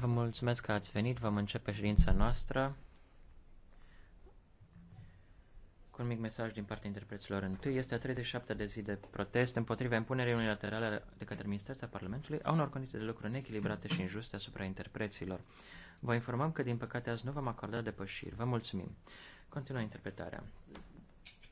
Vă mulțumesc că ați venit, vom începe ședința noastră. Cu un mic mesaj din partea interpreților întâi, este a 37 de zi de protest împotriva impunerii unilaterale de către administrația Parlamentului a unor condiții de lucru neechilibrate și injuste asupra interpreților. Vă informăm că, din păcate, azi nu vom acorda depășiri. Vă mulțumim. Continuă interpretarea.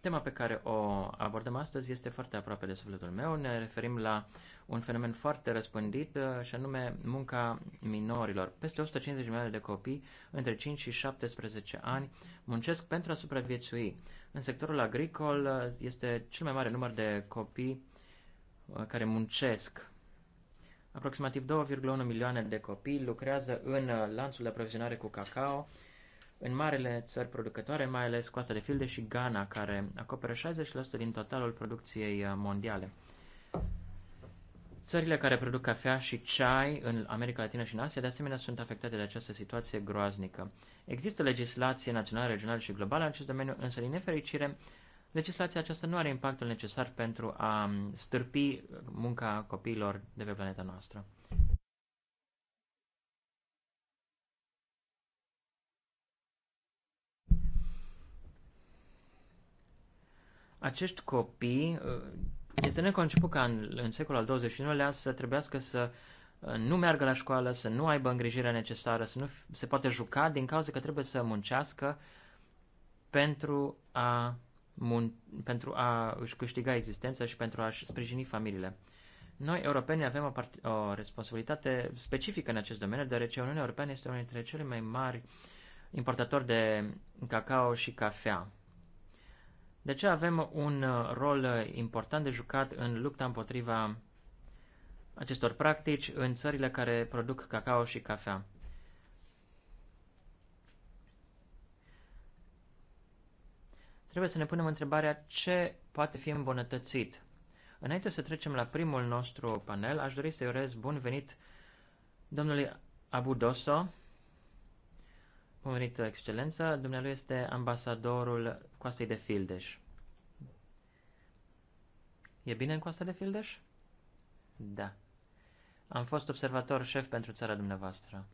Tema pe care o abordăm astăzi este foarte aproape de sufletul meu. Ne referim la un fenomen foarte răspândit uh, și anume munca minorilor. Peste 150 milioane de copii între 5 și 17 ani muncesc pentru a supraviețui. În sectorul agricol uh, este cel mai mare număr de copii uh, care muncesc. Aproximativ 2,1 milioane de copii lucrează în lanțul de aprovizionare cu cacao în marele țări producătoare, mai ales Coasta de Filde și Ghana, care acoperă 60% din totalul producției uh, mondiale. Țările care produc cafea și ceai în America Latină și în Asia, de asemenea, sunt afectate de această situație groaznică. Există legislație națională, regională și globală în acest domeniu, însă, din nefericire, legislația aceasta nu are impactul necesar pentru a um, stârpi munca copiilor de pe planeta noastră. acești copii, uh, este neconceput ca în, în secolul al XXI-lea să trebuiască să uh, nu meargă la școală, să nu aibă îngrijirea necesară, să nu se poate juca din cauza că trebuie să muncească pentru a, mun- pentru a își câștiga existența și pentru a-și sprijini familiile. Noi, europenii, avem o, part- o responsabilitate specifică în acest domeniu, deoarece Uniunea Europeană este unul dintre cele mai mari importatori de cacao și cafea de aceea avem un uh, rol uh, important de jucat în lupta împotriva acestor practici în țările care produc cacao și cafea. Trebuie să ne punem întrebarea ce poate fi îmbunătățit. Înainte să trecem la primul nostru panel, aș dori să-i urez bun venit domnului Abudoso, Pomenit excelență, dumnealui este ambasadorul coastei de Fildeș. E bine în coasta de Fildeș? Da. Am fost observator șef pentru țara dumneavoastră.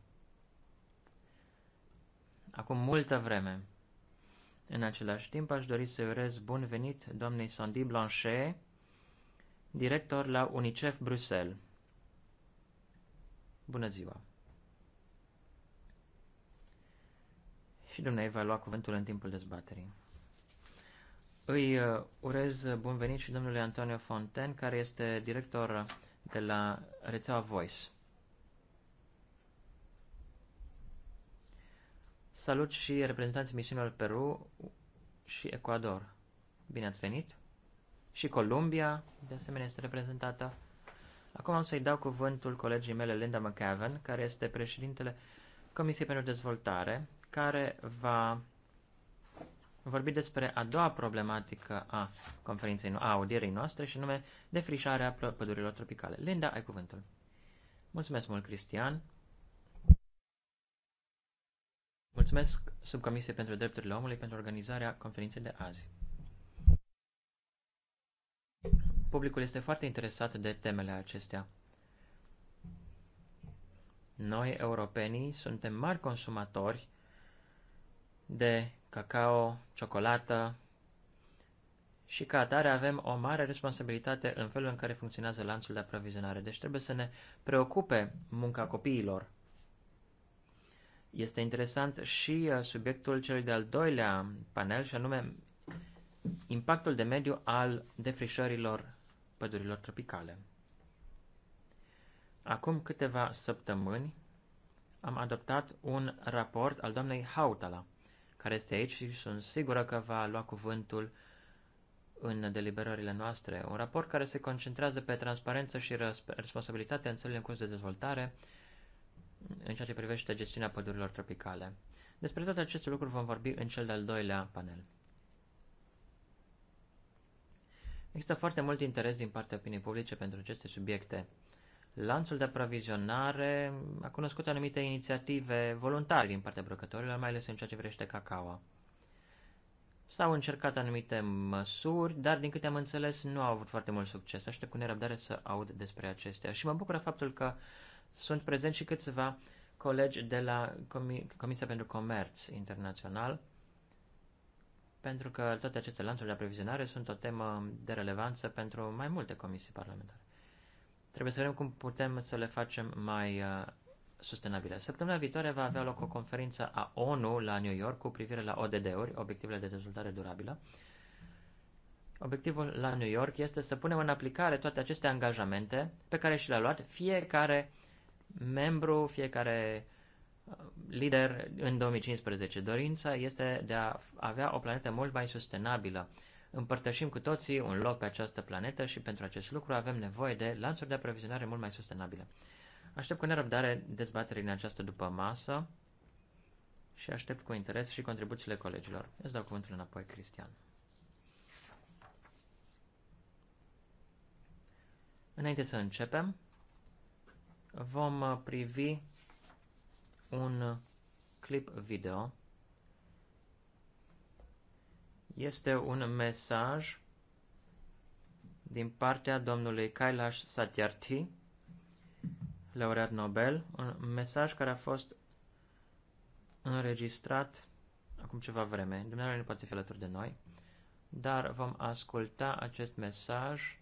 Acum multă vreme. În același timp, aș dori să urez bun venit doamnei Sandy Blanchet, director la UNICEF Bruxelles. Bună ziua! și dumneavoastră va lua cuvântul în timpul dezbaterii. Îi uh, urez bun venit și domnului Antonio Fonten, care este director de la rețeaua Voice. Salut și reprezentanții misiunilor Peru și Ecuador. Bine ați venit! Și Columbia, de asemenea, este reprezentată. Acum am să-i dau cuvântul colegii mele, Linda McCavan, care este președintele Comisiei pentru Dezvoltare care va vorbi despre a doua problematică a conferinței, a audierii noastre și nume defrișarea pădurilor tropicale. Linda, ai cuvântul. Mulțumesc mult, Cristian. Mulțumesc Subcomisiei pentru Drepturile Omului pentru organizarea conferinței de azi. Publicul este foarte interesat de temele acestea. Noi, europenii, suntem mari consumatori de cacao, ciocolată și ca atare avem o mare responsabilitate în felul în care funcționează lanțul de aprovizionare. Deci trebuie să ne preocupe munca copiilor. Este interesant și uh, subiectul celui de-al doilea panel și anume impactul de mediu al defrișărilor pădurilor tropicale. Acum câteva săptămâni am adoptat un raport al doamnei Hautala – care este aici și sunt sigură că va lua cuvântul în deliberările noastre. Un raport care se concentrează pe transparență și responsabilitatea în țările în curs de dezvoltare în ceea ce privește gestiunea pădurilor tropicale. Despre toate aceste lucruri vom vorbi în cel de-al doilea panel. Există foarte mult interes din partea opiniei publice pentru aceste subiecte. Lanțul de aprovizionare a cunoscut anumite inițiative voluntare din partea brăcătorilor, mai ales în ceea ce privește cacao. S-au încercat anumite măsuri, dar din câte am înțeles nu au avut foarte mult succes. Aștept cu nerăbdare să aud despre acestea și mă bucură faptul că sunt prezenți și câțiva colegi de la Comi Comisia pentru Comerț Internațional, pentru că toate aceste lanțuri de aprovizionare sunt o temă de relevanță pentru mai multe comisii parlamentare. Trebuie să vedem cum putem să le facem mai uh, sustenabile. Săptămâna viitoare va avea loc o conferință a ONU la New York cu privire la ODD-uri, obiectivele de dezvoltare durabilă. Obiectivul la New York este să punem în aplicare toate aceste angajamente pe care și le-a luat fiecare membru, fiecare uh, lider în 2015. Dorința este de a avea o planetă mult mai sustenabilă Împărtășim cu toții un loc pe această planetă și pentru acest lucru avem nevoie de lanțuri de aprovizionare mult mai sustenabile. Aștept cu nerăbdare dezbaterii în această după masă și aștept cu interes și contribuțiile colegilor. Îți dau cuvântul înapoi, Cristian. Înainte să începem, vom privi un clip video este un mesaj din partea domnului Kailash Satyarthi, laureat Nobel, un mesaj care a fost înregistrat acum ceva vreme. Dumnezeu nu poate fi alături de noi, dar vom asculta acest mesaj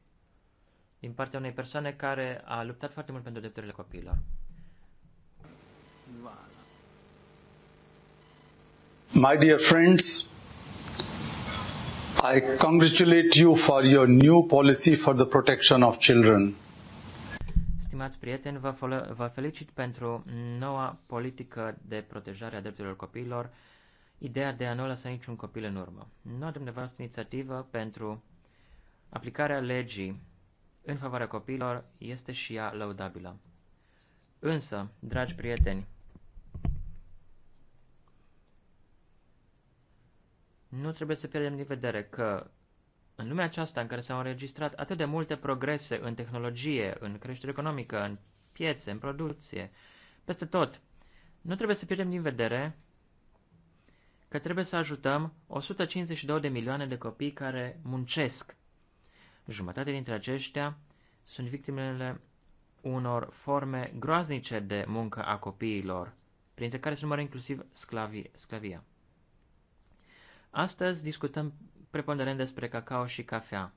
din partea unei persoane care a luptat foarte mult pentru drepturile copiilor. My dear friends, I congratulate you for your new policy for the protection of children. Stimați prieteni, vă, vă felicit pentru noua politică de protejare a drepturilor copiilor, ideea de a nu lăsa niciun copil în urmă. Noua dumneavoastră inițiativă pentru aplicarea legii în favoarea copiilor este și ea lăudabilă. Însă, dragi prieteni, Nu trebuie să pierdem din vedere că în lumea aceasta în care s-au înregistrat atât de multe progrese în tehnologie, în creștere economică, în piețe, în producție, peste tot, nu trebuie să pierdem din vedere că trebuie să ajutăm 152 de milioane de copii care muncesc. Jumătate dintre aceștia sunt victimele unor forme groaznice de muncă a copiilor, printre care se numără inclusiv sclavia. Astăzi discutăm preponderent despre cacao și cafea.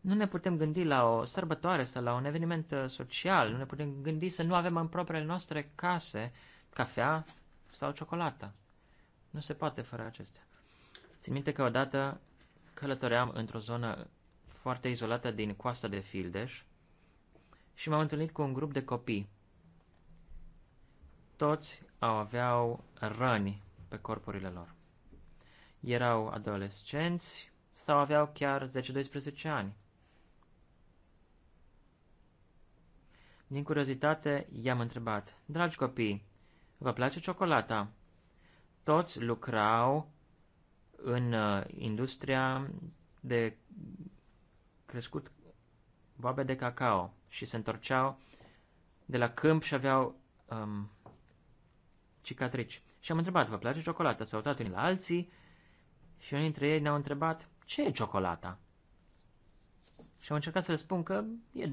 Nu ne putem gândi la o sărbătoare sau la un eveniment uh, social, nu ne putem gândi să nu avem în propriile noastre case cafea sau ciocolată. Nu se poate fără acestea. Țin minte că odată călătoream într-o zonă foarte izolată din coasta de Fildeș și m-am întâlnit cu un grup de copii. Toți au aveau răni pe corpurile lor erau adolescenți sau aveau chiar 10-12 ani. Din curiozitate, i-am întrebat, dragi copii, vă place ciocolata? Toți lucrau în uh, industria de crescut boabe de cacao și se întorceau de la câmp și aveau um, cicatrici. Și am întrebat, vă place ciocolata? S-au uitat unii la alții și unii dintre ei ne-au întrebat, ce e ciocolata? Și am încercat să le spun că e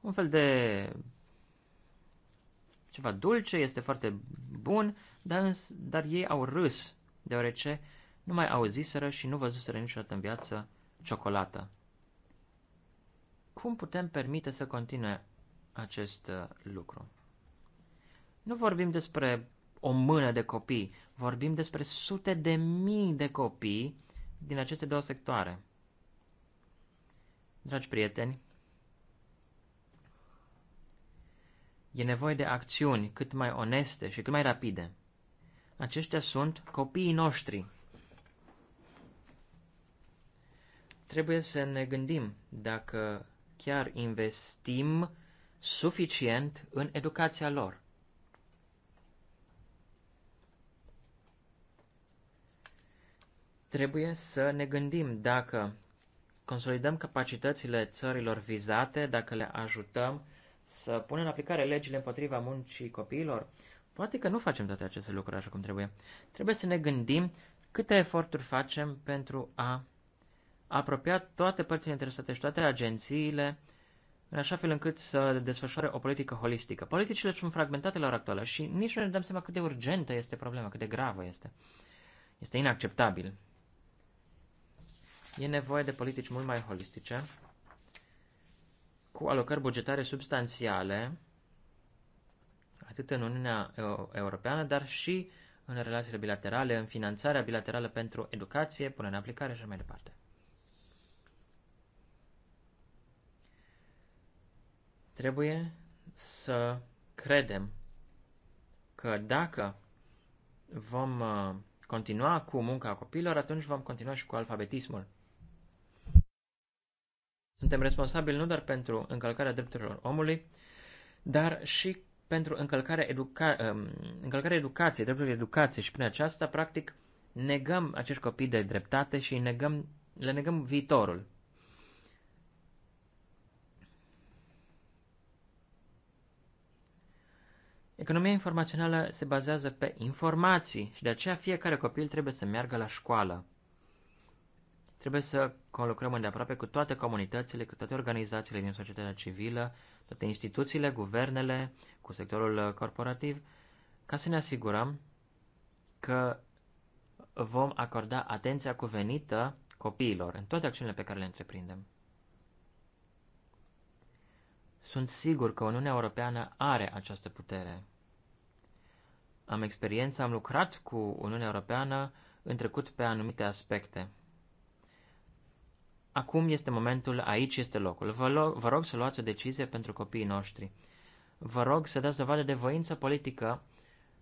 un fel de ceva dulce, este foarte bun, dar, îns, dar ei au râs, deoarece nu mai auziseră și nu văzuseră niciodată în viață ciocolată. Cum putem permite să continue acest uh, lucru? Nu vorbim despre o mână de copii. Vorbim despre sute de mii de copii din aceste două sectoare. Dragi prieteni, e nevoie de acțiuni cât mai oneste și cât mai rapide. Aceștia sunt copiii noștri. Trebuie să ne gândim dacă chiar investim suficient în educația lor. Trebuie să ne gândim dacă consolidăm capacitățile țărilor vizate, dacă le ajutăm să punem în aplicare legile împotriva muncii copiilor, poate că nu facem toate aceste lucruri așa cum trebuie. Trebuie să ne gândim câte eforturi facem pentru a apropia toate părțile interesate și toate agențiile în așa fel încât să desfășoare o politică holistică. Politicile sunt fragmentate la ora actuală și nici nu ne dăm seama cât de urgentă este problema, cât de gravă este. Este inacceptabil E nevoie de politici mult mai holistice, cu alocări bugetare substanțiale, atât în Uniunea Europeană, dar și în relațiile bilaterale, în finanțarea bilaterală pentru educație, până în aplicare și mai departe. Trebuie să credem că dacă vom uh, continua cu munca copiilor, atunci vom continua și cu alfabetismul. Suntem responsabili nu doar pentru încălcarea drepturilor omului, dar și pentru încălcarea, educa- um, încălcarea educației, drepturile educației și prin aceasta, practic, negăm acești copii de dreptate și negăm, le negăm viitorul. Economia informațională se bazează pe informații și de aceea fiecare copil trebuie să meargă la școală. Trebuie să conlucrăm îndeaproape cu toate comunitățile, cu toate organizațiile din societatea civilă, toate instituțiile, guvernele, cu sectorul uh, corporativ, ca să ne asigurăm că vom acorda atenția cuvenită copiilor în toate acțiunile pe care le întreprindem. Sunt sigur că Uniunea Europeană are această putere. Am experiență, am lucrat cu Uniunea Europeană în trecut pe anumite aspecte. Acum este momentul, aici este locul. Vă, lo vă rog să luați o decizie pentru copiii noștri. Vă rog să dați dovadă de voință politică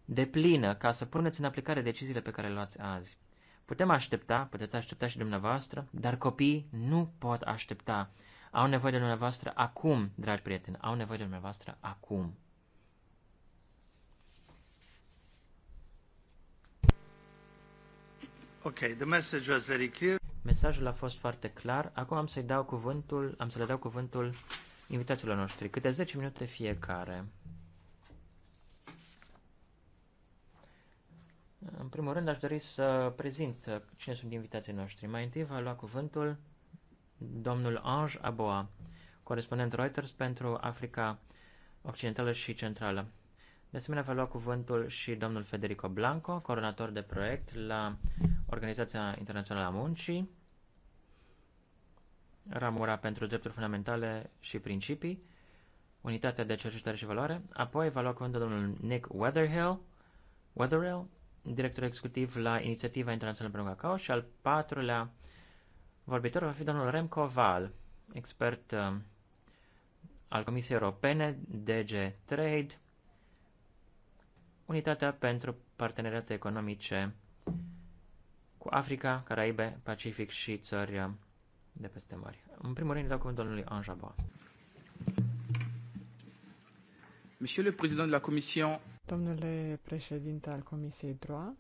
de plină ca să puneți în aplicare deciziile pe care le luați azi. Putem aștepta, puteți aștepta și dumneavoastră, dar copiii nu pot aștepta. Au nevoie de dumneavoastră acum, dragi prieteni, au nevoie de dumneavoastră acum. Okay, the message was very clear. Mesajul a fost foarte clar. Acum am să-i dau cuvântul, am să le dau cuvântul invitațiilor noștri, câte 10 minute fiecare. În primul rând aș dori să prezint cine sunt invitații noștri. Mai întâi va lua cuvântul domnul Ange Aboa, corespondent Reuters pentru Africa Occidentală și Centrală. De asemenea, va lua cuvântul și domnul Federico Blanco, coordonator de proiect la Organizația Internațională a Muncii, Ramura pentru Drepturi Fundamentale și Principii, Unitatea de Cercetare și Valoare. Apoi va lua cuvântul domnul Nick Weatherhill, Weatherill, director executiv la Inițiativa Internațională pentru Cacao și al patrulea vorbitor va fi domnul Remco Val, expert uh, al Comisiei Europene, DG Trade, Unitatea pentru parteneriate economice cu Africa, Caraibe, Pacific și țări de peste mări. În primul rând, dau cuvântul domnului Anjaba. Monsieur le Président de la Commission. Domnule președinte al Comisiei DROA,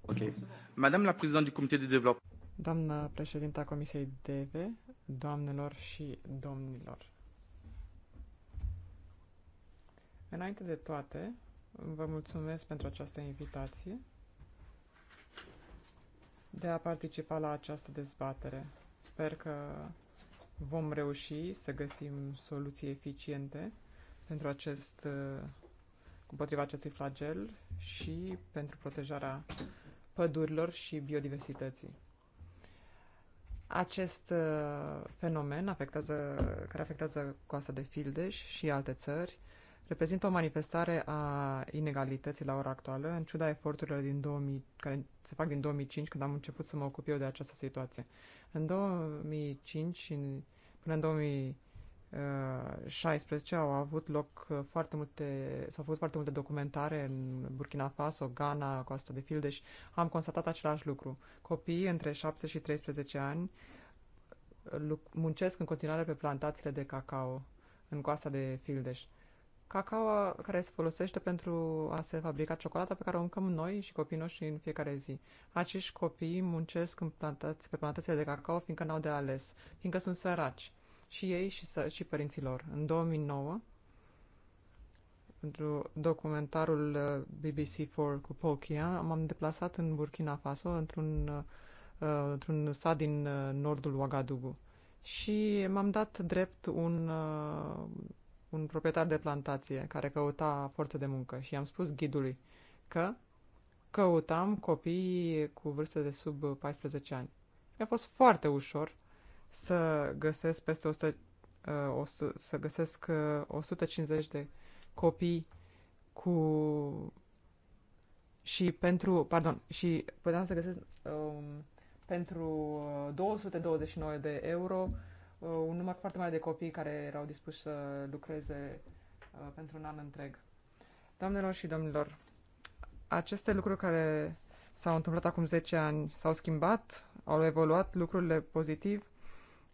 Ok. Madame la Présidente du Comité de Développement. Doamnă președinta Comisiei DV, doamnelor și domnilor. Înainte de toate, vă mulțumesc pentru această invitație de a participa la această dezbatere. Sper că vom reuși să găsim soluții eficiente pentru acest, împotriva acestui flagel și pentru protejarea pădurilor și biodiversității. Acest uh, fenomen afectează, care afectează coasta de Fildeș și alte țări, reprezintă o manifestare a inegalității la ora actuală, în ciuda eforturilor din 2000, care se fac din 2005, când am început să mă ocup eu de această situație. În 2005 și până în 2016 au avut loc foarte multe, s-au făcut foarte multe documentare în Burkina Faso, Ghana, Costa de Fildeș. Am constatat același lucru. Copiii între 7 și 13 ani muncesc în continuare pe plantațiile de cacao în coasta de Fildeș cacao care se folosește pentru a se fabrica ciocolata pe care o mâncăm noi și copiii noștri în fiecare zi. Acești copii muncesc în plantați, pe plantațiile de cacao fiindcă n-au de ales, fiindcă sunt săraci. Și ei și, să, și părinților. În 2009, pentru documentarul uh, BBC4 cu Paul Chia, m-am deplasat în Burkina Faso, într-un, uh, într-un sat din uh, nordul Ouagadougou. Și m-am dat drept un un proprietar de plantație care căuta forță de muncă și i-am spus ghidului că căutam copii cu vârste de sub 14 ani. Mi-a fost foarte ușor să găsesc peste 100, 100 uh, să găsesc 150 uh, de copii cu și pentru, pardon, și puteam să găsesc um, pentru 229 uh, de euro Uh, un număr foarte mare de copii care erau dispuși să lucreze uh, pentru un an întreg. Doamnelor și domnilor, aceste lucruri care s-au întâmplat acum 10 ani s-au schimbat, au evoluat lucrurile pozitiv.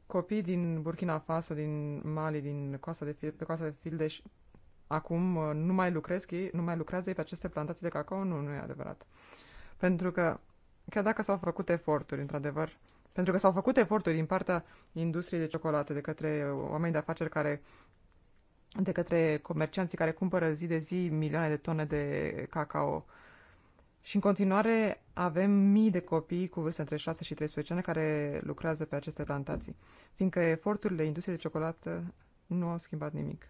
Copii din Burkina Faso, din Mali, din coasta de, pe coasta de Fildeș, acum uh, nu mai, lucrez, ei, nu mai lucrează ei pe aceste plantații de cacao? Nu, nu e adevărat. Pentru că, chiar dacă s-au făcut eforturi, într-adevăr, pentru că s-au făcut eforturi din partea industriei de ciocolată, de către oameni de afaceri care de către comercianții care cumpără zi de zi milioane de tone de cacao. Și în continuare avem mii de copii cu vârste între 6 și 13 ani care lucrează pe aceste plantații, fiindcă eforturile industriei de ciocolată nu au schimbat nimic.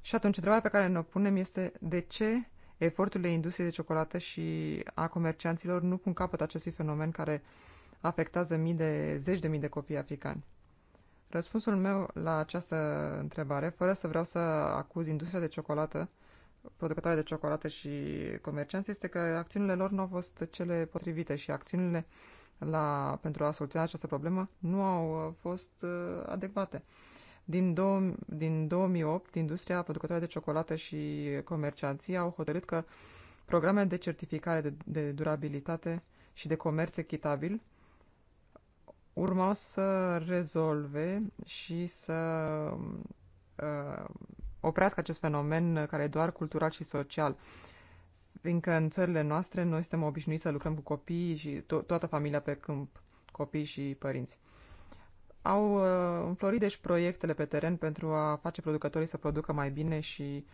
Și atunci, întrebarea pe care ne-o punem este de ce eforturile industriei de ciocolată și a comercianților nu pun capăt acestui fenomen care uh, afectează mii de, zeci de mii de copii africani. Răspunsul meu la această întrebare, fără să vreau să acuz industria de ciocolată, producătoare de ciocolată și comercianți, este că acțiunile lor nu au fost cele potrivite și acțiunile la, pentru a soluționa această problemă nu au fost uh, adecvate. Din, dou- din 2008, industria producătoare de ciocolată și comercianții au hotărât că programele de certificare de, de durabilitate și de comerț echitabil urmau să rezolve și să uh, oprească acest fenomen care e doar cultural și social. Fiindcă în țările noastre noi suntem obișnuiți să lucrăm cu copii și to- toată familia pe câmp, copii și părinți. Au uh, înflorit deci proiectele pe teren pentru a face producătorii să producă mai bine și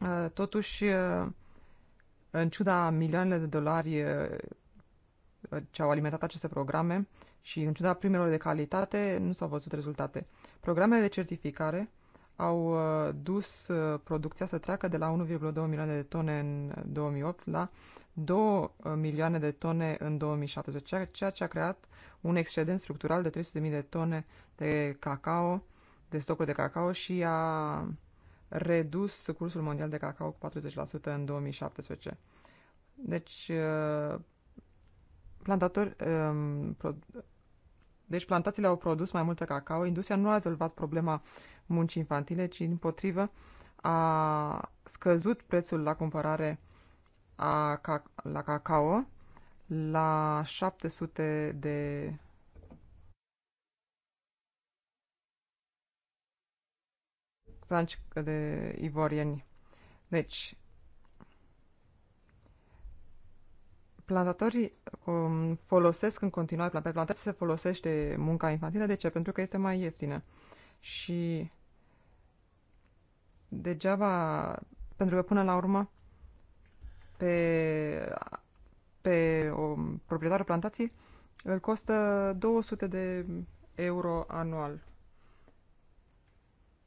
uh, totuși uh, în ciuda milioanele de dolari uh, ce au alimentat aceste programe și, în ciuda primelor de calitate, nu s-au văzut rezultate. Programele de certificare au uh, dus uh, producția să treacă de la 1,2 milioane de tone în 2008 la 2 uh, milioane de tone în 2017, ceea ce a creat un excedent structural de 300.000 de tone de cacao, de stocuri de cacao și a redus cursul mondial de cacao cu 40% în 2017. Deci, Plantatori, um, pro... Deci plantațiile au produs mai multă cacao. Industria nu a rezolvat problema muncii infantile, ci din potrivă a scăzut prețul la cumpărare a ca- la cacao la 700 de franci de ivorieni. Deci, plantatorii um, folosesc în continuare, pe plantații se folosește munca infantilă. De ce? Pentru că este mai ieftină. Și degeaba, pentru că până la urmă, pe, pe o proprietară plantației îl costă 200 de euro anual.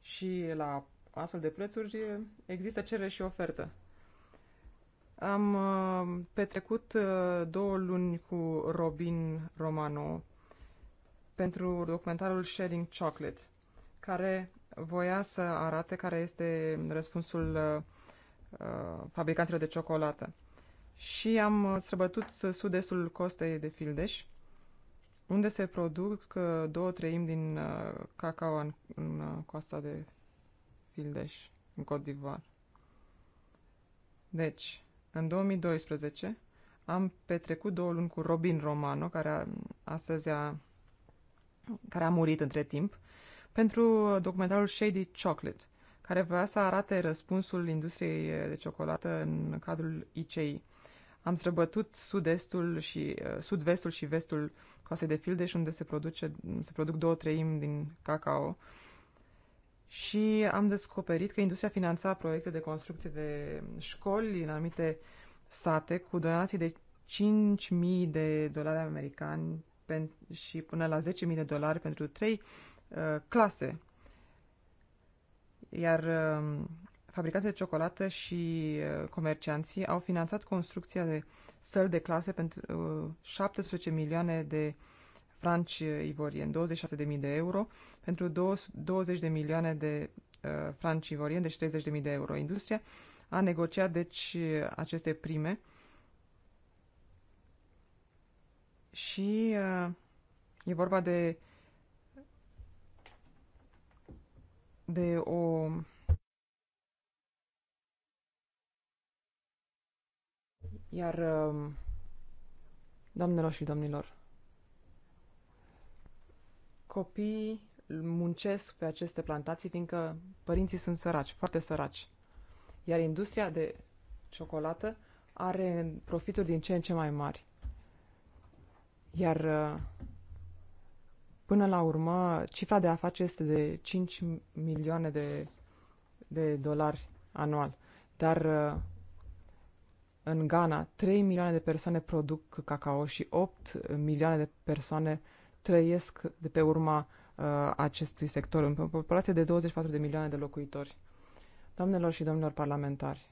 Și la astfel de prețuri există cerere și ofertă. Am uh, petrecut uh, două luni cu Robin Romano pentru documentarul Sharing Chocolate, care voia să arate care este răspunsul uh, fabricanților de ciocolată. Și am străbătut sud-estul costei de Fildeș, unde se produc două treimi din cacao în, în costa de Fildeș, în Côte d'Ivoire. Deci, în 2012 am petrecut două luni cu Robin Romano, care a, astăzi a, care a murit între timp, pentru documentarul Shady Chocolate, care voia să arate răspunsul industriei de ciocolată în cadrul ICI. Am străbătut sud-estul și uh, sud-vestul și vestul casei de Fildeș, unde se, produce, se produc două treimi din cacao, și am descoperit că industria finanța proiecte de construcție de școli în anumite sate cu donații de 5.000 de dolari americani și până la 10.000 de dolari pentru trei uh, clase. Iar uh, fabricanții de ciocolată și uh, comercianții au finanțat construcția de săli de clase pentru uh, 17 milioane de uh, franci ivorieni, 26.000 de euro, pentru 20 de milioane de uh, franci ivorieni, deci 30.000 de euro. Industria a negociat deci aceste prime și uh, e vorba de de o iar uh, doamnelor și domnilor copiii muncesc pe aceste plantații, fiindcă părinții sunt săraci, foarte săraci. Iar industria de ciocolată are profituri din ce în ce mai mari. Iar uh, până la urmă, cifra de afaceri este de 5 milioane de, de dolari anual. Dar uh, în Ghana, 3 milioane de persoane produc cacao și 8 milioane de persoane uh, trăiesc de pe urma uh, acestui sector, în populație de 24 de milioane de locuitori. Doamnelor și domnilor parlamentari,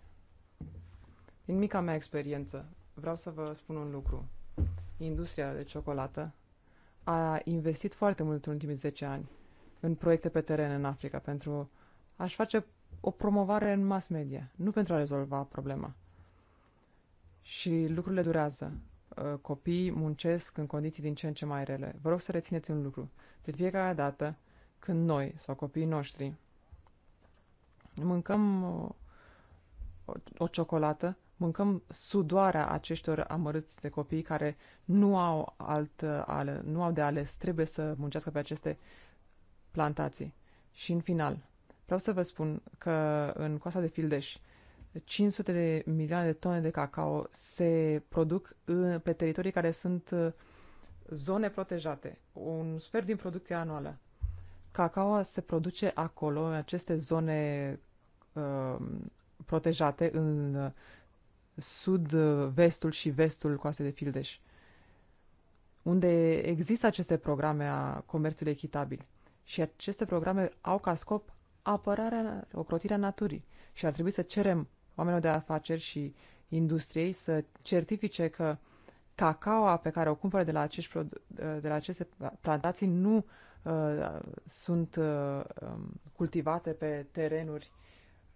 din mica mea experiență, vreau să vă spun un lucru. Industria de ciocolată a investit foarte mult în ultimii 10 ani în proiecte pe teren în Africa pentru aș face o promovare în mass media, nu pentru a rezolva problema. Și lucrurile durează. Uh, copii muncesc în condiții din ce în ce mai rele. Vă rog să rețineți un lucru. De fiecare dată când noi sau copiii noștri mâncăm o, uh, o, o ciocolată, mâncăm sudoarea aceștior amărâți de copii care nu au alt uh, ale, nu au de ales, trebuie să muncească pe aceste plantații. Și în final, vreau să vă spun că în coasa de fildeși 500 de milioane de tone de cacao se produc în, pe teritorii care sunt uh, zone protejate, un sfert din producția anuală. Cacao se produce acolo, în aceste zone uh, protejate, în uh, sud, vestul și vestul coastei de Fildeș, unde există aceste programe a comerțului echitabil. Și aceste programe au ca scop apărarea, ocrotirea naturii. Și ar trebui să cerem oamenilor de afaceri și industriei să certifice că cacaoa pe care o cumpără de la, acești de la aceste plantații nu uh, sunt uh, um, cultivate pe terenuri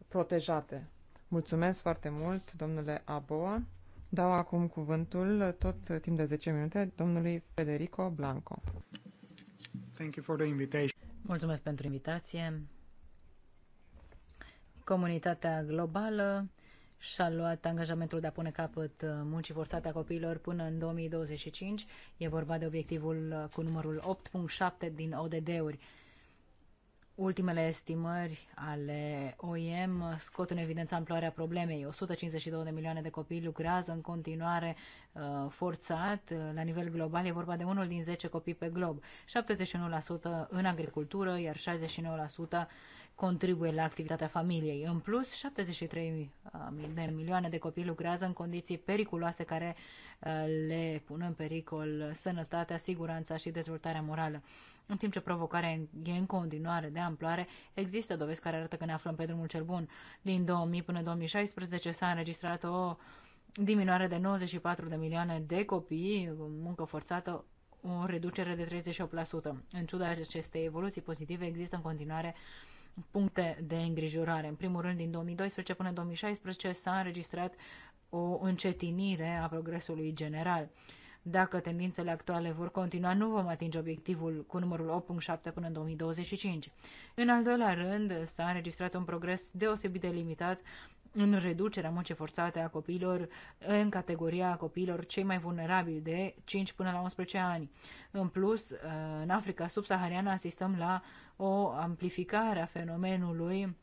protejate. Mulțumesc foarte mult, domnule Aboa. Dau acum cuvântul, tot timp de 10 minute, domnului Federico Blanco. Thank you for the invitation. Mulțumesc pentru invitație. Comunitatea globală și-a luat angajamentul de a pune capăt uh, muncii forțate a copiilor până în 2025. E vorba de obiectivul uh, cu numărul 8.7 din ODD-uri. Ultimele estimări ale OIM scot în evidență amploarea problemei. 152 de milioane de copii lucrează în continuare uh, forțat. Uh, la nivel global e vorba de unul din 10 copii pe glob. 71% în agricultură, iar 69% contribuie la activitatea familiei. În plus, 73 de milioane de copii lucrează în condiții periculoase care uh, le pun în pericol sănătatea, siguranța și dezvoltarea morală. În timp ce provocarea e în continuare de amploare, există dovezi care arată că ne aflăm pe drumul cel bun. Din 2000 până 2016 s-a înregistrat o diminuare de 94 de milioane de copii, muncă forțată, o reducere de 38%. În ciuda acestei evoluții pozitive, există în continuare uh, puncte de îngrijorare. În primul rând, din 2012 până 2016 s-a înregistrat o încetinire a progresului general. Dacă tendințele actuale vor continua, nu vom atinge obiectivul cu numărul 8.7 până în 2025. În al doilea rând, s-a înregistrat un progres deosebit de limitat în reducerea muncii forțate a copiilor în categoria copiilor cei mai vulnerabili de 5 până la 11 ani. În plus, în Africa subsahariană asistăm la o amplificare a fenomenului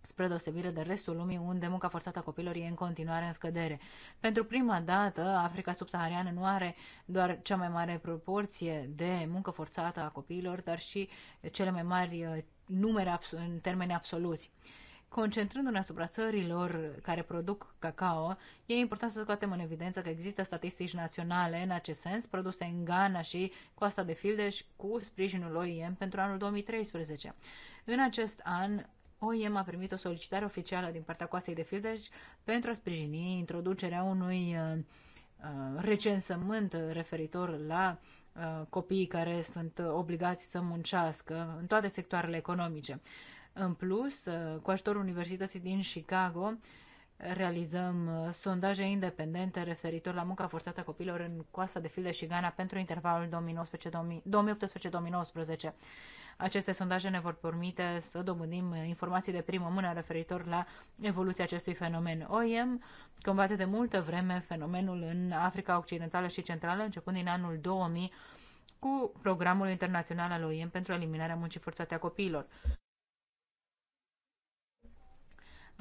spre deosebire de restul lumii, unde munca forțată a copiilor e în continuare în scădere. Pentru prima dată, Africa subsahariană nu are doar cea mai mare proporție de muncă forțată a copiilor, dar și cele mai mari eh, numere în termeni absoluți concentrându-ne asupra țărilor care produc cacao, e important să scoatem în evidență că există statistici naționale în acest sens, produse în Ghana și Coasta de Fildeș cu sprijinul OIM pentru anul 2013. În acest an, OIM a primit o solicitare oficială din partea Coastei de Fildeș pentru a sprijini introducerea unui uh, uh, recensământ referitor la uh, copiii care sunt obligați să muncească în toate sectoarele economice. În plus, uh, cu ajutorul Universității din Chicago, realizăm uh, sondaje independente referitor la munca forțată a copiilor în coasta de filde și Ghana pentru intervalul 2018-2019. Aceste sondaje ne vor permite să dobândim uh, informații de primă mână referitor la evoluția acestui fenomen. OIM combate de multă vreme fenomenul în Africa Occidentală și Centrală, începând din anul 2000, cu programul internațional al OIM pentru eliminarea muncii forțate a copiilor.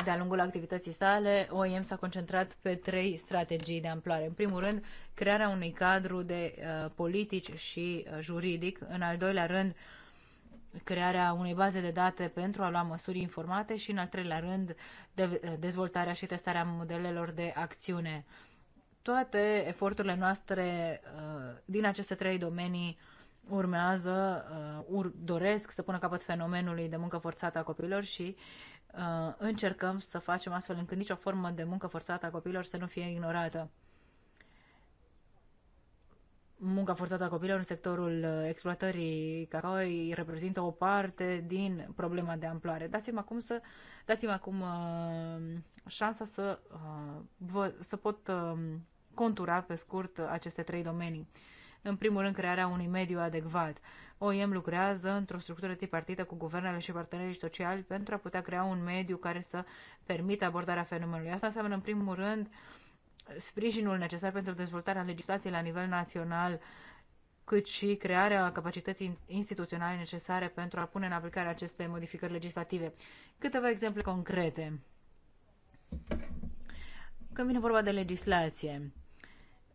De-a lungul activității sale, OIM s-a concentrat pe trei strategii de amploare. În primul rând, crearea unui cadru de uh, politici și uh, juridic. În al doilea rând, crearea unei baze de date pentru a lua măsuri informate și, în al treilea rând, de- uh, dezvoltarea și testarea modelelor de acțiune. Toate eforturile noastre uh, din aceste trei domenii urmează, uh, ur- doresc să pună capăt fenomenului de muncă forțată a copiilor și uh, Uh, încercăm să facem astfel încât nicio formă de muncă forțată a copiilor să nu fie ignorată. Munca forțată a copiilor în sectorul uh, exploatării cacaoi reprezintă o parte din problema de amploare. Dați-mi acum, să, dați acum uh, șansa să, uh, vă, să pot uh, contura pe scurt aceste trei domenii. În primul rând, crearea unui mediu adecvat. Uh, OIM lucrează într-o structură tripartită cu guvernele și partenerii sociali pentru a putea crea un mediu care să permită abordarea fenomenului. Asta înseamnă, în primul rând, sprijinul necesar pentru dezvoltarea legislației la nivel național, cât și crearea capacității instituționale necesare pentru a pune în aplicare aceste modificări legislative. Câteva exemple concrete. Când vine vorba de legislație,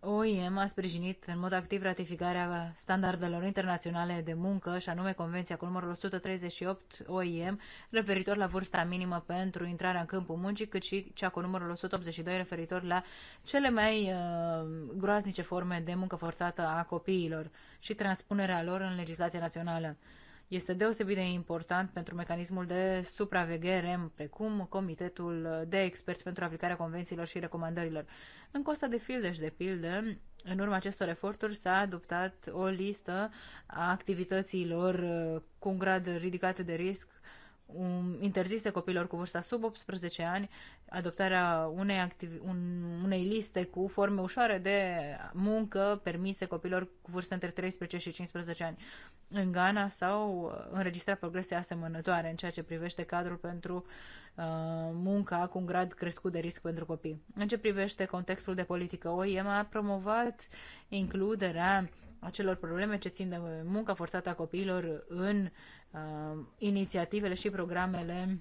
OIM a sprijinit în mod activ ratificarea standardelor internaționale de muncă, și anume Convenția cu numărul 138 OIM, referitor la vârsta minimă pentru intrarea în câmpul muncii, cât și cea cu numărul 182 referitor la cele mai uh, groaznice forme de muncă forțată a copiilor și transpunerea lor în legislația națională este deosebit de important pentru mecanismul de supraveghere, precum Comitetul de Experți pentru aplicarea convențiilor și recomandărilor. În Costa de Fildeș, de pildă, în urma acestor eforturi s-a adoptat o listă a activităților uh, cu un grad ridicat de risc um, interzise copilor cu vârsta sub 18 ani adoptarea unei, activi- un, unei liste cu forme ușoare de muncă permise copilor cu vârste între 13 și 15 ani. În Ghana sau uh, înregistrat progrese asemănătoare în ceea ce privește cadrul pentru uh, munca cu un grad crescut de risc pentru copii. În ce privește contextul de politică, OIM a promovat includerea acelor probleme ce țin de munca forțată a copiilor în uh, inițiativele și programele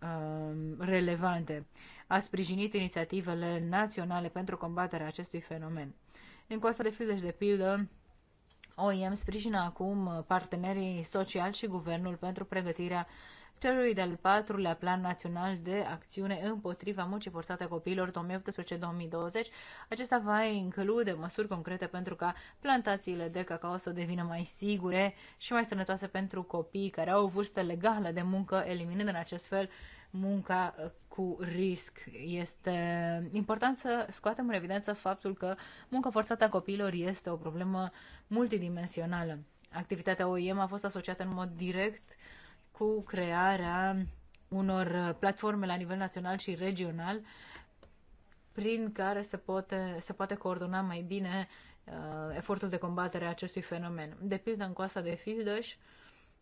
Um, relevante. A sprijinit inițiativele naționale pentru combaterea acestui fenomen. În Coasta de Fildeș, de pildă, OIM sprijină acum partenerii sociali și guvernul pentru pregătirea celui de-al patrulea Plan Național de Acțiune împotriva muncii forțate a copiilor 2018-2020. Acesta va include măsuri concrete pentru ca plantațiile de cacao să devină mai sigure și mai sănătoase pentru copii care au o vârstă legală de muncă, eliminând în acest fel munca uh, cu risc. Este important să scoatem în evidență faptul că munca forțată a copiilor este o problemă multidimensională. Activitatea OIM a fost asociată în mod direct cu crearea unor uh, platforme la nivel național și regional prin care se poate, se poate coordona mai bine uh, efortul de combatere a acestui fenomen. De pildă, în coasta de Fildeș,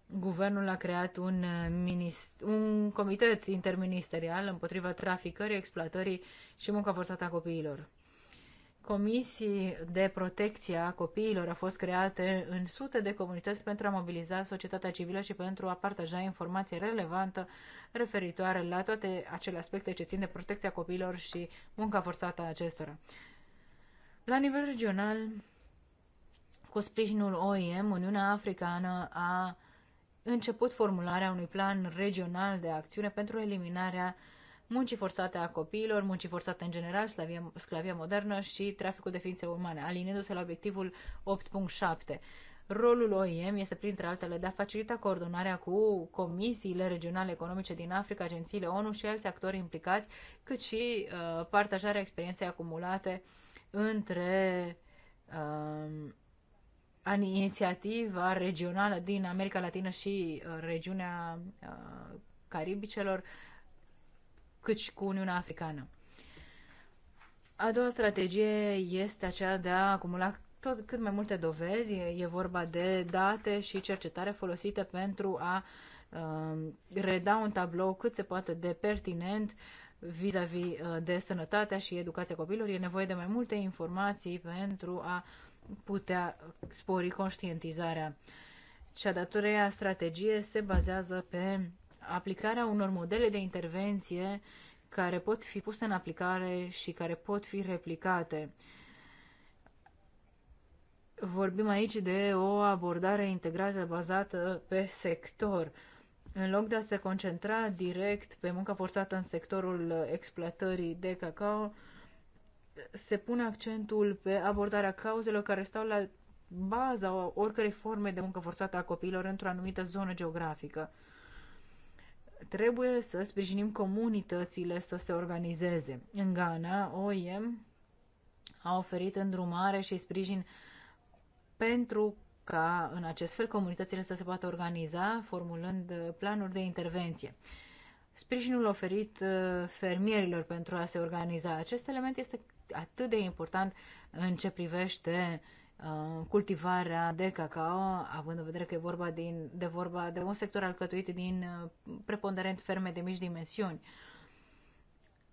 guvernul a creat un, uh, minist- un comitet interministerial împotriva traficării, exploatării și munca forțată a copiilor comisii de protecție a copiilor au fost create în sute de comunități pentru a mobiliza societatea civilă și pentru a partaja informație relevantă referitoare la toate acele aspecte ce țin de protecția copiilor și munca forțată a acestora. La nivel regional, cu sprijinul OIM, Uniunea Africană a început formularea unui plan regional de acțiune pentru eliminarea muncii forțate a copiilor, muncii forțate în general, sclavia, sclavia modernă și traficul de ființe umane, alinându-se la obiectivul 8.7. Rolul OIM este, printre altele, de a facilita coordonarea cu comisiile regionale economice din Africa, agențiile ONU și alți actori implicați, cât și uh, partajarea experienței acumulate între uh, um, an, inițiativa regională din America Latină și uh, regiunea uh, Caribicelor, uh, cât și cu Uniunea Africană. A doua strategie este aceea de a acumula tot cât mai multe dovezi, e vorba de date și cercetare folosite pentru a uh, reda un tablou cât se poate de pertinent vis-a-vis -vis uh, de sănătatea și educația copilor. E nevoie de mai multe informații pentru a putea spori conștientizarea. Cea de-a strategie se bazează pe aplicarea unor modele de intervenție care pot fi puse în aplicare și care pot fi replicate. Vorbim aici de o abordare integrată bazată pe sector. În loc de a se concentra direct pe munca forțată în sectorul exploatării de cacao, se pune accentul pe abordarea cauzelor care stau la baza oricărei forme de muncă forțată a copiilor într-o anumită zonă geografică trebuie să sprijinim comunitățile să se organizeze. În Ghana, OIM a oferit îndrumare și sprijin pentru ca în acest fel comunitățile să se poată organiza, formulând uh, planuri de intervenție. Sprijinul oferit uh, fermierilor pentru a se organiza. Acest element este atât de important în ce privește uh, Uh, cultivarea de cacao, având în vedere că e vorba, din, de, vorba de un sector alcătuit din uh, preponderent ferme de mici dimensiuni.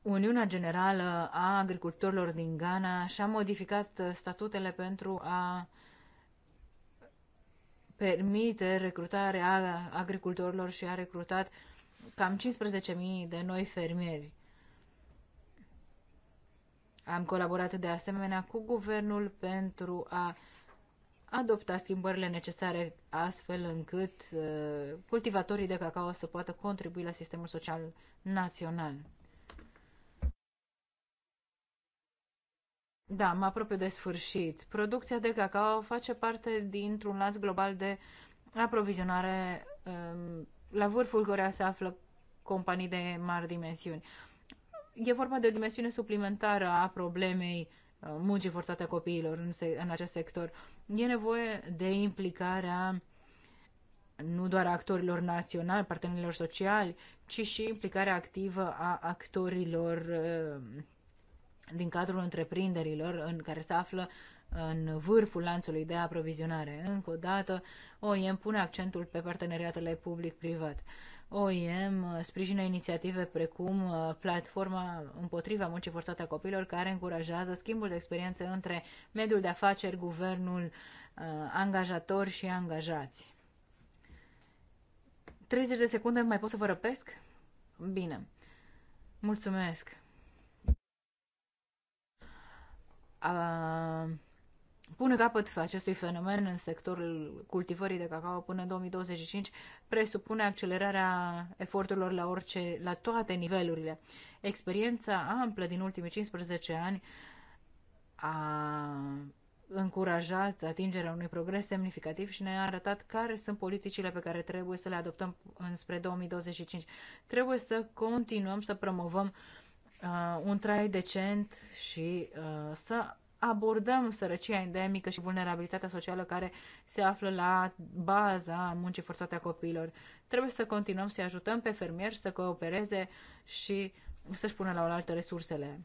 Uniunea Generală a Agricultorilor din Ghana și-a modificat uh, statutele pentru a permite recrutarea agricultorilor și a recrutat cam 15.000 de noi fermieri. Am colaborat de asemenea cu guvernul pentru a adopta schimbările necesare astfel încât uh, cultivatorii de cacao să poată contribui la sistemul social național. Da, mă apropiu de sfârșit. Producția de cacao face parte dintr-un lanț global de aprovizionare. Um, la vârful căruia se află companii de mari dimensiuni. E vorba de o dimensiune suplimentară a problemei uh, muncii forțate a copiilor în, se- în acest sector. E nevoie de implicarea nu doar a actorilor naționali, partenerilor sociali, ci și implicarea activă a actorilor uh, din cadrul întreprinderilor în care se află în vârful lanțului de aprovizionare. Încă o dată, OIM pune accentul pe parteneriatele public-privat. OIM uh, sprijină inițiative precum uh, platforma împotriva muncii forțate a copilor, care încurajează schimbul de experiență între mediul de afaceri, guvernul, uh, angajatori și angajați. 30 de secunde, mai pot să vă răpesc? Bine. Mulțumesc. Uh pune capăt acestui fenomen în sectorul cultivării de cacao până în 2025 presupune accelerarea eforturilor la, orice, la toate nivelurile. Experiența amplă din ultimii 15 ani a încurajat atingerea unui progres semnificativ și ne-a arătat care sunt politicile pe care trebuie să le adoptăm înspre 2025. Trebuie să continuăm să promovăm uh, un trai decent și uh, să abordăm sărăcia endemică și vulnerabilitatea socială care se află la baza muncii forțate a copiilor. Trebuie să continuăm să-i ajutăm pe fermieri să coopereze și să-și pună la oaltă resursele.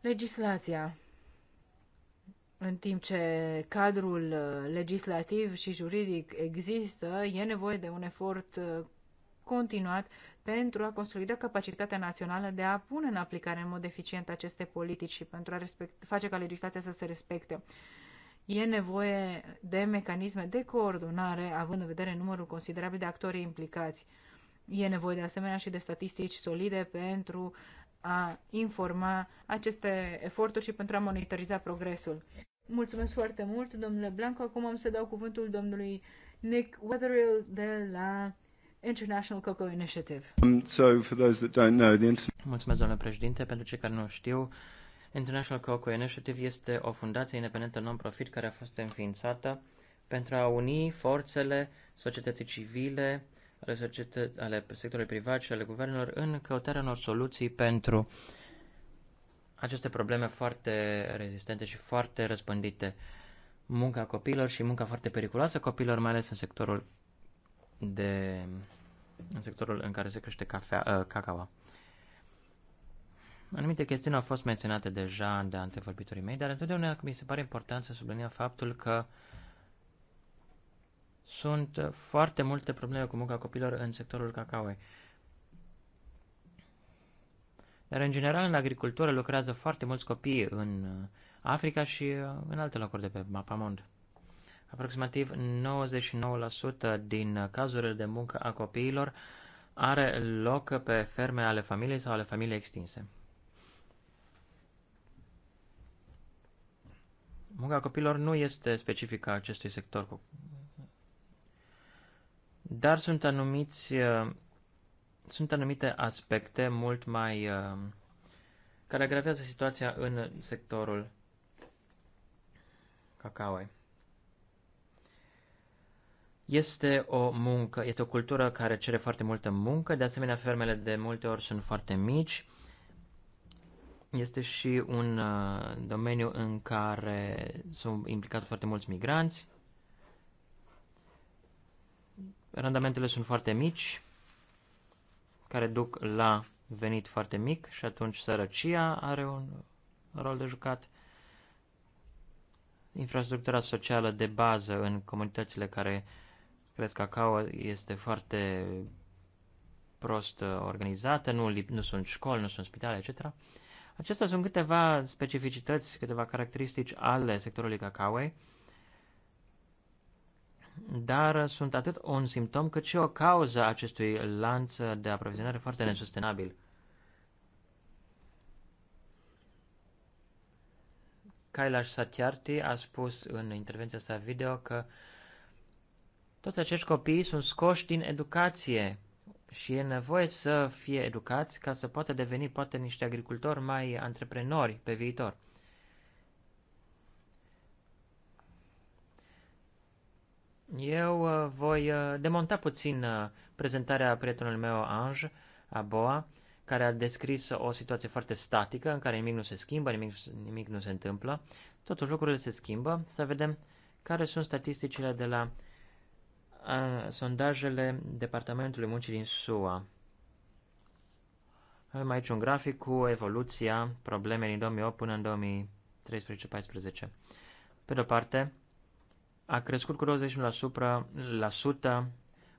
Legislația. În timp ce cadrul legislativ și juridic există, e nevoie de un efort uh, continuat pentru a consolida capacitatea națională de a pune în aplicare în mod eficient aceste politici și pentru a respect, face ca legislația să se respecte. E nevoie de mecanisme de coordonare, având în vedere numărul considerabil de actori implicați. E nevoie de asemenea și de statistici solide pentru a informa aceste eforturi și pentru a monitoriza progresul. Mulțumesc foarte mult, domnule Blanco. Acum am să dau cuvântul domnului Nick Wetherill de la International Cocoa Initiative. Um, so for those that don't know, the Mulțumesc, domnule președinte, pentru cei care nu știu. International Cocoa Initiative este o fundație independentă non-profit care a fost înființată pentru a uni forțele societății civile, ale, societă- ale sectorului privat și ale guvernelor în căutarea unor soluții pentru aceste probleme foarte rezistente și foarte răspândite. Munca copiilor și munca foarte periculoasă copiilor, mai ales în sectorul de, în sectorul în care se crește cafea, uh, cacaua. Anumite chestiuni au fost menționate deja de antevorbitorii mei, dar întotdeauna mi se pare important să subliniem faptul că sunt foarte multe probleme cu munca copilor în sectorul cacao. Dar, în general, în agricultură lucrează foarte mulți copii în Africa și uh, în alte locuri de pe mapamond. Aproximativ 99% din cazurile de muncă a copiilor are loc pe ferme ale familiei sau ale familiei extinse. Munca copiilor nu este specifică acestui sector, dar sunt anumiți sunt anumite aspecte mult mai care agravează situația în sectorul cacaoi. Este o muncă, este o cultură care cere foarte multă muncă, de asemenea fermele de multe ori sunt foarte mici. Este și un uh, domeniu în care sunt implicați foarte mulți migranți. Randamentele sunt foarte mici, care duc la venit foarte mic și atunci sărăcia are un rol de jucat. Infrastructura socială de bază în comunitățile care Cred că cacao este foarte prost uh, organizată, nu, nu sunt școli, nu sunt spitale, etc. Acestea sunt câteva specificități, câteva caracteristici ale sectorului cacaoei, dar sunt atât un simptom cât și o cauză acestui lanț de aprovizionare foarte nesustenabil. Kailash Satyarthi a spus în intervenția sa video că uh, toți acești copii sunt scoși din educație și e nevoie să fie educați ca să poată deveni poate niște agricultori mai antreprenori pe viitor. Eu uh, voi uh, demonta puțin uh, prezentarea prietenului meu, Ange, a Boa, care a descris o situație foarte statică, în care nimic nu se schimbă, nimic, nimic nu se întâmplă. Totuși lucrurile se schimbă. Să vedem care sunt statisticile de la sondajele Departamentului Muncii din SUA. Avem aici un grafic cu evoluția problemei din 2008 până în 2013 2014 Pe de-o parte, a crescut cu 21% la sută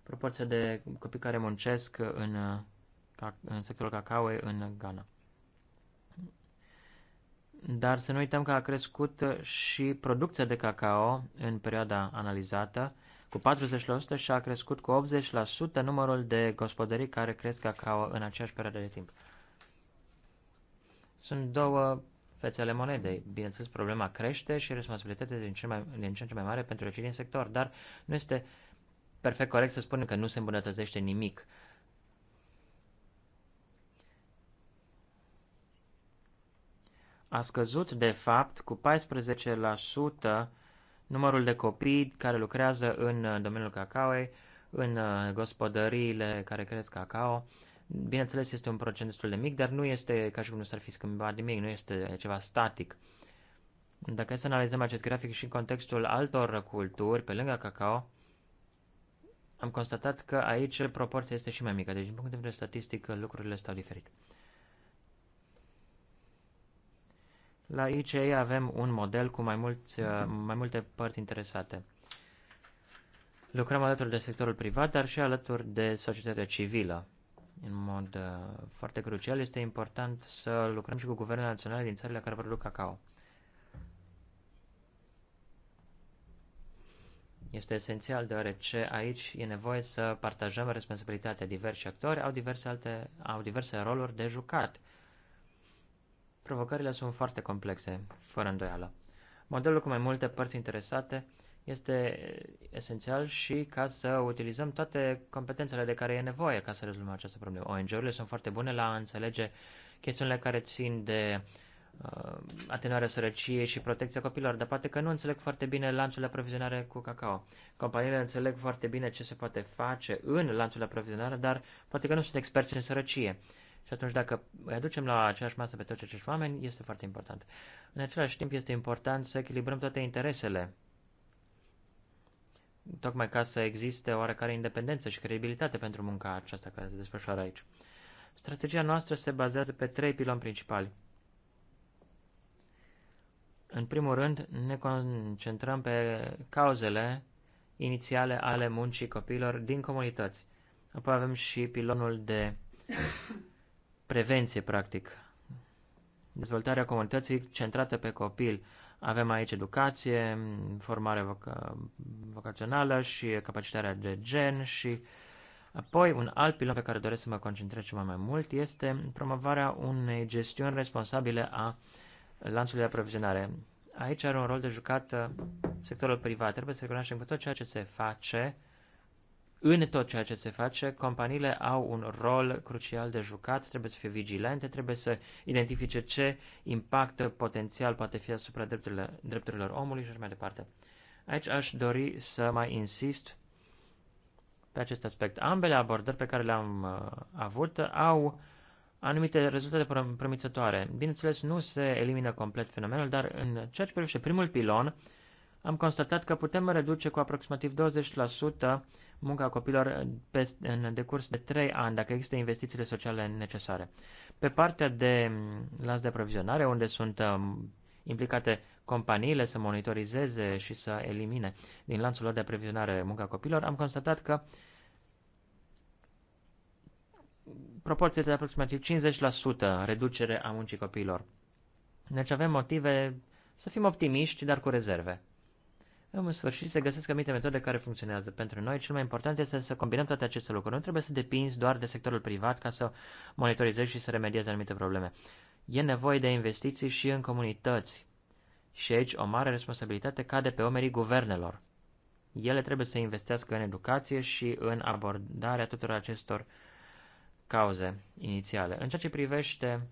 proporția de copii care muncesc în, în sectorul cacaoe în Ghana. Dar să nu uităm că a crescut și producția de cacao în perioada analizată cu 40% și a crescut cu 80% numărul de gospodării care cresc cacao în aceeași perioadă de timp. Sunt două ale monedei. Bineînțeles, problema crește și responsabilitatea din, din ce în ce mai mare pentru cei din sector, dar nu este perfect corect să spunem că nu se îmbunătățește nimic. A scăzut, de fapt, cu 14% numărul de copii care lucrează în uh, domeniul cacaoei, în uh, gospodăriile care cresc cacao. Bineînțeles, este un procent destul de mic, dar nu este ca și cum nu s-ar fi schimbat nimic, nu este ceva static. Dacă să analizăm acest grafic și în contextul altor culturi, pe lângă cacao, am constatat că aici proporția este și mai mică, deci din punct de vedere statistic lucrurile stau diferit. La ICE avem un model cu mai, mulți, uh, mai multe părți interesate. Lucrăm alături de sectorul privat, dar și alături de societatea civilă. În mod uh, foarte crucial este important să lucrăm și cu guvernele naționale din țările care produc cacao. Este esențial deoarece aici e nevoie să partajăm responsabilitatea. Diversi actori au diverse, alte, au diverse roluri de jucat Provocările sunt foarte complexe, fără îndoială. Modelul cu mai multe părți interesate este esențial și ca să utilizăm toate competențele de care e nevoie ca să rezolvăm această problemă. ONG-urile sunt foarte bune la a înțelege chestiunile care țin de uh, atenuarea sărăciei și protecția copilor, dar poate că nu înțeleg foarte bine lanțul de aprovizionare cu cacao. Companiile înțeleg foarte bine ce se poate face în lanțul de aprovizionare, dar poate că nu sunt experți în sărăcie. Uh, și atunci dacă îi aducem la aceeași masă pe toți acești oameni, este foarte important. În același timp este important să echilibrăm toate interesele, tocmai ca să existe oarecare independență și credibilitate pentru munca aceasta care se desfășoară aici. Strategia noastră se bazează pe trei piloni principali. În primul rând, ne concentrăm pe cauzele inițiale ale muncii copiilor din comunități. Apoi avem și pilonul de prevenție, practic. Dezvoltarea comunității centrată pe copil. Avem aici educație, formare voc- vocațională și capacitarea de gen și apoi un alt pilon pe care doresc să mă concentrez ceva mai mult este promovarea unei gestiuni responsabile a lanțului de aprovizionare. Aici are un rol de jucat uh, sectorul privat. Trebuie să recunoaștem că tot ceea ce se face în tot ceea ce se face, companiile au un rol crucial de jucat, trebuie să fie vigilente. trebuie să identifice ce impact potențial poate fi asupra drepturilor, drepturilor omului și așa mai departe. Aici aș dori să mai insist pe acest aspect. Ambele abordări pe care le-am uh, avut au anumite rezultate promițătoare. Bineînțeles, nu se elimină complet fenomenul, dar în ceea ce privește primul pilon, am constatat că putem reduce cu aproximativ 20% munca copilor în decurs de 3 ani, dacă există investițiile sociale necesare. Pe partea de mm, lanț de aprovizionare, unde sunt mm, implicate companiile să monitorizeze și să elimine din lanțul lor de aprovizionare munca copilor, am constatat că este de aproximativ 50% reducere a muncii copiilor. Deci avem motive să fim optimiști, dar cu rezerve în sfârșit se găsesc anumite metode care funcționează. Pentru noi, cel mai important este să combinăm toate aceste lucruri. Nu trebuie să depinzi doar de sectorul privat ca să monitorizezi și să remediezi anumite probleme. E nevoie de investiții și în comunități. Și aici o mare responsabilitate cade pe omerii guvernelor. Ele trebuie să investească în educație și în abordarea tuturor acestor cauze inițiale. În ceea ce privește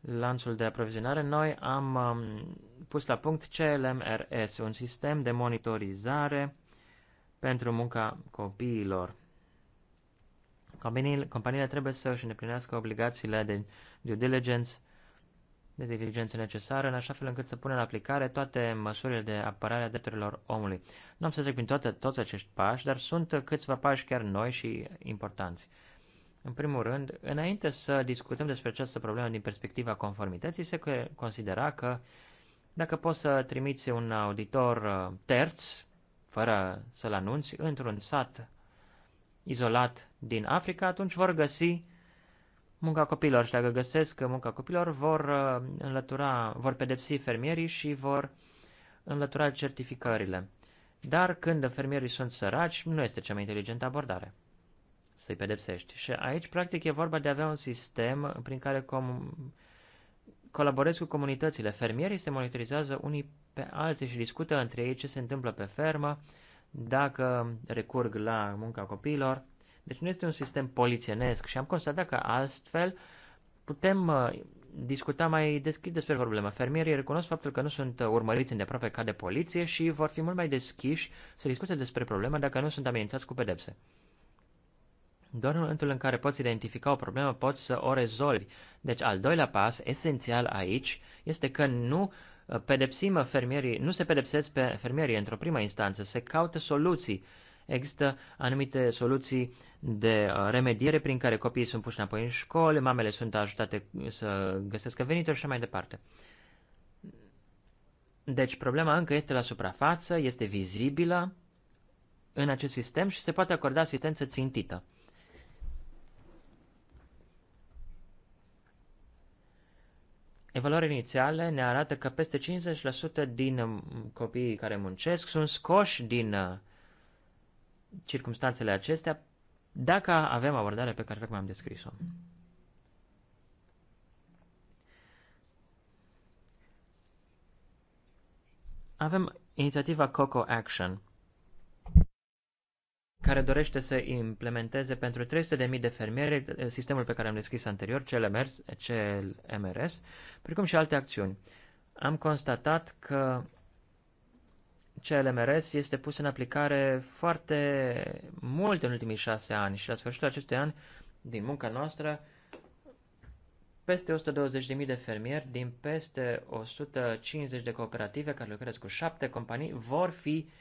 lanțul de aprovizionare, noi am um, pus la punct CLMRS, un sistem de monitorizare pentru munca copiilor. Companiile, companiile trebuie să își îndeplinească obligațiile de due diligence, de diligență necesară, în așa fel încât să pună în aplicare toate măsurile de apărare a drepturilor omului. Nu am să trec prin toate, toți acești pași, dar sunt câțiva pași chiar noi și importanți. În primul rând, înainte să discutăm despre această problemă din perspectiva conformității, se considera că dacă poți să trimiți un auditor uh, terț, fără să-l anunți, într-un sat izolat din Africa, atunci vor găsi munca copilor și dacă găsesc munca copilor, vor uh, înlătura, vor pedepsi fermierii și vor înlătura certificările. Dar când fermierii sunt săraci, nu este cea mai inteligentă abordare să-i pedepsești. Și aici, practic, e vorba de a avea un sistem prin care com- colaborezi cu comunitățile. Fermierii se monitorizează unii pe alții și discută între ei ce se întâmplă pe fermă, dacă recurg la munca copiilor. Deci nu este un sistem polițienesc și am constatat că astfel putem uh, discuta mai deschis despre problemă. Fermierii recunosc faptul că nu sunt urmăriți îndeaproape ca de poliție și vor fi mult mai deschiși să discute despre problemă dacă nu sunt amenințați cu pedepse. Doar în momentul în care poți identifica o problemă, poți să o rezolvi. Deci, al doilea pas, esențial aici, este că nu uh, pedepsim fermierii, nu se pedepsesc pe fermierii într-o prima instanță, se caută soluții. Există anumite soluții de uh, remediere prin care copiii sunt puși înapoi în școli, mamele sunt ajutate să găsească venituri și mai departe. Deci problema încă este la suprafață, este vizibilă în acest sistem și se poate acorda asistență țintită. Evaluările inițiale ne arată că peste 50% din copiii care muncesc sunt scoși din uh, circumstanțele acestea dacă avem abordarea pe care tocmai am descris-o. Avem inițiativa Coco Action – care dorește să implementeze pentru 300.000 de fermieri eh, sistemul pe care am descris anterior, CLMRS, CLMRS, precum și alte acțiuni. Am constatat că CLMRS este pus în aplicare foarte mult în ultimii șase ani și la sfârșitul acestui an, din munca noastră, peste 120.000 de fermieri din peste 150 de cooperative care lucrează cu șapte companii vor fi uh,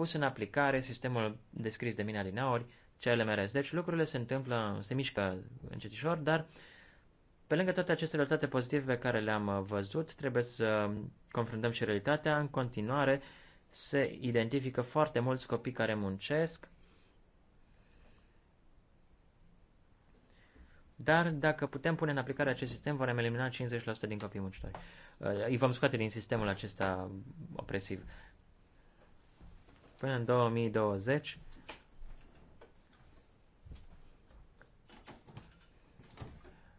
pus în aplicare sistemul descris de mine adinaori, CLMRS. Deci lucrurile se întâmplă, se mișcă încetișor, dar pe lângă toate aceste rezultate pozitive pe care le-am văzut, trebuie să confruntăm și realitatea. În continuare se identifică foarte mulți copii care muncesc, Dar dacă putem pune în aplicare acest sistem, vom elimina 50% din copiii muncitori. Îi vom scoate din sistemul acesta opresiv până în 2020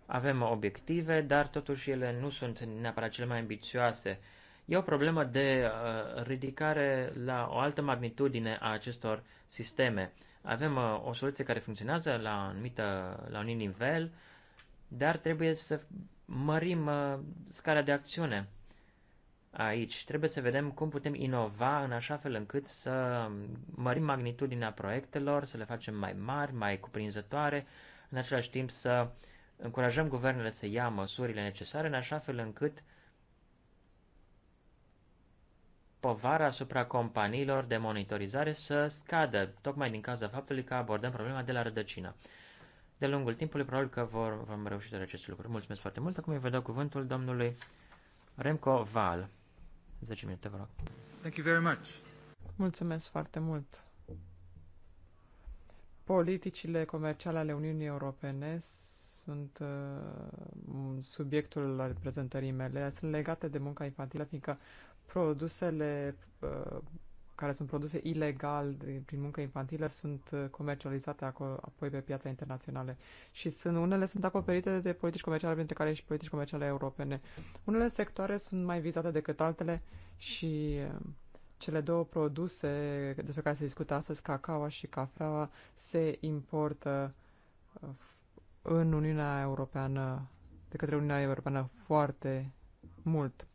avem obiective, dar totuși ele nu sunt neapărat cele mai ambițioase. E o problemă de uh, ridicare la o altă magnitudine a acestor sisteme. Avem uh, o soluție care funcționează la, anumită, la un nivel, dar trebuie să mărim uh, scara de acțiune aici. Trebuie să vedem cum putem inova în așa fel încât să mărim magnitudinea proiectelor, să le facem mai mari, mai cuprinzătoare, în același timp să încurajăm guvernele să ia măsurile necesare în așa fel încât povara asupra companiilor de monitorizare să scadă, tocmai din cauza faptului că abordăm problema de la rădăcină. De lungul timpului, probabil că vor, vom reuși de acest lucru. Mulțumesc foarte mult. Acum îi vă dau cuvântul domnului Remco Val. 10 minute, vă rog. Thank you very much. Mulțumesc foarte mult. Politicile comerciale ale Uniunii Europene sunt uh, subiectul la reprezentării mele. Sunt legate de munca infantilă, fiindcă produsele uh, care sunt produse ilegal prin muncă infantilă sunt uh, comercializate acolo, apoi pe piața internațională. și sunt, unele sunt acoperite de politici comerciale, printre care și politici comerciale europene. Unele sectoare sunt mai vizate decât altele și uh, cele două produse despre care se discută astăzi, cacaoa și cafeaua, se importă uh, în Uniunea Europeană, de către Uniunea Europeană foarte mult.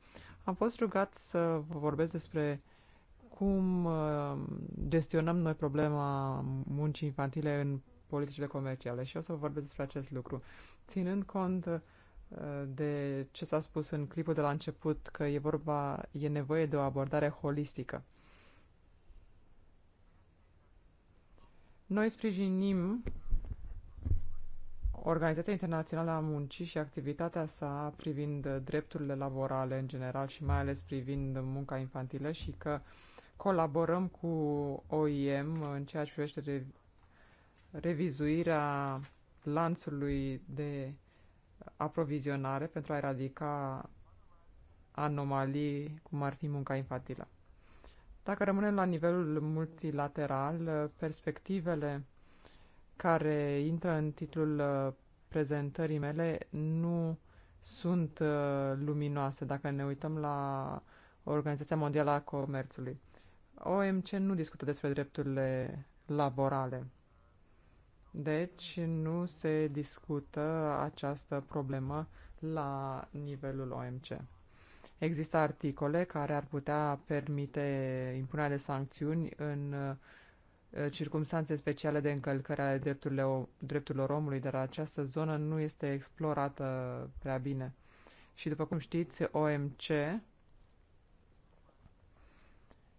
Am fost rugat să vă vorbesc despre uh, cum uh, gestionăm noi problema muncii infantile în politicile comerciale și o să vorbesc despre acest lucru, ținând cont uh, de ce s-a spus în clipul de la început că e vorba, e nevoie de o abordare holistică. Noi sprijinim Organizația Internațională a Muncii și activitatea sa privind drepturile laborale în general și mai ales privind munca infantilă și că uh, Colaborăm cu OIM în ceea ce privește re, revizuirea lanțului de aprovizionare pentru a eradica anomalii, cum ar fi munca infantilă. Dacă rămânem la nivelul multilateral, perspectivele care intră în titlul uh, prezentării mele nu sunt uh, luminoase dacă ne uităm la Organizația Mondială a Comerțului. OMC nu discută despre drepturile laborale. Deci nu se discută această problemă la nivelul OMC. Există articole care ar putea permite impunerea de sancțiuni în uh, circumstanțe speciale de încălcări ale drepturilor omului, dar această zonă nu este explorată prea bine. Și după cum știți, OMC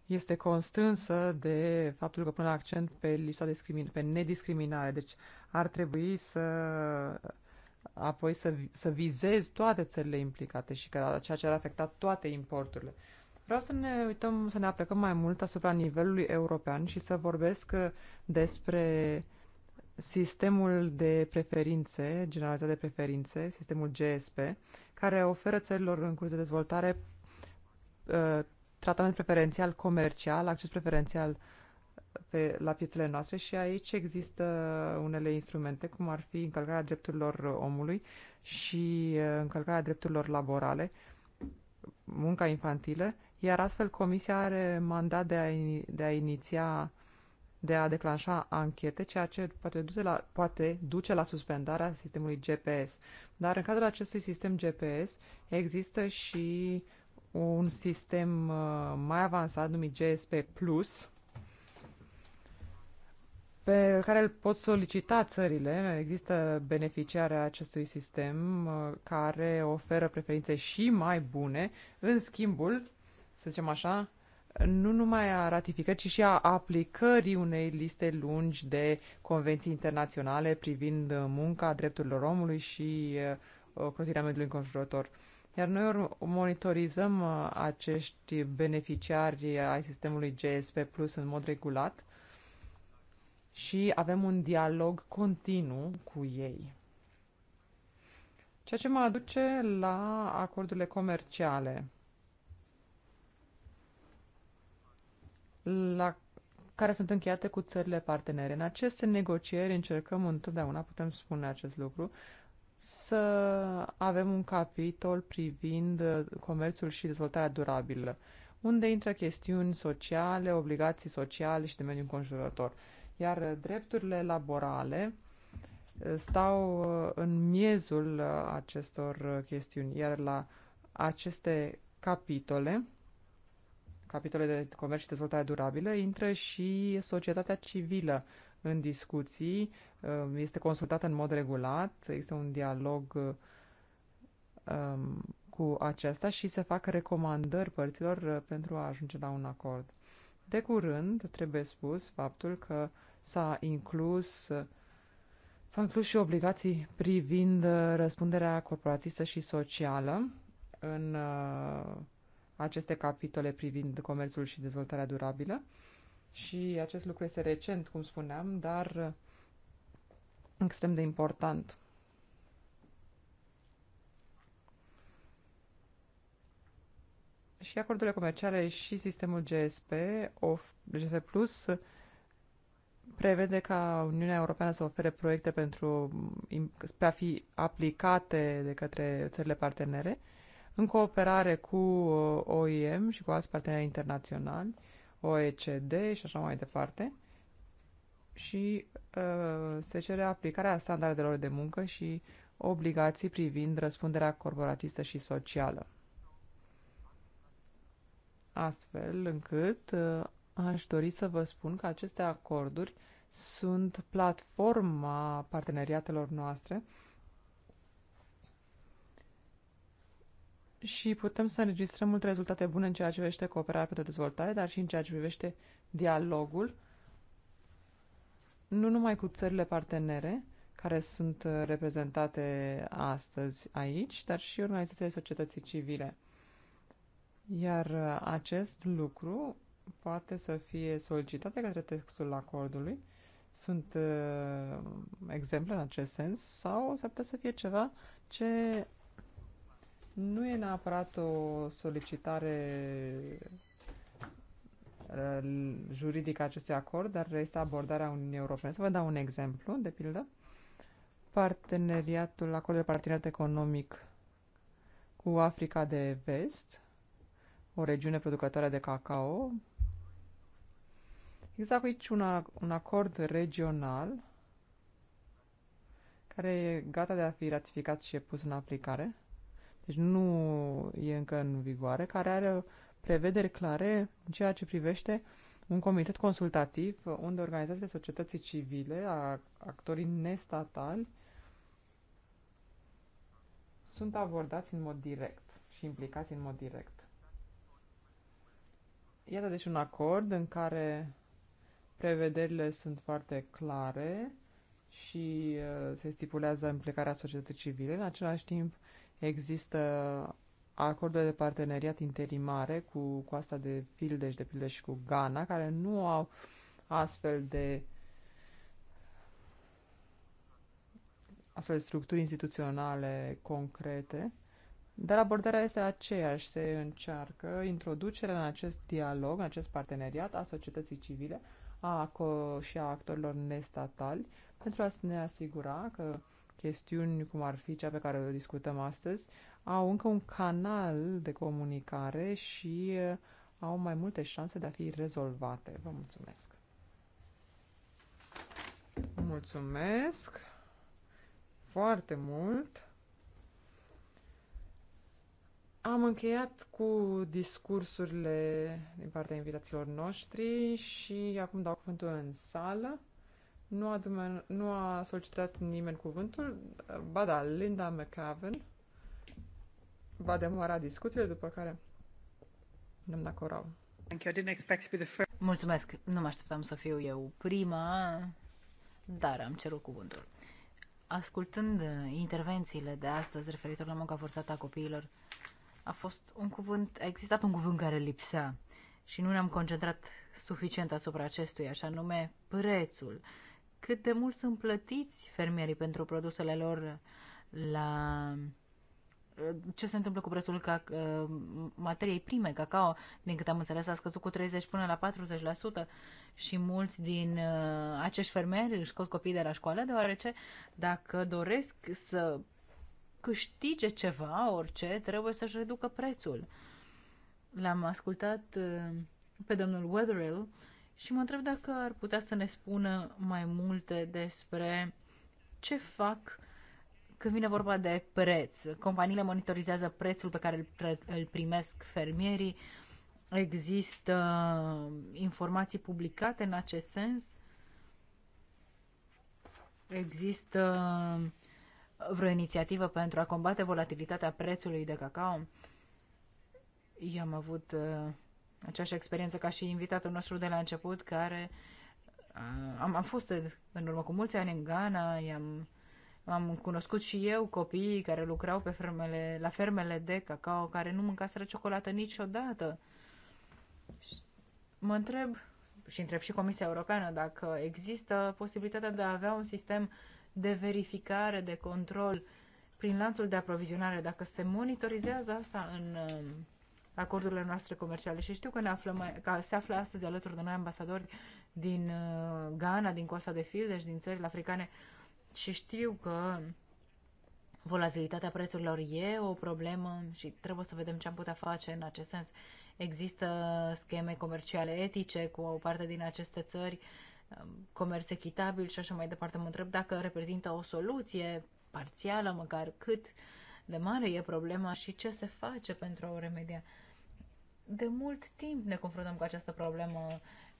este constrânsă de faptul că pune accent pe lipsa discrimin- pe nediscriminare. Deci ar trebui să apoi să, să vizezi toate țările implicate și că ceea ce ar afecta toate importurile. Vreau să ne uităm, să ne aplecăm mai mult asupra nivelului european și să vorbesc despre sistemul de preferințe, generalizat de preferințe, sistemul GSP, care oferă țărilor în curs de dezvoltare uh, tratament preferențial comercial, acces preferențial pe, la piețele noastre și aici există unele instrumente, cum ar fi încălcarea drepturilor omului și uh, încălcarea drepturilor laborale, munca infantilă, iar astfel Comisia are mandat de a, de a iniția, de a declanșa anchete, ceea ce poate duce, la, poate duce la suspendarea sistemului GPS. Dar în cadrul acestui sistem GPS există și uh, un sistem uh, mai avansat numit GSP Plus, pe care îl pot solicita țările. Există beneficiarea acestui sistem uh, care oferă preferințe și mai bune, în schimbul, să zicem așa, nu numai a ratificării, ci și a aplicării unei liste lungi de convenții internaționale privind uh, munca drepturilor omului și ocrotirea mediului înconjurător. Uh, iar noi monitorizăm uh, acești beneficiari ai sistemului GSP Plus în mod regulat și avem un dialog continuu cu ei. Ceea ce mă aduce la acordurile comerciale, la care sunt încheiate cu țările partenere. În aceste negocieri încercăm întotdeauna, putem spune acest lucru, să avem un capitol privind uh, comerțul și dezvoltarea durabilă, unde intră chestiuni sociale, obligații sociale și de mediu înconjurător. Iar uh, drepturile laborale uh, stau în miezul acestor chestiuni, iar la aceste capitole, capitole de comerț și dezvoltare durabilă, intră și societatea civilă în discuții Um, este consultată în mod regulat, există un dialog um, cu aceasta și se fac recomandări părților uh, pentru a ajunge la un acord. De curând, trebuie spus faptul că s-a inclus uh, S-au inclus și obligații privind uh, răspunderea corporatistă și socială în aceste capitole privind comerțul și dezvoltarea durabilă. Și acest lucru este recent, cum spuneam, dar extrem de important. Și acordurile comerciale și sistemul GSP, of, GSP Plus, prevede ca Uniunea Europeană să ofere proiecte pentru spre a fi aplicate de către țările partenere, în cooperare cu uh, OIM și cu alți parteneri internaționali, OECD și așa mai departe și uh, se cere aplicarea standardelor de muncă și obligații privind răspunderea corporatistă și socială. Astfel încât uh, aș dori să vă spun că aceste acorduri sunt platforma parteneriatelor noastre și putem să înregistrăm multe rezultate bune în ceea ce privește cooperarea pentru dezvoltare, dar și în ceea ce privește dialogul nu numai cu țările partenere, care sunt uh, reprezentate astăzi aici, dar și organizațiile societății civile. Iar uh, acest lucru poate să fie solicitat de către textul acordului. Sunt uh, exemple în acest sens sau s-ar putea să fie ceva ce nu e neapărat o solicitare Uh, juridică a acestui acord, dar este abordarea Uniunii Europene. Să vă dau un exemplu, de pildă. Parteneriatul, acordul de parteneriat economic cu Africa de Vest, o regiune producătoare de cacao. Exact aici un, un acord regional care e gata de a fi ratificat și e pus în aplicare. Deci nu e încă în vigoare, care are prevederi clare în ceea ce privește un comitet consultativ unde organizațiile societății civile, a actorii nestatali, sunt abordați în mod direct și implicați în mod direct. Iată deci un acord în care prevederile sunt foarte clare și uh, se stipulează implicarea societății civile. În același timp există acordurile de parteneriat interimare cu coasta de Fildeș, de pildă și cu Ghana, care nu au astfel de astfel de structuri instituționale concrete, dar abordarea este aceeași. Se încearcă introducerea în acest dialog, în acest parteneriat a societății civile a ACO și a actorilor nestatali pentru a ne asigura că chestiuni cum ar fi cea pe care o discutăm astăzi au încă un canal de comunicare și uh, au mai multe șanse de a fi rezolvate. Vă mulțumesc! Mulțumesc foarte mult! Am încheiat cu discursurile din partea invitaților noștri și acum dau cuvântul în sală. Nu a, nu a solicitat nimeni cuvântul. Ba da, Linda McAven va demara discuțiile, după care doamna Corau. Mulțumesc. Nu mă așteptam să fiu eu prima, dar am cerut cuvântul. Ascultând uh, intervențiile de astăzi referitor la munca forțată a copiilor, a fost un cuvânt, a existat un cuvânt care lipsea și nu ne-am concentrat suficient asupra acestui așa nume prețul. Cât de mult sunt plătiți fermierii pentru produsele lor la ce se întâmplă cu prețul ca, uh, materiei prime, cacao, din câte am înțeles, a scăzut cu 30 până la 40% și mulți din uh, acești fermieri își scot copiii de la școală, deoarece dacă doresc să câștige ceva, orice, trebuie să-și reducă prețul. L-am ascultat uh, pe domnul Wetherill și mă întreb dacă ar putea să ne spună mai multe despre ce fac când vine vorba de preț, companiile monitorizează prețul pe care îl, îl primesc fermierii. Există uh, informații publicate în acest sens? Există uh, vreo inițiativă pentru a combate volatilitatea prețului de cacao? Eu am avut uh, aceeași experiență ca și invitatul nostru de la început, care am, am fost în urmă cu mulți ani în Ghana, i-am am cunoscut și eu copiii care lucrau pe fermele, la fermele de cacao, care nu mâncaseră ciocolată niciodată. Mă întreb și întreb și Comisia Europeană dacă există posibilitatea de a avea un sistem de verificare, de control prin lanțul de aprovizionare, dacă se monitorizează asta în um, acordurile noastre comerciale. Și știu că, ne aflăm, că se află astăzi alături de noi ambasadori din uh, Ghana, din Costa de Fildeș, din țările africane, și știu că volatilitatea prețurilor e o problemă și trebuie să vedem ce am putea face în acest sens. Există scheme comerciale etice cu o parte din aceste țări, um, comerț echitabil și așa mai departe. Mă întreb dacă reprezintă o soluție parțială, măcar cât de mare e problema și ce se face pentru a o remedia. De mult timp ne confruntăm cu această problemă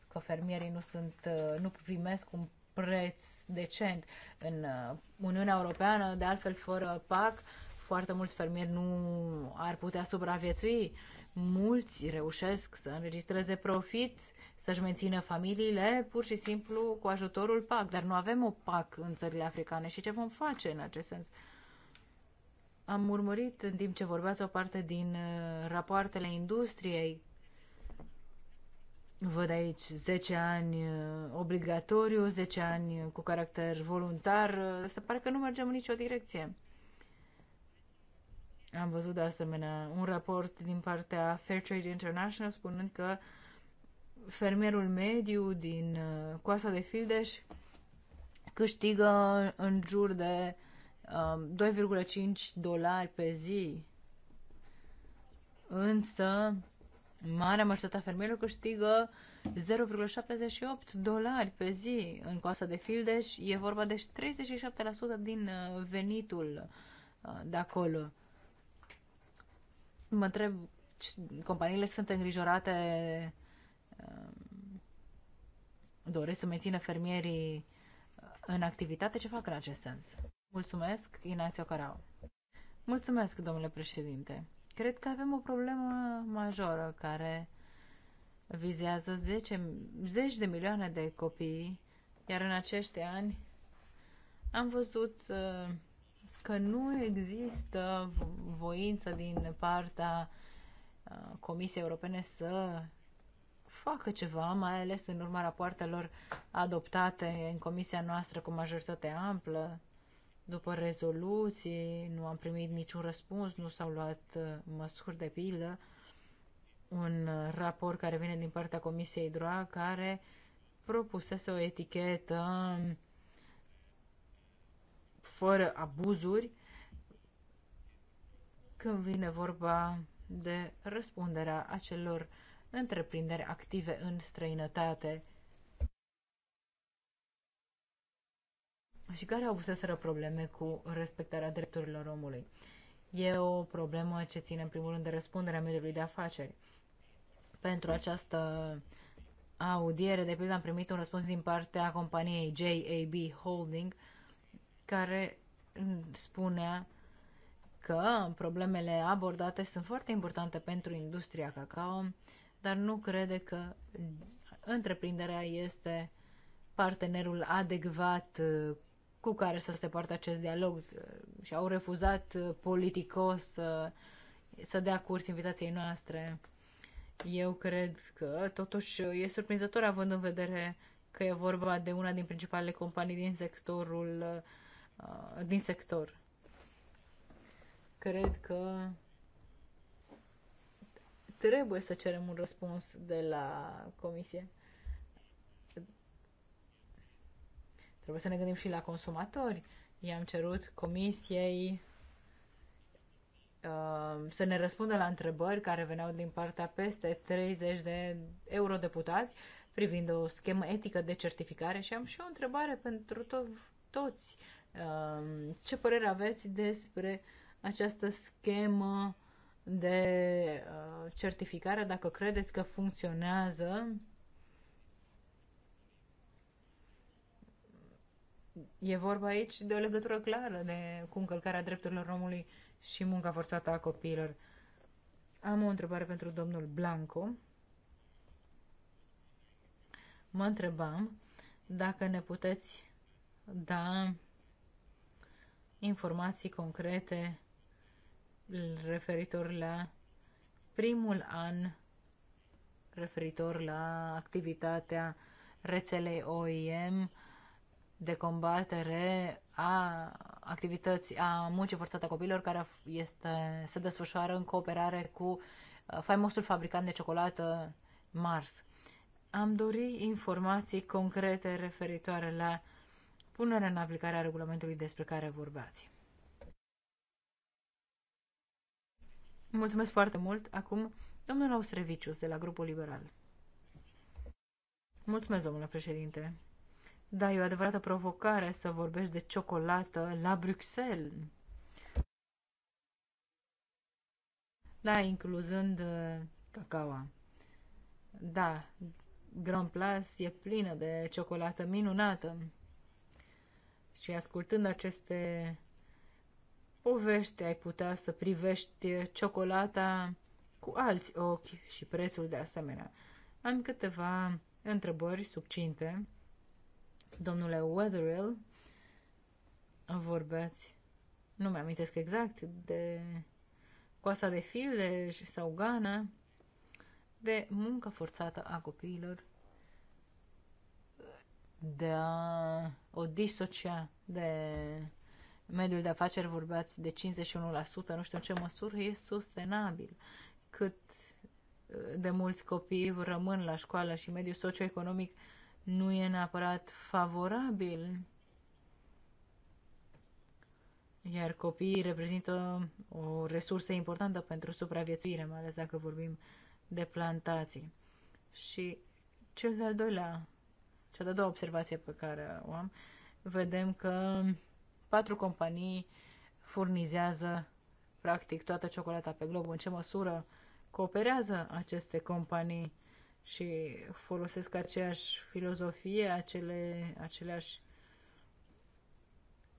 că fermierii nu sunt, uh, nu primesc un preț decent. În uh, Uniunea Europeană, de altfel, fără PAC, foarte mulți fermieri nu ar putea supraviețui. Mulți reușesc să înregistreze profit, să-și mențină familiile pur și simplu cu ajutorul PAC, dar nu avem o PAC în țările africane și ce vom face în acest sens? Am urmărit în timp ce vorbeați o parte din uh, rapoartele industriei Văd aici 10 ani uh, obligatoriu, 10 ani uh, cu caracter voluntar. Uh, se pare că nu mergem în nicio direcție. Am văzut de asemenea un raport din partea Fairtrade International spunând că fermierul mediu din coasa de Fildeș câștigă în jur de 2,5 um, dolari pe zi. Însă Marea majoritate a fermierilor câștigă 0,78 dolari pe zi în coasta de Fildeș. E vorba de 37% din uh, venitul uh, de acolo. Mă întreb, companiile sunt îngrijorate, um, doresc să mențină fermierii uh, în activitate. Ce fac în acest sens? Mulțumesc, Inațio Carau. Mulțumesc, domnule președinte. Cred că avem o problemă majoră care vizează 10, zeci de milioane de copii, iar în acești ani am văzut uh, că nu există voință din partea uh, Comisiei Europene să facă ceva, mai ales în urma rapoartelor adoptate în comisia noastră cu majoritate amplă. După rezoluții nu am primit niciun răspuns, nu s-au luat uh, măsuri de pildă. Un uh, raport care vine din partea Comisiei DROA care propusese o etichetă um, fără abuzuri când vine vorba de răspunderea acelor întreprinderi active în străinătate și care au avuseseră probleme cu respectarea drepturilor omului. E o problemă ce ține în primul rând de răspunderea mediului de afaceri. Pentru această audiere, de pildă, am primit un răspuns din partea companiei JAB Holding, care spunea că problemele abordate sunt foarte importante pentru industria cacao, dar nu crede că întreprinderea este partenerul adecvat cu care să se poartă acest dialog și au refuzat uh, politicos să, să dea curs invitației noastre. Eu cred că totuși e surprinzător având în vedere că e vorba de una din principalele companii din sectorul uh, din sector. Cred că trebuie să cerem un răspuns de la comisie. Trebuie să ne gândim și la consumatori. I-am cerut comisiei uh, să ne răspundă la întrebări care veneau din partea peste 30 de eurodeputați privind o schemă etică de certificare și am și o întrebare pentru to- toți. Uh, ce părere aveți despre această schemă de uh, certificare, dacă credeți că funcționează E vorba aici de o legătură clară de, cu încălcarea drepturilor omului și munca forțată a copiilor. Am o întrebare pentru domnul Blanco. Mă întrebam dacă ne puteți da informații concrete referitor la primul an referitor la activitatea rețelei OIM de combatere a activității, a muncii forțate a copiilor care este, se desfășoară în cooperare cu uh, faimosul fabricant de ciocolată Mars. Am dorit informații concrete referitoare la punerea în aplicare a regulamentului despre care vorbeați. Mulțumesc foarte mult. Acum, domnul Austrevicius de la Grupul Liberal. Mulțumesc, domnule președinte. Da, e o adevărată provocare să vorbești de ciocolată la Bruxelles. Da, incluzând uh, cacao. Da, Grand Place e plină de ciocolată minunată. Și ascultând aceste povești, ai putea să privești ciocolata cu alți ochi și prețul de asemenea. Am câteva întrebări subcinte Domnule Wetherill, vorbeați, nu mi amintesc exact, de coasa de fildeș sau gana, de muncă forțată a copiilor, de a o disocia de mediul de afaceri, vorbeați de 51%, nu știu în ce măsură e sustenabil, cât de mulți copii rămân la școală și mediul socioeconomic nu e neapărat favorabil. Iar copiii reprezintă o resursă importantă pentru supraviețuire, mai ales dacă vorbim de plantații. Și cel de-al doilea, cea de-a doua observație pe care o am, vedem că patru companii furnizează practic toată ciocolata pe glob. În ce măsură cooperează aceste companii? și folosesc aceeași filozofie, acele, aceleași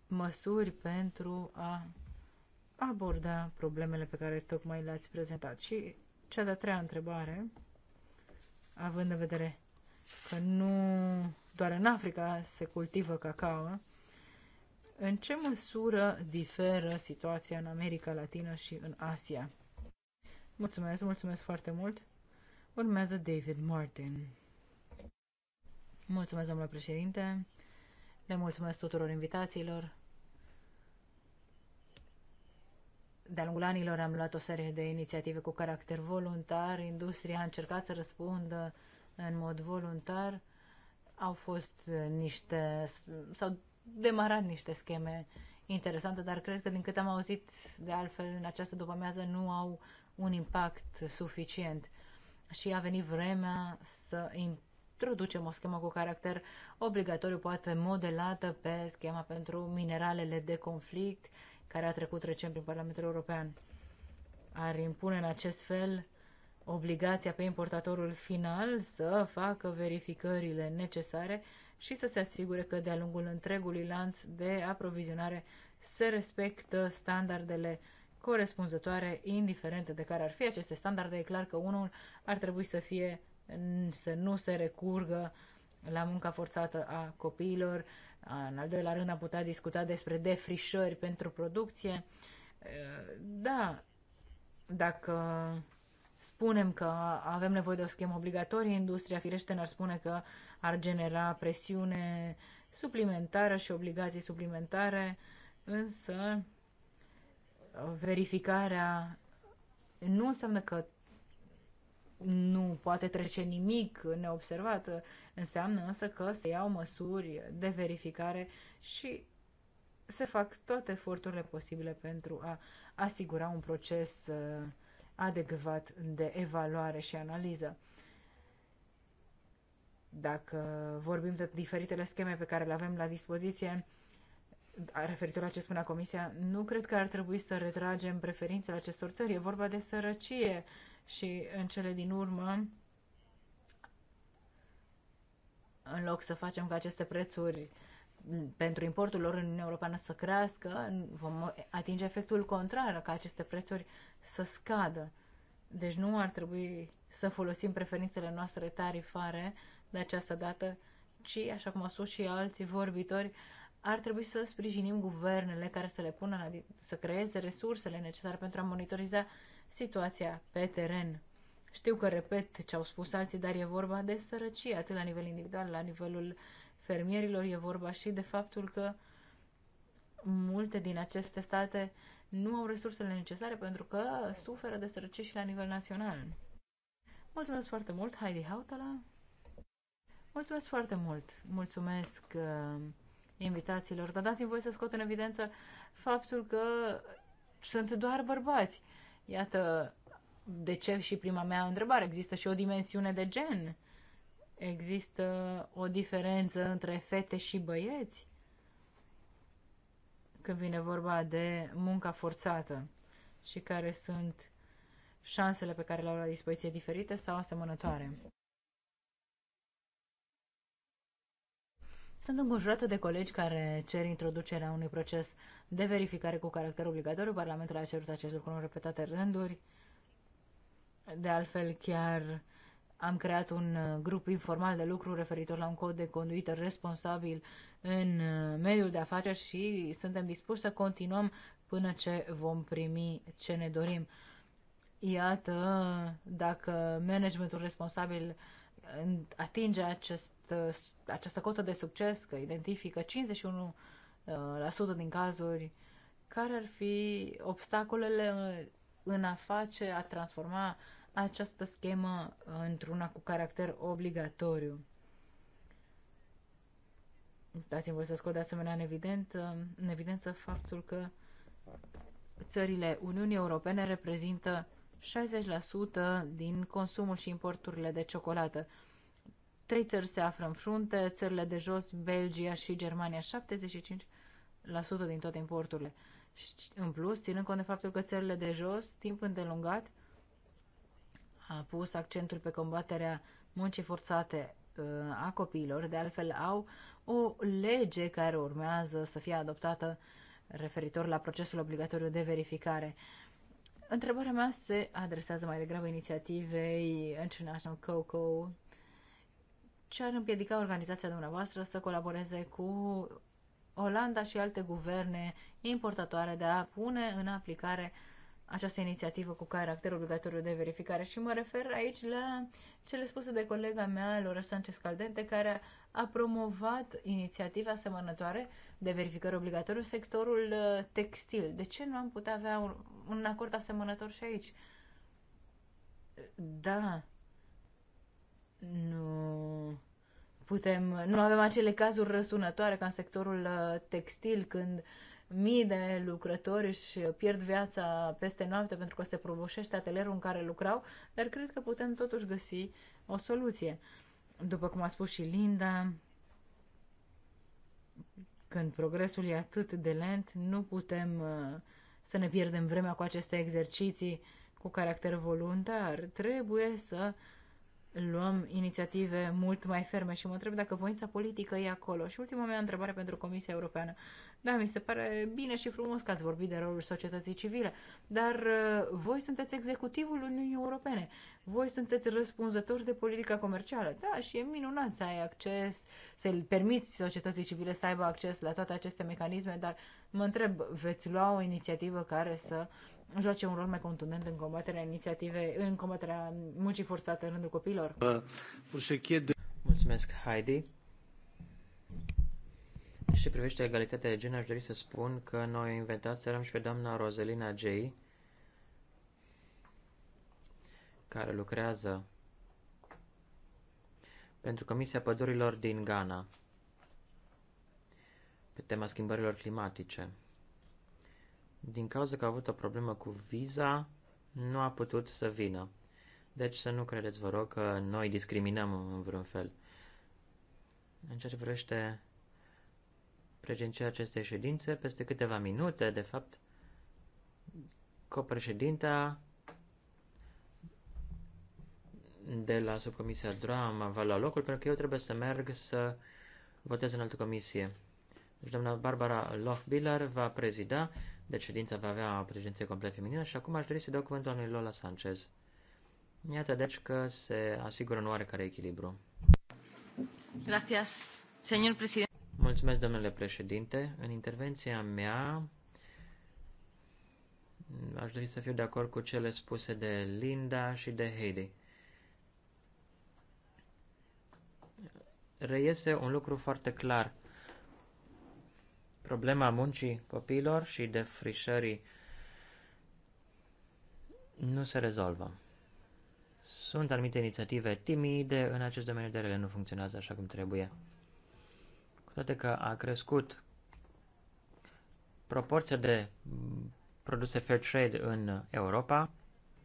măsuri pentru a aborda problemele pe care tocmai le-ați prezentat. Și cea de-a treia întrebare, având în vedere că nu doar în Africa se cultivă cacao, în ce măsură diferă situația în America Latină și în Asia? Mulțumesc, mulțumesc foarte mult! Urmează David Martin. Mulțumesc, domnule președinte. Le mulțumesc tuturor invitațiilor. De-a lungul anilor am luat o serie de inițiative cu caracter voluntar. Industria a încercat să răspundă în mod voluntar. Au fost niște, s-au demarat niște scheme interesante, dar cred că din câte am auzit de altfel în această după nu au un impact suficient și a venit vremea să introducem o schemă cu caracter obligatoriu, poate modelată pe schema pentru mineralele de conflict care a trecut recent prin Parlamentul European. Ar impune în acest fel obligația pe importatorul final să facă verificările necesare și să se asigure că de-a lungul întregului lanț de aprovizionare se respectă standardele corespunzătoare, indiferent de care ar fi aceste standarde. E clar că unul ar trebui să fie să nu se recurgă la munca forțată a copiilor. În al doilea rând am putea discuta despre defrișări pentru producție. Da, dacă spunem că avem nevoie de o schemă obligatorie, industria firește ne-ar spune că ar genera presiune suplimentară și obligații suplimentare, însă verificarea nu înseamnă că nu poate trece nimic neobservat, înseamnă însă că se iau măsuri de verificare și se fac toate eforturile posibile pentru a asigura un proces uh, adecvat de evaluare și analiză. Dacă vorbim de diferitele scheme pe care le avem la dispoziție, referitor la ce spunea Comisia, nu cred că ar trebui să retragem preferințele acestor țări. E vorba de sărăcie și în cele din urmă, în loc să facem ca aceste prețuri pentru importul lor în Uniunea Europeană să crească, vom atinge efectul contrar, ca aceste prețuri să scadă. Deci nu ar trebui să folosim preferințele noastre tarifare de această dată, ci, așa cum au spus și alții vorbitori, uh, ar trebui să sprijinim guvernele care să le pună, să creeze resursele necesare pentru a monitoriza situația pe teren. Știu că repet ce au spus alții, dar e vorba de sărăcie, atât la nivel individual, la nivelul fermierilor, e vorba și de faptul că multe din aceste state nu au resursele necesare pentru că suferă de sărăcie și la nivel național. Mulțumesc foarte mult, Heidi Hautala! Mulțumesc foarte mult! Mulțumesc! Uh invitațiilor. Dar dați-mi voie să scot în evidență faptul că sunt doar bărbați. Iată de ce și prima mea întrebare. Există și o dimensiune de gen? Există o diferență între fete și băieți? Când vine vorba de munca forțată și care sunt șansele pe care le au la dispoziție diferite sau asemănătoare. Sunt înconjurată de colegi care cer introducerea unui proces de verificare cu caracter obligatoriu. Parlamentul a cerut acest lucru în repetate rânduri. De altfel, chiar am creat un uh, grup informal de lucru referitor la un cod de conduită responsabil în uh, mediul de afaceri și suntem dispuși să continuăm până ce vom primi ce ne dorim. Iată, dacă managementul responsabil atinge acest, uh, această cotă de succes, că identifică 51% uh, din cazuri care ar fi obstacolele în a face, a transforma această schemă într-una cu caracter obligatoriu. Dați-mi voi să scot de asemenea în, evident, în evidență faptul că țările Uniunii Europene reprezintă 60% din consumul și importurile de ciocolată. Trei țări se află în frunte, țările de jos, Belgia și Germania, 75% din toate importurile. Și în plus, ținând cont de faptul că țările de jos, timp îndelungat, a pus accentul pe combaterea muncii forțate uh, a copiilor, de altfel au o lege care urmează să fie adoptată referitor la procesul obligatoriu de verificare. Întrebarea mea se adresează mai degrabă inițiativei International COCO. Ce ar împiedica organizația dumneavoastră să colaboreze cu Olanda și alte guverne importatoare de a pune în aplicare această inițiativă cu caracter obligatoriu de verificare și mă refer aici la cele spuse de colega mea, Laura Sanchez Caldente, care a promovat inițiativa asemănătoare de verificări obligatoriu sectorul uh, textil. De ce nu am putea avea un, un acord asemănător și aici? Da. Nu putem, nu avem acele cazuri răsunătoare ca în sectorul uh, textil când mii de lucrători își pierd viața peste noapte pentru că se provoșește atelierul în care lucrau, dar cred că putem totuși găsi o soluție. După cum a spus și Linda, când progresul e atât de lent, nu putem uh, să ne pierdem vremea cu aceste exerciții cu caracter voluntar. Trebuie să luăm inițiative mult mai ferme și mă întreb dacă voința politică e acolo. Și ultima mea întrebare pentru Comisia Europeană. Da, mi se pare bine și frumos că ați vorbit de rolul societății civile, dar uh, voi sunteți executivul Uniunii Europene. Voi sunteți răspunzători de politica comercială. Da, și e minunat să ai acces, să-i permiți societății civile să aibă acces la toate aceste mecanisme, dar mă întreb, veți lua o inițiativă care să joace un rol mai contundent în combaterea inițiative, în combaterea muncii forțate în rândul copiilor? Mulțumesc, Heidi ce privește egalitatea de gen, aș dori să spun că noi să și pe doamna Rozelina J, care lucrează pentru Comisia Pădurilor din Ghana pe tema schimbărilor climatice. Din cauza că a avut o problemă cu viza, nu a putut să vină. Deci să nu credeți, vă rog, că noi discriminăm în vreun fel. În ceea ce privește președinția acestei ședințe. Peste câteva minute, de fapt, copreședinta de la subcomisia DRAM va lua locul, pentru că eu trebuie să merg să votez în altă comisie. Deci doamna Barbara Lochbiller va prezida, deci ședința va avea o președinție complet feminină și acum aș dori să dau cuvântul lui Lola Sanchez. Iată deci că se asigură un oarecare echilibru. Gracias, señor presidente. Mulțumesc, domnule președinte. În intervenția mea aș dori să fiu de acord cu cele spuse de Linda și de Heidi. Reiese un lucru foarte clar. Problema muncii copiilor și defrișării nu se rezolvă. Sunt anumite inițiative timide în acest domeniu de ele nu funcționează așa cum trebuie. Toate că a crescut proporția de produse fair trade în Europa,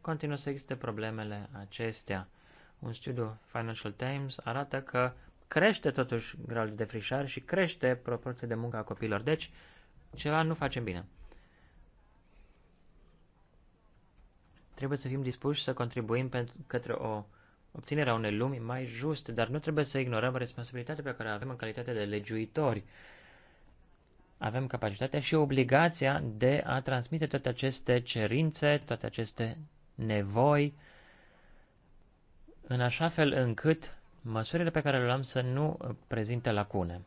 continuă să existe problemele acestea. Un studiu Financial Times arată că crește totuși gradul de defrișare și crește proporția de muncă a copiilor. Deci, ceva nu facem bine. Trebuie să fim dispuși să contribuim pentru, către o obținerea unei lumi mai juste, dar nu trebuie să ignorăm responsabilitatea pe care o avem în calitate de legiuitori. Avem capacitatea și obligația de a transmite toate aceste cerințe, toate aceste nevoi, în așa fel încât măsurile pe care le luăm să nu prezinte lacune.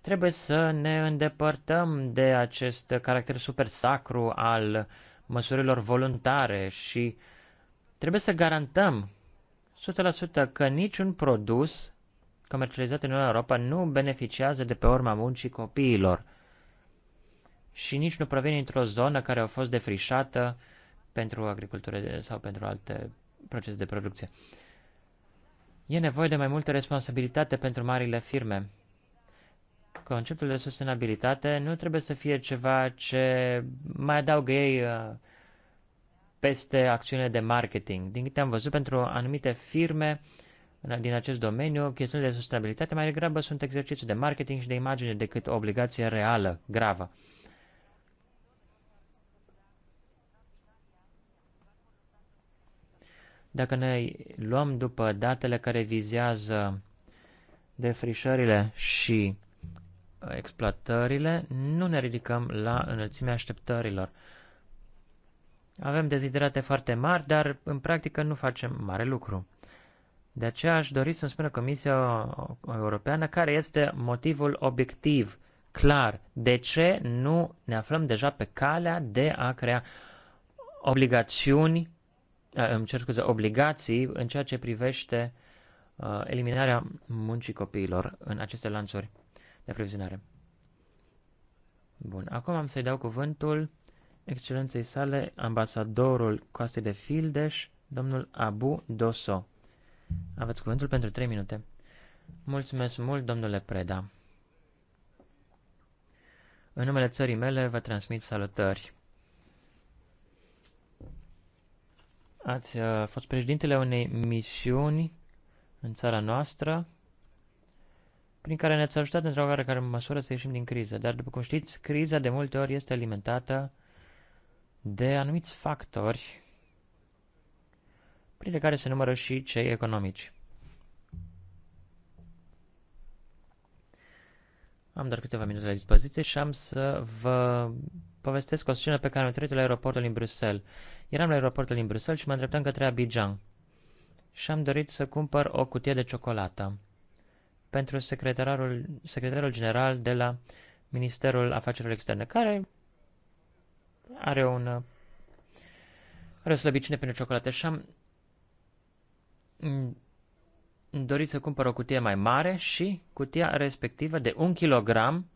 Trebuie să ne îndepărtăm de acest caracter super sacru al uh, măsurilor voluntare și trebuie să garantăm 100% că niciun produs comercializat în Europa nu beneficiază de pe urma muncii copiilor și nici nu provine dintr-o zonă care a fost defrișată pentru agricultură sau pentru alte procese de producție. E nevoie de mai multă responsabilitate pentru marile firme conceptul de sustenabilitate nu trebuie să fie ceva ce mai adaugă ei uh, peste acțiunile de marketing. Din câte am văzut, pentru anumite firme din acest domeniu, chestiunile de sustenabilitate mai degrabă sunt exerciții de marketing și de imagine decât o obligație reală, gravă. Dacă ne luăm după datele care vizează defrișările și exploatările, nu ne ridicăm la înălțimea așteptărilor. Avem deziderate foarte mari, dar în practică nu facem mare lucru. De aceea aș dori să-mi spună Comisia Europeană care este motivul obiectiv, clar, de ce nu ne aflăm deja pe calea de a crea obligațiuni, îmi cer scuze, obligații în ceea ce privește uh, eliminarea muncii copiilor în aceste lanțuri de aprovizionare. Bun, acum am să-i dau cuvântul excelenței sale, ambasadorul Coastei de Fildeș, domnul Abu Doso. Aveți cuvântul pentru 3 minute. Mulțumesc mult, domnule Preda. În numele țării mele vă transmit salutări. Ați uh, fost președintele unei misiuni în țara noastră prin care ne-ați ajutat într-o oarecare măsură să ieșim din criză. Dar, după cum știți, criza de multe ori este alimentată de anumiți factori, printre care se numără și cei economici. Am doar câteva minute la dispoziție și am să vă povestesc o scenă pe care am trăit la aeroportul din Bruxelles. Eram la aeroportul din Bruxelles și mă îndreptam către Abidjan și am dorit să cumpăr o cutie de ciocolată pentru secretarul, secretarul general de la Ministerul Afacerilor Externe, care are un uh, are o slăbiciune pentru ciocolată și am dorit să cumpăr o cutie mai mare și cutia respectivă de un kilogram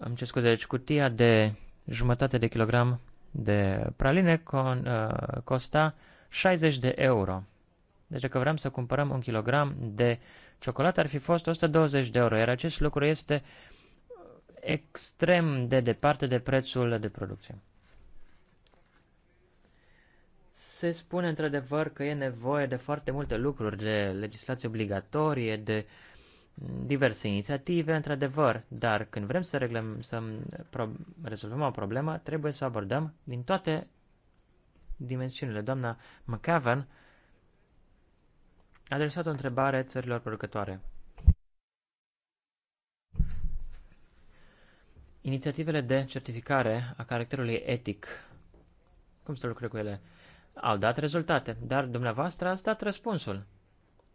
Am ce scuze, deci cutia de jumătate de kilogram de praline con, uh, costa 60 de euro. Deci dacă vrem să cumpărăm un kilogram de ciocolată, ar fi fost 120 de euro, iar acest lucru este extrem de departe de prețul de producție. Se spune într-adevăr că e nevoie de foarte multe lucruri, de legislație obligatorie, de diverse inițiative, într-adevăr, dar când vrem să, reglăm, să rezolvăm o problemă, trebuie să abordăm din toate dimensiunile. Doamna McAvan a adresat o întrebare țărilor producătoare. Inițiativele de certificare a caracterului etic, cum să lucre cu ele, au dat rezultate, dar dumneavoastră ați dat răspunsul.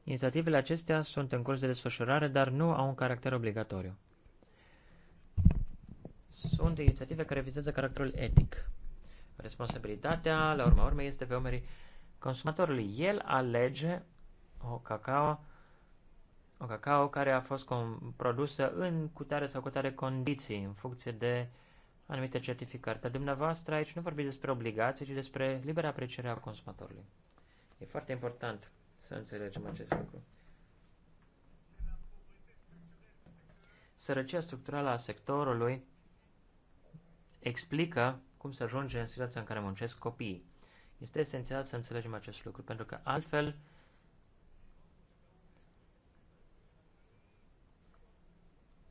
Inițiativele acestea sunt în curs de desfășurare, dar nu au un caracter obligatoriu. Sunt inițiative care vizează caracterul etic. Responsabilitatea, la urma urmei, este pe umerii consumatorului. El alege o cacao, o cacao care a fost produsă în cutare sau cutare condiții, în funcție de anumite certificări. Dar dumneavoastră aici nu vorbiți despre obligații, ci despre libera apreciere a consumatorului. E foarte important să înțelegem acest lucru. Sărăcia structurală a sectorului explică cum să ajunge în situația în care muncesc copiii. Este esențial să înțelegem acest lucru, pentru că altfel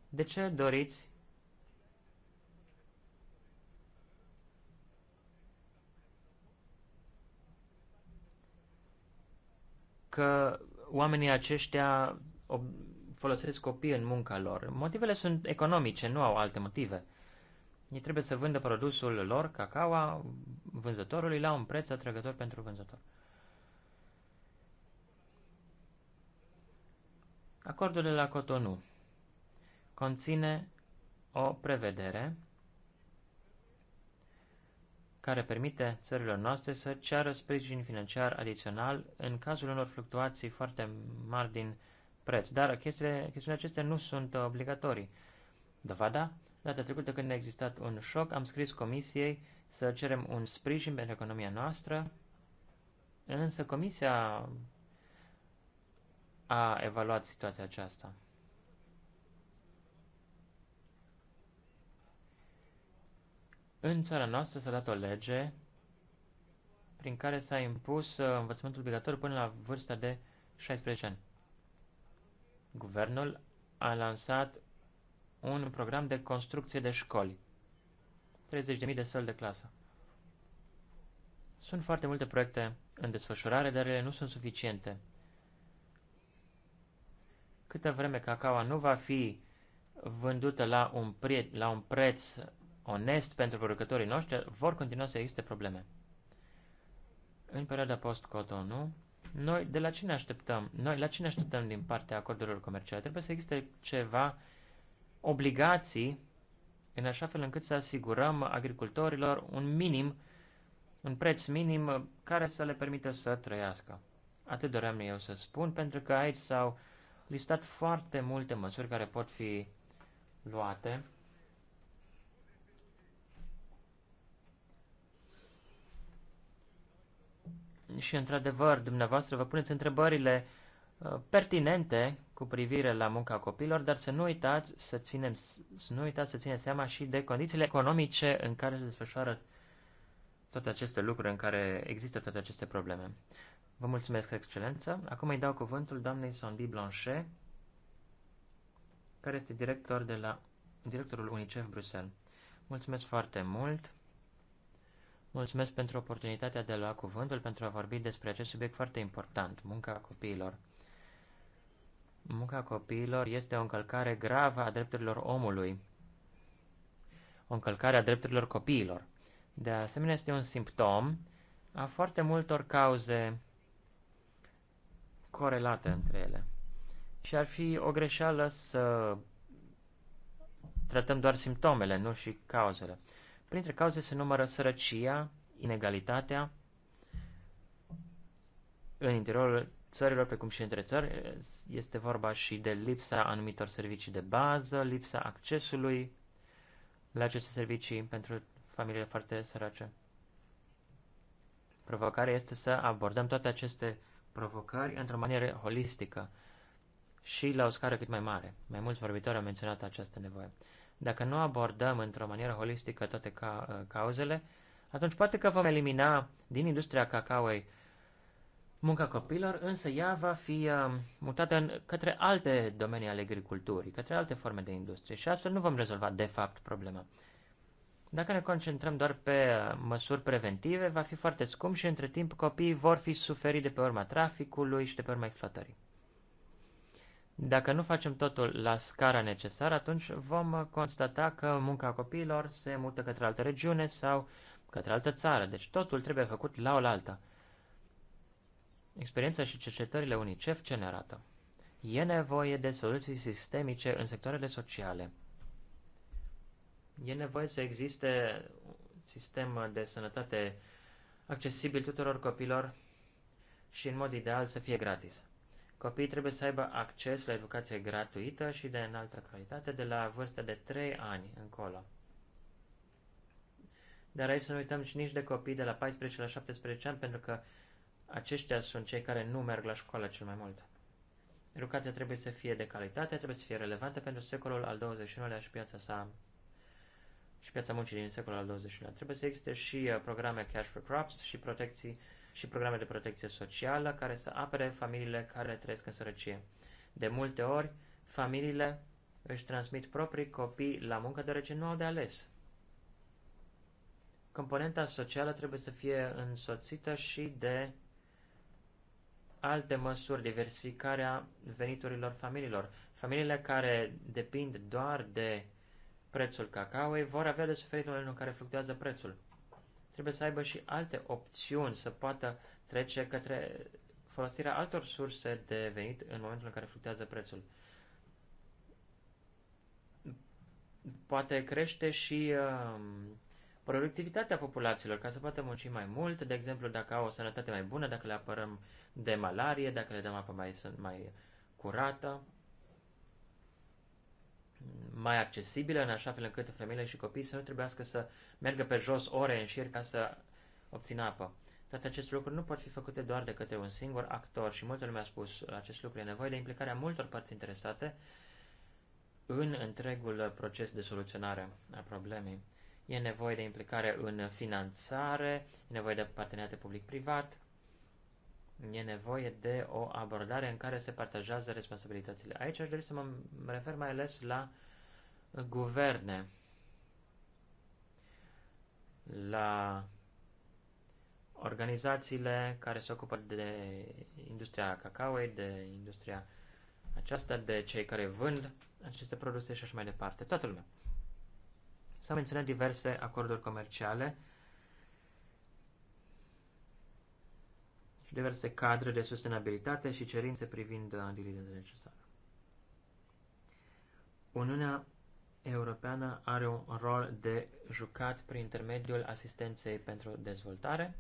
de ce doriți că oamenii aceștia folosesc copii în munca lor. Motivele sunt economice, nu au alte motive. Ei trebuie să vândă produsul lor, cacaua, vânzătorului la un preț atrăgător pentru vânzător. Acordul de la Cotonou conține o prevedere care permite țărilor noastre să ceară sprijin financiar adițional în cazul unor fluctuații foarte mari din preț. Dar chestiile, chestiile acestea nu sunt obligatorii. Dovada? Data trecută, când a existat un șoc, am scris comisiei să cerem un sprijin pentru economia noastră, însă comisia a evaluat situația aceasta. În țara noastră s-a dat o lege prin care s-a impus uh, învățământul obligatoriu până la vârsta de 16 ani. Guvernul a lansat un program de construcție de școli. 30.000 de săli de clasă. Sunt foarte multe proiecte în desfășurare, dar ele nu sunt suficiente. Câte vreme cacaoa nu va fi vândută la un, priet, la un preț onest pentru producătorii noștri, vor continua să existe probleme. În perioada post cotonu noi de la cine așteptăm? Noi la cine așteptăm din partea acordurilor comerciale? Trebuie să existe ceva obligații în așa fel încât să asigurăm agricultorilor un minim, un preț minim care să le permită să trăiască. Atât doream eu să spun, pentru că aici s-au listat foarte multe măsuri care pot fi luate. Și, într-adevăr, dumneavoastră vă puneți întrebările Uh, pertinente cu privire la munca copiilor, dar să nu uitați să, ținem, să nu uitați să țineți seama și de condițiile economice în care se desfășoară toate aceste lucruri, în care există toate aceste probleme. Vă mulțumesc, Excelență. Acum îi dau cuvântul doamnei Sondi Blanchet, care este director de la, directorul UNICEF Bruxelles. Mulțumesc foarte mult! Mulțumesc pentru oportunitatea de a lua cuvântul pentru a vorbi despre acest subiect foarte important, munca copiilor. Munca copiilor este o încălcare gravă a drepturilor omului, o încălcare a drepturilor copiilor. De asemenea, este un simptom a foarte multor cauze corelate între ele. Și ar fi o greșeală să tratăm doar simptomele, nu și cauzele. Printre cauze se numără sărăcia, inegalitatea în interiorul țărilor, precum și între țări, este vorba și de lipsa anumitor servicii de bază, lipsa accesului la aceste servicii pentru familiile foarte sărace. Provocarea este să abordăm toate aceste provocări într-o manieră holistică și la o scară cât mai mare. Mai mulți vorbitori au menționat această nevoie. Dacă nu abordăm într-o manieră holistică toate ca, uh, cauzele, atunci poate că vom elimina din industria cacaoei munca copiilor, însă ea va fi uh, mutată în, către alte domenii ale agriculturii, către alte forme de industrie și astfel nu vom rezolva de fapt problema. Dacă ne concentrăm doar pe uh, măsuri preventive, va fi foarte scump și între timp copiii vor fi suferi de pe urma traficului și de pe urma exploatării. Dacă nu facem totul la scara necesară, atunci vom uh, constata că munca copiilor se mută către altă regiune sau către altă țară, deci totul trebuie făcut la oaltă. Experiența și cercetările UNICEF ce ne arată? E nevoie de soluții sistemice în sectoarele sociale. E nevoie să existe un sistem de sănătate accesibil tuturor copilor și în mod ideal să fie gratis. Copiii trebuie să aibă acces la educație gratuită și de înaltă calitate de la vârsta de 3 ani încolo. Dar aici să nu uităm și nici de copii de la 14 la 17 ani, pentru că aceștia sunt cei care nu merg la școală cel mai mult. Educația trebuie să fie de calitate, trebuie să fie relevantă pentru secolul al XXI-lea și piața sa și piața muncii din secolul al XXI-lea. Trebuie să existe și uh, programe cash for crops și protecții și programe de protecție socială care să apere familiile care trăiesc în sărăcie. De multe ori, familiile își transmit proprii copii la muncă deoarece nu au de ales. Componenta socială trebuie să fie însoțită și de alte măsuri, diversificarea veniturilor familiilor. Familiile care depind doar de prețul cacaoei vor avea de suferit în momentul în care fluctuează prețul. Trebuie să aibă și alte opțiuni, să poată trece către folosirea altor surse de venit în momentul în care fluctuează prețul. Poate crește și uh, productivitatea populațiilor ca să poată munci mai mult, de exemplu dacă au o sănătate mai bună, dacă le apărăm de malarie, dacă le dăm apă mai, mai curată, mai accesibilă, în așa fel încât femeile și copiii să nu trebuiască să meargă pe jos ore în șir ca să obțină apă. Toate aceste lucruri nu pot fi făcute doar de către un singur actor și multe lume a spus acest lucru. E nevoie de implicarea multor părți interesate în întregul proces de soluționare a problemei e nevoie de implicare în finanțare, e nevoie de parteneriate public-privat, e nevoie de o abordare în care se partajează responsabilitățile. Aici aș dori să mă refer mai ales la guverne, la organizațiile care se ocupă de industria cacaoei, de industria aceasta, de cei care vând aceste produse și așa mai departe. Toată lumea. S-au menționat diverse acorduri comerciale și diverse cadre de sustenabilitate și cerințe privind uh, diligența necesară. Uniunea Europeană are un rol de jucat prin intermediul asistenței pentru dezvoltare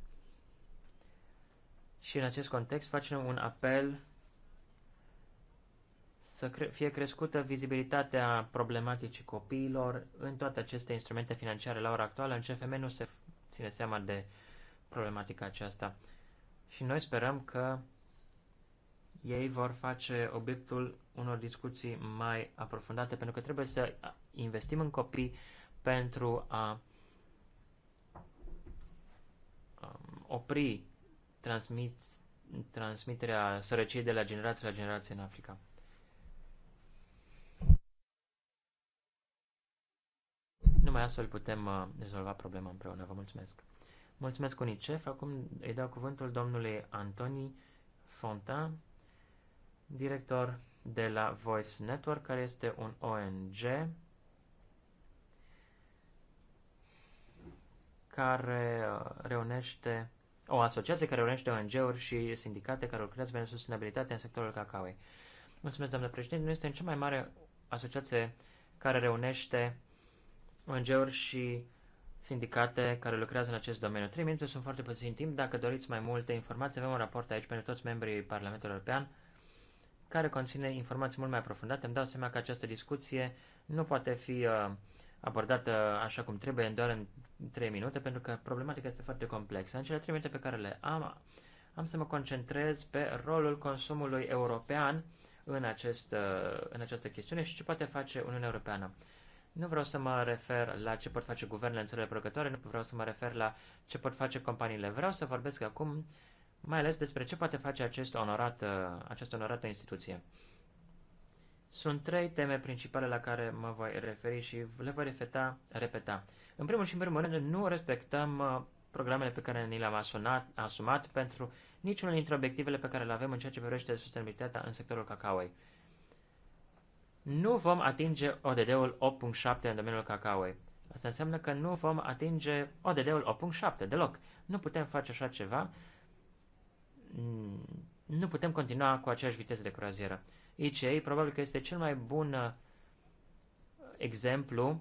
și în acest context facem un apel să cre- fie crescută vizibilitatea problematicii copiilor în toate aceste instrumente financiare. La ora actuală, în CFM nu se ține seama de problematica aceasta. Și noi sperăm că ei vor face obiectul unor discuții mai aprofundate, pentru că trebuie să investim în copii pentru a um, opri transmit, transmiterea sărăciei de la generație la generație în Africa. Numai astfel putem uh, rezolva problema împreună. Vă mulțumesc! Mulțumesc UNICEF. Acum îi dau cuvântul domnului Antoni Fonta, director de la Voice Network, care este un ONG care uh, reunește o asociație care reunește ONG-uri și sindicate care lucrează pentru sustenabilitate în sectorul cacaoi. Mulțumesc, doamnă președinte. este în cea mai mare asociație care reunește ONG-uri și sindicate care lucrează în acest domeniu. 3 minute sunt foarte puțin timp. Dacă doriți mai multe informații, avem un raport aici pentru toți membrii Parlamentului European care conține informații mult mai aprofundate. Îmi dau seama că această discuție nu poate fi uh, abordată așa cum trebuie, în doar în 3 minute, pentru că problematica este foarte complexă. În cele 3 minute pe care le am, am să mă concentrez pe rolul consumului european în, acest, uh, în această chestiune și ce poate face Uniunea Europeană. Nu vreau să mă refer la ce pot face guvernele în țările producătoare, nu vreau să mă refer la ce pot face companiile. Vreau să vorbesc acum mai ales despre ce poate face acest onorat, uh, această onorată instituție. Sunt trei teme principale la care mă voi referi și le voi refeta, repeta. În primul și în primul rând, nu respectăm uh, programele pe care ni le-am asumat pentru niciunul dintre obiectivele pe care le avem în ceea ce privește sustenabilitatea în sectorul cacaoi nu vom atinge ODD-ul 8.7 în domeniul cacaoi. Asta înseamnă că nu vom atinge ODD-ul 8.7 deloc. Nu putem face așa ceva. Nu putem continua cu aceeași viteză de croazieră. ICA probabil că este cel mai bun uh, exemplu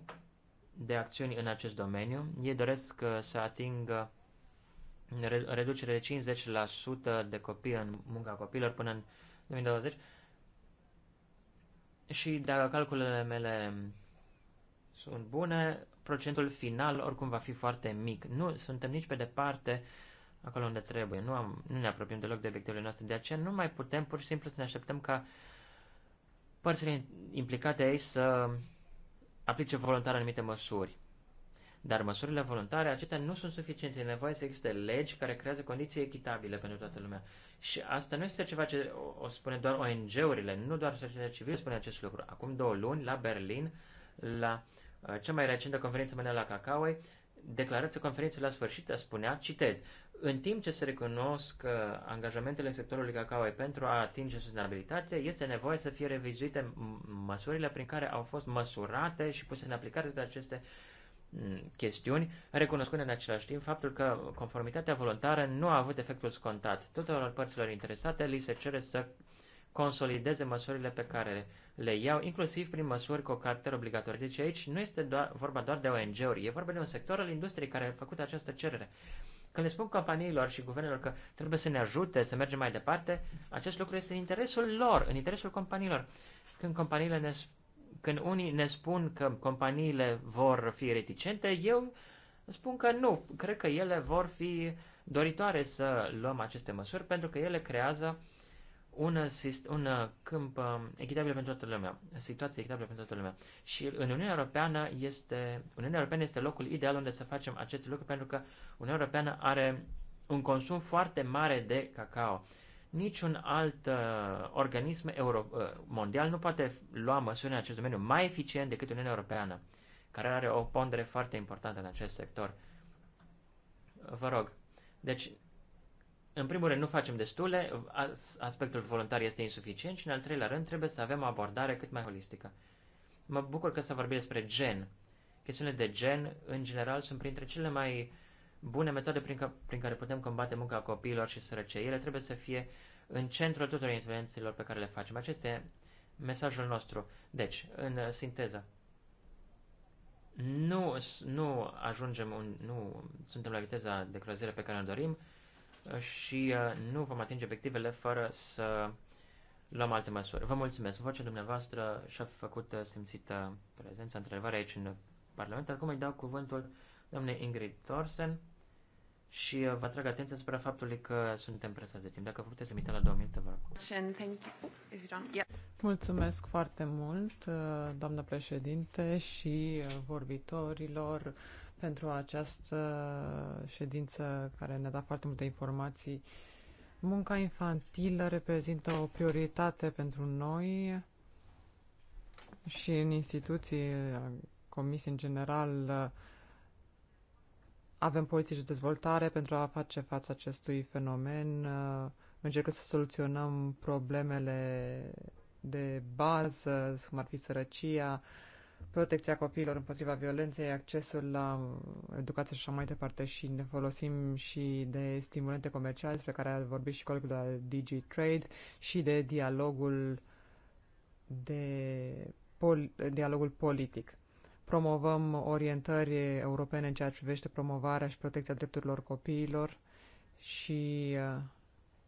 de acțiuni în acest domeniu. Ei doresc uh, să atingă reducere de 50% de copii în munca copilor până în 2020 și dacă calculele mele sunt bune, procentul final oricum va fi foarte mic. Nu suntem nici pe departe acolo unde trebuie. Nu, am, nu ne apropiem deloc de obiectivele noastre. De aceea nu mai putem pur și simplu să ne așteptăm ca părțile implicate aici să aplice voluntar anumite măsuri. Dar măsurile voluntare, acestea nu sunt suficiente. E nevoie să existe legi care creează condiții echitabile pentru toată lumea. Și asta nu este ceva ce o, spune doar ONG-urile, nu doar societatea civilă spune acest lucru. Acum două luni, la Berlin, la uh, cea mai recentă conferință mea la Cacaoi, declarația conferinței la sfârșit spunea, citez, în timp ce se recunosc uh, angajamentele sectorului cacaoi pentru a atinge sustenabilitate, este nevoie să fie revizuite măsurile prin care au fost măsurate și puse în aplicare toate aceste uh, Mm, chestiuni, recunoscând în același timp faptul că conformitatea voluntară nu a avut efectul scontat. Tuturor părților interesate li se cere să consolideze măsurile pe care le iau, inclusiv prin măsuri cu o caracter obligatoriu. Deci aici nu este doar, vorba doar de ONG-uri, e vorba de un sector al industriei care a făcut această cerere. Când le spun companiilor și guvernelor că trebuie să ne ajute să mergem mai departe, acest lucru este în interesul lor, în interesul companiilor. Când companiile ne când unii ne spun că companiile vor fi reticente, eu spun că nu. Cred că ele vor fi doritoare să luăm aceste măsuri pentru că ele creează un, un uh, câmp uh, echitabil pentru toată lumea, situație echitabilă pentru toată lumea. Și în Uniunea Europeană este, Uniunea Europeană este locul ideal unde să facem acest lucru pentru că Uniunea Europeană are un consum foarte mare de cacao. Niciun alt uh, organism euro, uh, mondial nu poate lua măsuri în acest domeniu mai eficient decât Uniunea Europeană, care are o pondere foarte importantă în acest sector. Vă rog. Deci, în primul rând, nu facem destule, aspectul voluntar este insuficient și, în al treilea rând, trebuie să avem o abordare cât mai holistică. Mă bucur că s-a vorbit despre gen. Chestiunile de gen, în general, sunt printre cele mai uh, bune metode prin, că, prin care putem combate munca copiilor și sărăcie. Ele trebuie să fie în centrul tuturor intervențiilor pe care le facem. Acest e mesajul nostru. Deci, în sinteză, nu, nu ajungem, un, nu suntem la viteza de croazire pe care ne dorim uh, și uh, nu vom atinge obiectivele fără să luăm alte măsuri. Vă mulțumesc. Vocea dumneavoastră și-a făcut uh, simțită prezența, întrebare aici în Parlament. Acum îi dau cuvântul doamnei Ingrid Thorsen și uh, vă atrag atenția asupra faptului că suntem presați de timp. Dacă vă puteți limita la două minute, vă rog. Mulțumesc foarte mult, uh, doamnă președinte și uh, vorbitorilor pentru această ședință care ne-a dat foarte multe informații. Munca infantilă reprezintă o prioritate pentru noi și în instituții, comisii în general, avem politici de dezvoltare pentru a face față acestui fenomen, uh, Încercăm să soluționăm problemele de bază, cum ar fi sărăcia, protecția copiilor împotriva violenței, accesul la educație și așa mai departe și ne folosim și de stimulente comerciale despre care a vorbit și colegul de la DigiTrade și de dialogul de pol- dialogul politic promovăm orientări europene în ceea ce privește promovarea și protecția drepturilor copiilor și uh,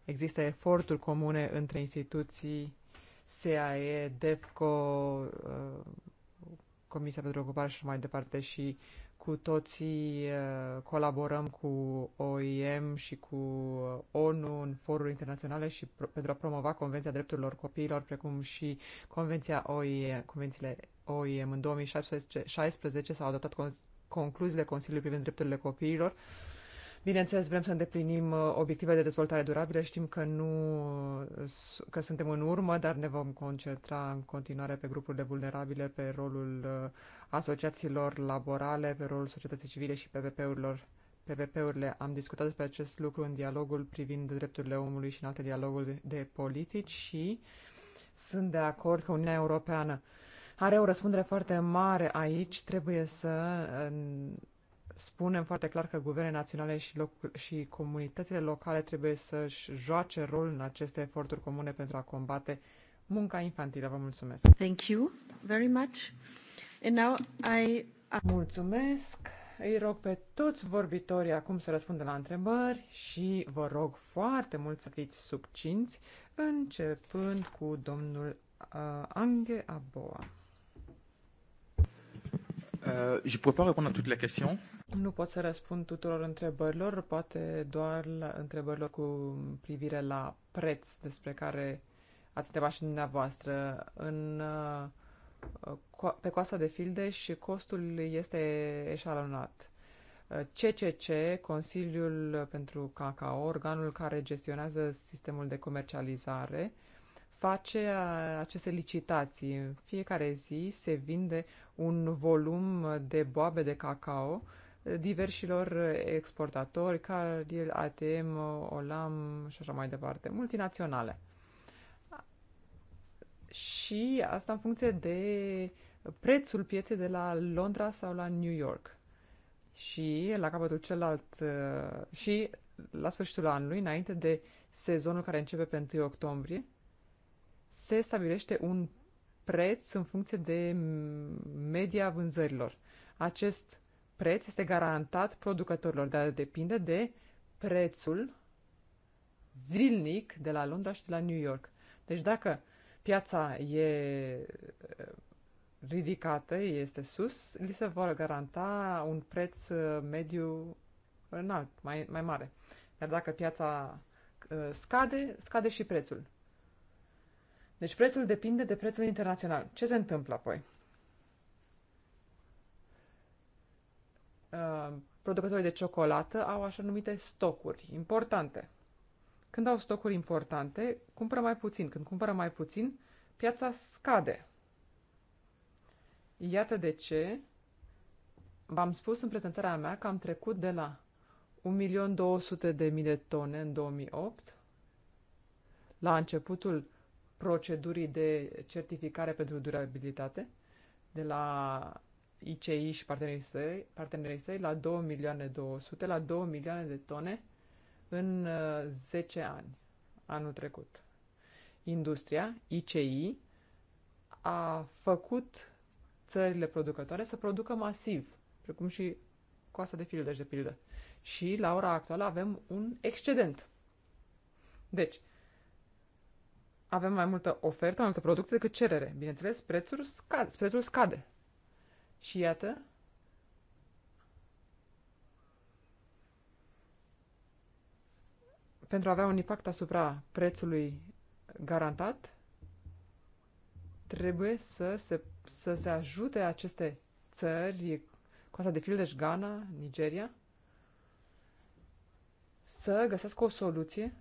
există eforturi comune între instituții SAE, DEFCO, uh, Comisia pentru Ocupare și mai departe și cu toții uh, colaborăm cu OIM și cu ONU în foruri internaționale și pro- pentru a promova Convenția Drepturilor Copiilor, precum și Convenția OIM, Convențiile OIM. În 2016 s-au adoptat concluziile Consiliului privind drepturile copiilor. Uh, Bineînțeles, vrem să îndeplinim uh, obiective de dezvoltare durabilă. Știm că nu că suntem în urmă, dar ne vom concentra în continuare pe grupurile vulnerabile, pe rolul uh, asociațiilor laborale, pe rolul societății civile și pvp urilor PVP-urile. Am discutat despre acest lucru în dialogul privind drepturile omului și în alte dialoguri de politici și sunt de acord că Uniunea Europeană are o răspundere foarte mare aici. Trebuie să spunem foarte clar că guvernele naționale și, loc- și comunitățile locale trebuie să-și joace rol în aceste eforturi comune pentru a combate munca infantilă. Vă mulțumesc! Thank you very much! And now I... Mulțumesc! Îi rog pe toți vorbitorii acum să răspundă la întrebări și vă rog foarte mult să fiți subcinți, începând cu domnul uh, Ange Aboa. Uh, je ne pourrais pas répondre à toutes les questions. Nu pot să răspund tuturor întrebărilor, poate doar la întrebărilor cu privire la preț despre care ați întrebat și dumneavoastră. În, uh, pe coasta de și costul este eșalonat. CCC, uh, Consiliul pentru Cacao, organul care gestionează sistemul de comercializare, face aceste licitații. În fiecare zi se vinde un volum de boabe de cacao diversilor exportatori, Cargill, ATM, Olam și așa mai departe, multinaționale. Și asta în funcție de prețul pieței de la Londra sau la New York. Și la capătul celălalt, uh, și la sfârșitul anului, înainte de sezonul care începe pe 1 octombrie, se stabilește un preț în funcție de media vânzărilor. Acest preț este garantat producătorilor, dar depinde de prețul zilnic de la Londra și de la New York. Deci dacă piața e eh, ridicată, este sus, li se vor garanta un preț eh, mediu înalt, mai, mai mare. Dar dacă piața eh, scade, scade și prețul. Deci prețul depinde de prețul internațional. Ce se întâmplă apoi? Uh, producătorii de ciocolată au așa numite stocuri importante. Când au stocuri importante, cumpără mai puțin. Când cumpără mai puțin, piața scade. Iată de ce v-am spus în prezentarea mea că am trecut de la 1.200.000 de tone în 2008 la începutul procedurii de certificare pentru durabilitate de la ICI și partenerii săi, partenerii săi la 2 milioane 200, la 2 milioane de tone în 10 uh, ani, anul trecut. Industria, ICI, a făcut țările producătoare să producă masiv, precum și coasta de fildeș, deci de pildă. Și la ora actuală avem un excedent. Deci, avem mai multă ofertă, mai multă producție decât cerere. Bineînțeles, prețul scade, prețul scade și iată, pentru a avea un impact asupra prețului garantat, trebuie să se, să se ajute aceste țări, Coasta de Fildeș, Ghana, Nigeria, să găsească o soluție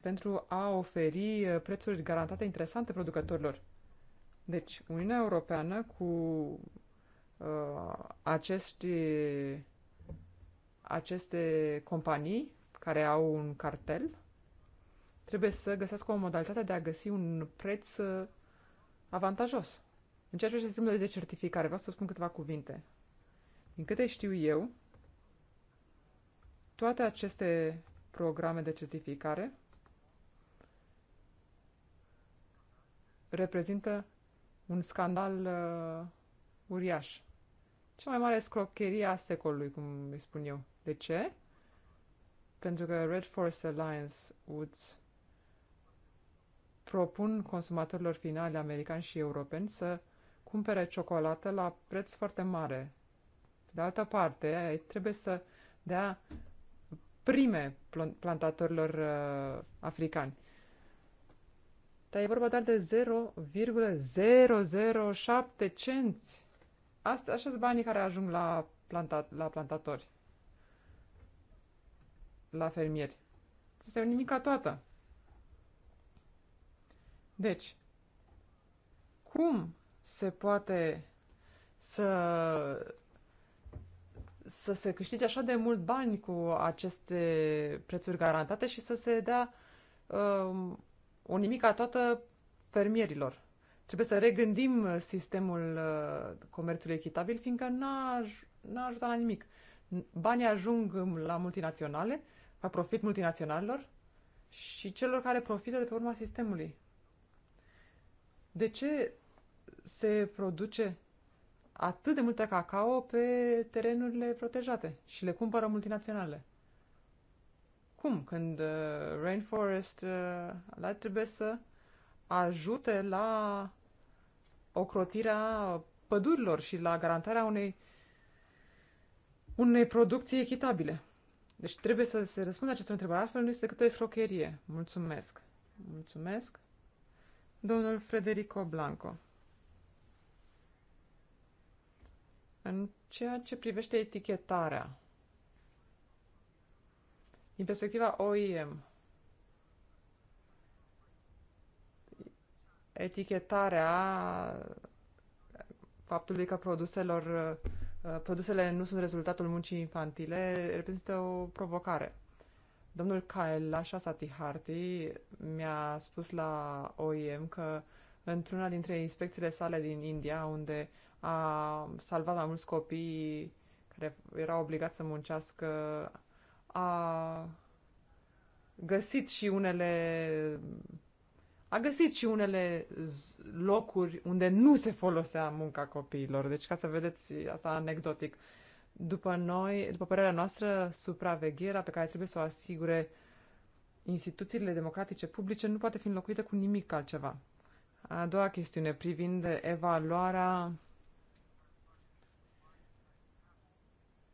pentru a oferi prețuri garantate interesante producătorilor. Deci, Uniunea Europeană cu Uh, acești, aceste companii care au un cartel trebuie să găsească o modalitate de a găsi un preț uh, avantajos. În ceea ce privește sistemul de certificare, vreau să spun câteva cuvinte. Din câte știu eu, toate aceste programe de certificare reprezintă un scandal uh, uriaș cea mai mare scrocherie a secolului, cum îi spun eu. De ce? Pentru că Red Forest Alliance Woods propun consumatorilor finali americani și europeni să cumpere ciocolată la preț foarte mare. De altă parte, trebuie să dea prime plantatorilor uh, africani. Dar e vorba doar de 0,007 cenți Asta, așa sunt banii care ajung la, planta, la plantatori, la fermieri. Este nimica toată. Deci, cum se poate să, să se câștige așa de mult bani cu aceste prețuri garantate și să se dea uh, o nimica toată fermierilor? Trebuie să regândim uh, sistemul uh, comerțului echitabil, fiindcă n-a, ajutat la nimic. Banii ajung um, la multinaționale, la profit multinaționalilor și celor care profită de pe urma sistemului. De ce se produce atât de multe cacao pe terenurile protejate și le cumpără multinaționale? Cum? Când uh, Rainforest uh, trebuie să ajute la ocrotirea pădurilor și la garantarea unei, unei producții echitabile. Deci trebuie să se răspundă această întrebare, altfel nu este decât o escrocherie. Mulțumesc. Mulțumesc. Domnul Frederico Blanco. În ceea ce privește etichetarea, din perspectiva OIM, etichetarea faptului că produselor, uh, produsele nu sunt rezultatul muncii infantile reprezintă o provocare. Domnul Lasha Satiharti mi-a spus la OIM că într-una dintre inspecțiile sale din India, unde a salvat mai mulți copii care erau obligați să muncească, a găsit și unele a găsit și unele locuri unde nu se folosea munca copiilor. Deci, ca să vedeți, asta anecdotic. După noi, după părerea noastră, supravegherea pe care trebuie să o asigure instituțiile democratice publice nu poate fi înlocuită cu nimic altceva. A doua chestiune, privind evaluarea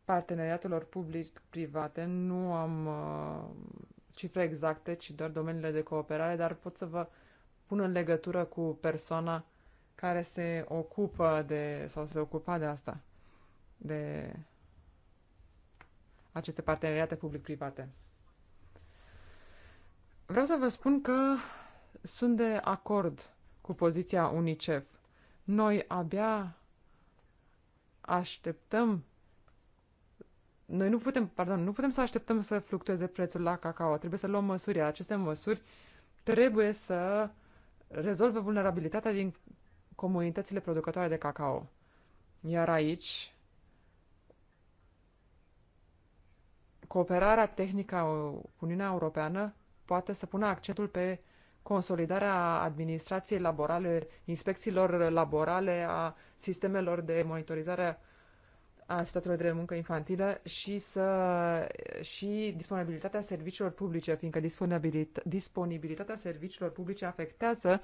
parteneriatelor public-private, nu am uh, cifre exacte, ci doar domeniile de cooperare, dar pot să vă pun în legătură cu persoana care se ocupă de, sau se ocupa de asta, de aceste parteneriate public-private. Vreau să vă spun că sunt de acord cu poziția UNICEF. Noi abia așteptăm noi nu putem, pardon, nu putem să așteptăm să fluctueze prețul la cacao. Trebuie să luăm măsuri. Aceste măsuri trebuie să uh, rezolvă vulnerabilitatea din comunitățile producătoare de cacao. Iar aici, cooperarea tehnică cu Uniunea Europeană poate să pună accentul pe consolidarea administrației laborale, inspecțiilor laborale, a sistemelor de monitorizare a de muncă infantilă și, să, și disponibilitatea serviciilor publice, fiindcă disponibilitatea, disponibilitatea serviciilor publice afectează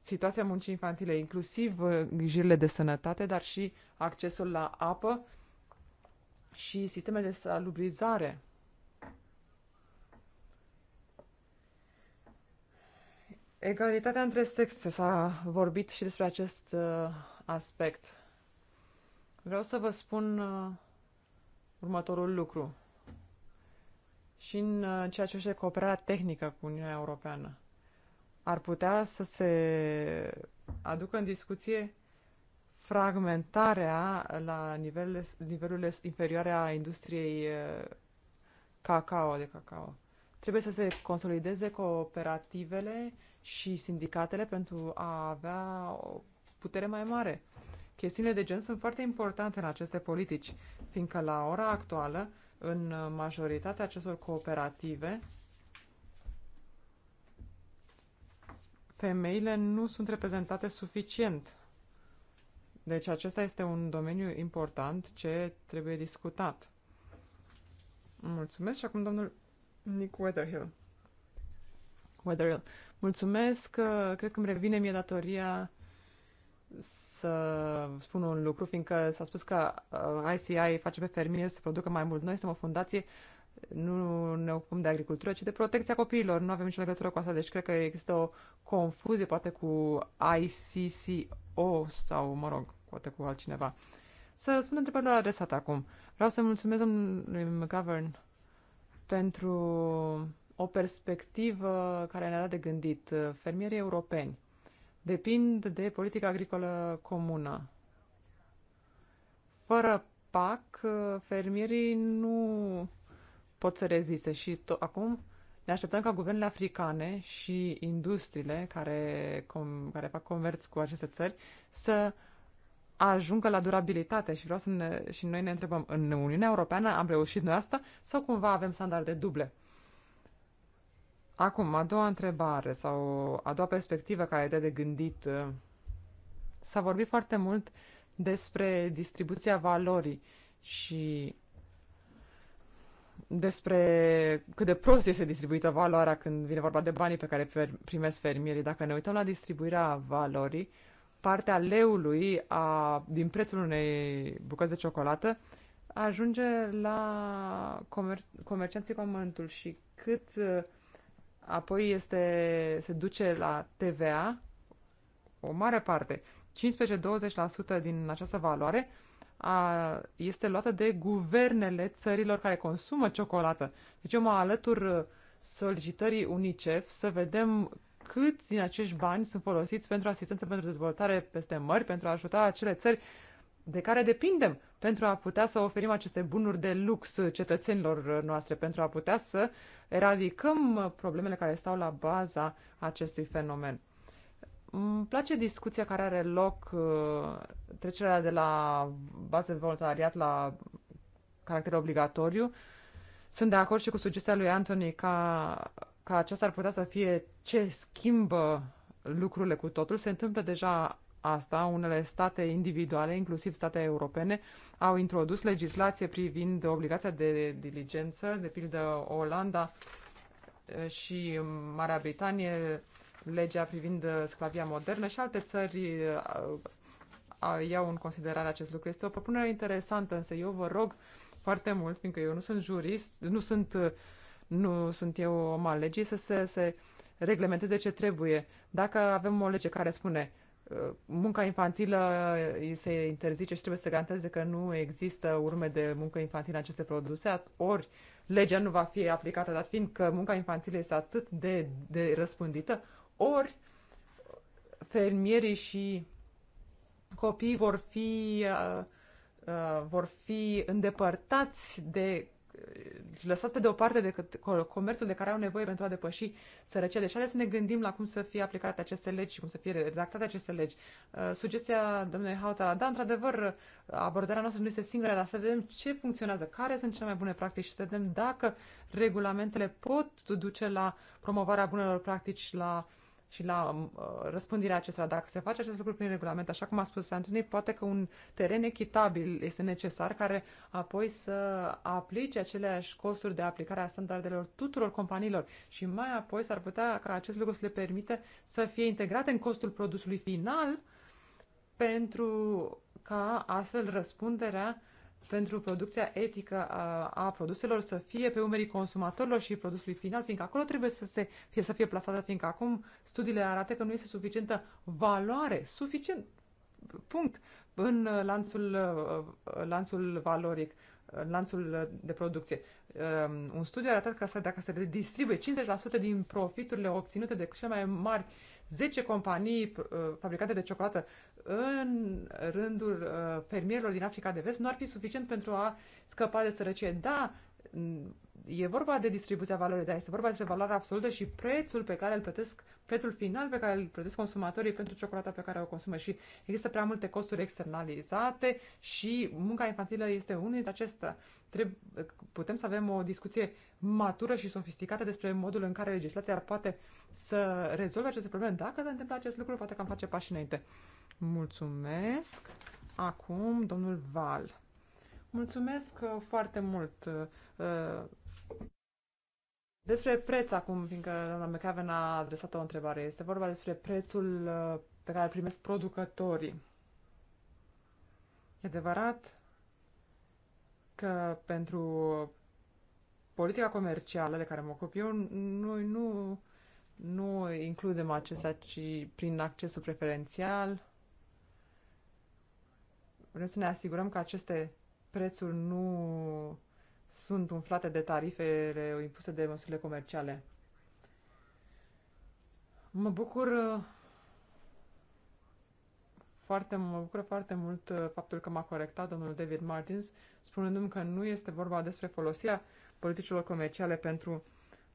situația muncii infantile, inclusiv uh, grijile de sănătate, dar și accesul la apă și sisteme de salubrizare. Egalitatea între sexe, s-a vorbit și despre acest uh, aspect. Vreau să vă spun uh, următorul lucru. Și în uh, ceea ce este cooperarea tehnică cu Uniunea Europeană, ar putea să se aducă în discuție fragmentarea la nivelurile, nivelurile inferioare a industriei uh, cacao, de cacao. Trebuie să se consolideze cooperativele și sindicatele pentru a avea o putere mai mare. Chestiunile de gen sunt foarte importante în aceste politici, fiindcă la ora actuală, în majoritatea acestor cooperative, femeile nu sunt reprezentate suficient. Deci acesta este un domeniu important ce trebuie discutat. Mulțumesc și acum domnul Nick Weatherhill. Weatherhill. Mulțumesc, cred că îmi revine mie datoria să spun un lucru, fiindcă s-a spus că ICI uh, face pe fermieri să producă mai mult. Noi suntem o fundație, nu ne ocupăm de agricultură, ci de protecția copiilor. Nu avem nicio legătură cu asta, deci cred că există o confuzie poate cu ICCO sau, mă rog, poate cu altcineva. Să răspund întrebările adresate acum. Vreau să mulțumesc domnului McGovern pentru o perspectivă care ne-a dat de gândit. Fermierii europeni depind de politica agricolă comună. Fără PAC, fermierii nu pot să reziste și acum ne așteptăm ca guvernele africane și industriile care, com, care fac comerț cu aceste țări să ajungă la durabilitate și vreau să ne, și noi ne întrebăm, în Uniunea Europeană am reușit noi asta sau cumva avem standarde duble? Acum, a doua întrebare sau a doua perspectivă care te de gândit. Uh, s-a vorbit foarte mult despre distribuția valorii și despre cât de prost este distribuită valoarea când vine vorba de banii pe care primesc fermierii. Dacă ne uităm la distribuirea valorii, partea leului a, din prețul unei bucăți de ciocolată ajunge la comer- comercianții cu și cât uh, apoi este, se duce la TVA, o mare parte, 15-20% din această valoare a, este luată de guvernele țărilor care consumă ciocolată. Deci eu mă alătur solicitării UNICEF să vedem câți din acești bani sunt folosiți pentru asistență pentru dezvoltare peste mări, pentru a ajuta acele țări de care depindem pentru a putea să oferim aceste bunuri de lux cetățenilor noastre, pentru a putea să eradicăm problemele care stau la baza acestui fenomen. Îmi place discuția care are loc, uh, trecerea de la bază de voluntariat la caracter obligatoriu. Sunt de acord și cu sugestia lui Anthony ca, ca aceasta ar putea să fie ce schimbă lucrurile cu totul. Se întâmplă deja asta, unele state individuale, inclusiv state europene, au introdus legislație privind obligația de diligență, de pildă Olanda eh, și Marea Britanie, legea privind eh, sclavia modernă și alte țări eh, iau în considerare acest lucru. Este o propunere interesantă, însă eu vă rog foarte mult, fiindcă eu nu sunt jurist, nu sunt, nu sunt eu om al legii, să se, se reglementeze ce trebuie. Dacă avem o lege care spune munca infantilă se interzice și trebuie să garanteze că nu există urme de muncă infantilă în aceste produse, ori legea nu va fi aplicată, dar fiindcă munca infantilă este atât de, de răspândită, ori fermierii și copiii vor fi, uh, uh, vor fi îndepărtați de deci lăsați pe de o parte decât comerțul de care au nevoie pentru a depăși sărăcia. Deci haideți să ne gândim la cum să fie aplicate aceste legi și cum să fie redactate aceste legi. Uh, sugestia domnului Hauta, da, într-adevăr, abordarea noastră nu este singura, dar să vedem ce funcționează, care sunt cele mai bune practici și să vedem dacă regulamentele pot duce la promovarea bunelor practici, la uh, și la uh, răspândirea acestora. Dacă se face acest lucru prin regulament, așa cum a spus Antonii, poate că un teren echitabil este necesar, care apoi să aplice aceleași costuri de aplicare a standardelor tuturor companiilor și mai apoi s-ar putea ca acest lucru să le permite să fie integrate în costul produsului final pentru ca astfel răspunderea pentru producția etică a, a produselor să fie pe umerii consumatorilor și produsului final, fiindcă acolo trebuie să, se, fie, să fie plasată, fiindcă acum studiile arată că nu este suficientă valoare, suficient, punct, în lanțul, uh, lanțul valoric, în lanțul de producție. Um, un studiu a arătat că dacă se distribuie 50% din profiturile obținute de cele mai mari 10 companii uh, fabricante de ciocolată în rândul uh, fermierilor din Africa de Vest nu ar fi suficient pentru a scăpa de sărăcie. Da, e vorba de distribuția valorii, dar este vorba despre valoarea absolută și prețul pe care îl plătesc, prețul final pe care îl plătesc consumatorii pentru ciocolata pe care o consumă și există prea multe costuri externalizate și munca infantilă este unul dintre acestea. putem să avem o discuție matură și sofisticată despre modul în care legislația poate să rezolve aceste probleme. Dacă se întâmplă acest lucru, poate că am face pași înainte. Mulțumesc. Acum, domnul Val. Mulțumesc uh, foarte mult. Uh, despre preț acum, fiindcă doamna McAven a adresat o întrebare. Este vorba despre prețul uh, pe care îl primesc producătorii. E adevărat că pentru politica comercială de care mă ocup eu, noi nu, nu includem acestea, ci prin accesul preferențial. Vrem să ne asigurăm că aceste prețuri nu sunt umflate de tarifele impuse de măsurile comerciale. Mă bucur uh, foarte, mă bucur foarte mult uh, faptul că m-a corectat domnul David Martins, spunându-mi că nu este vorba despre folosirea politicilor comerciale pentru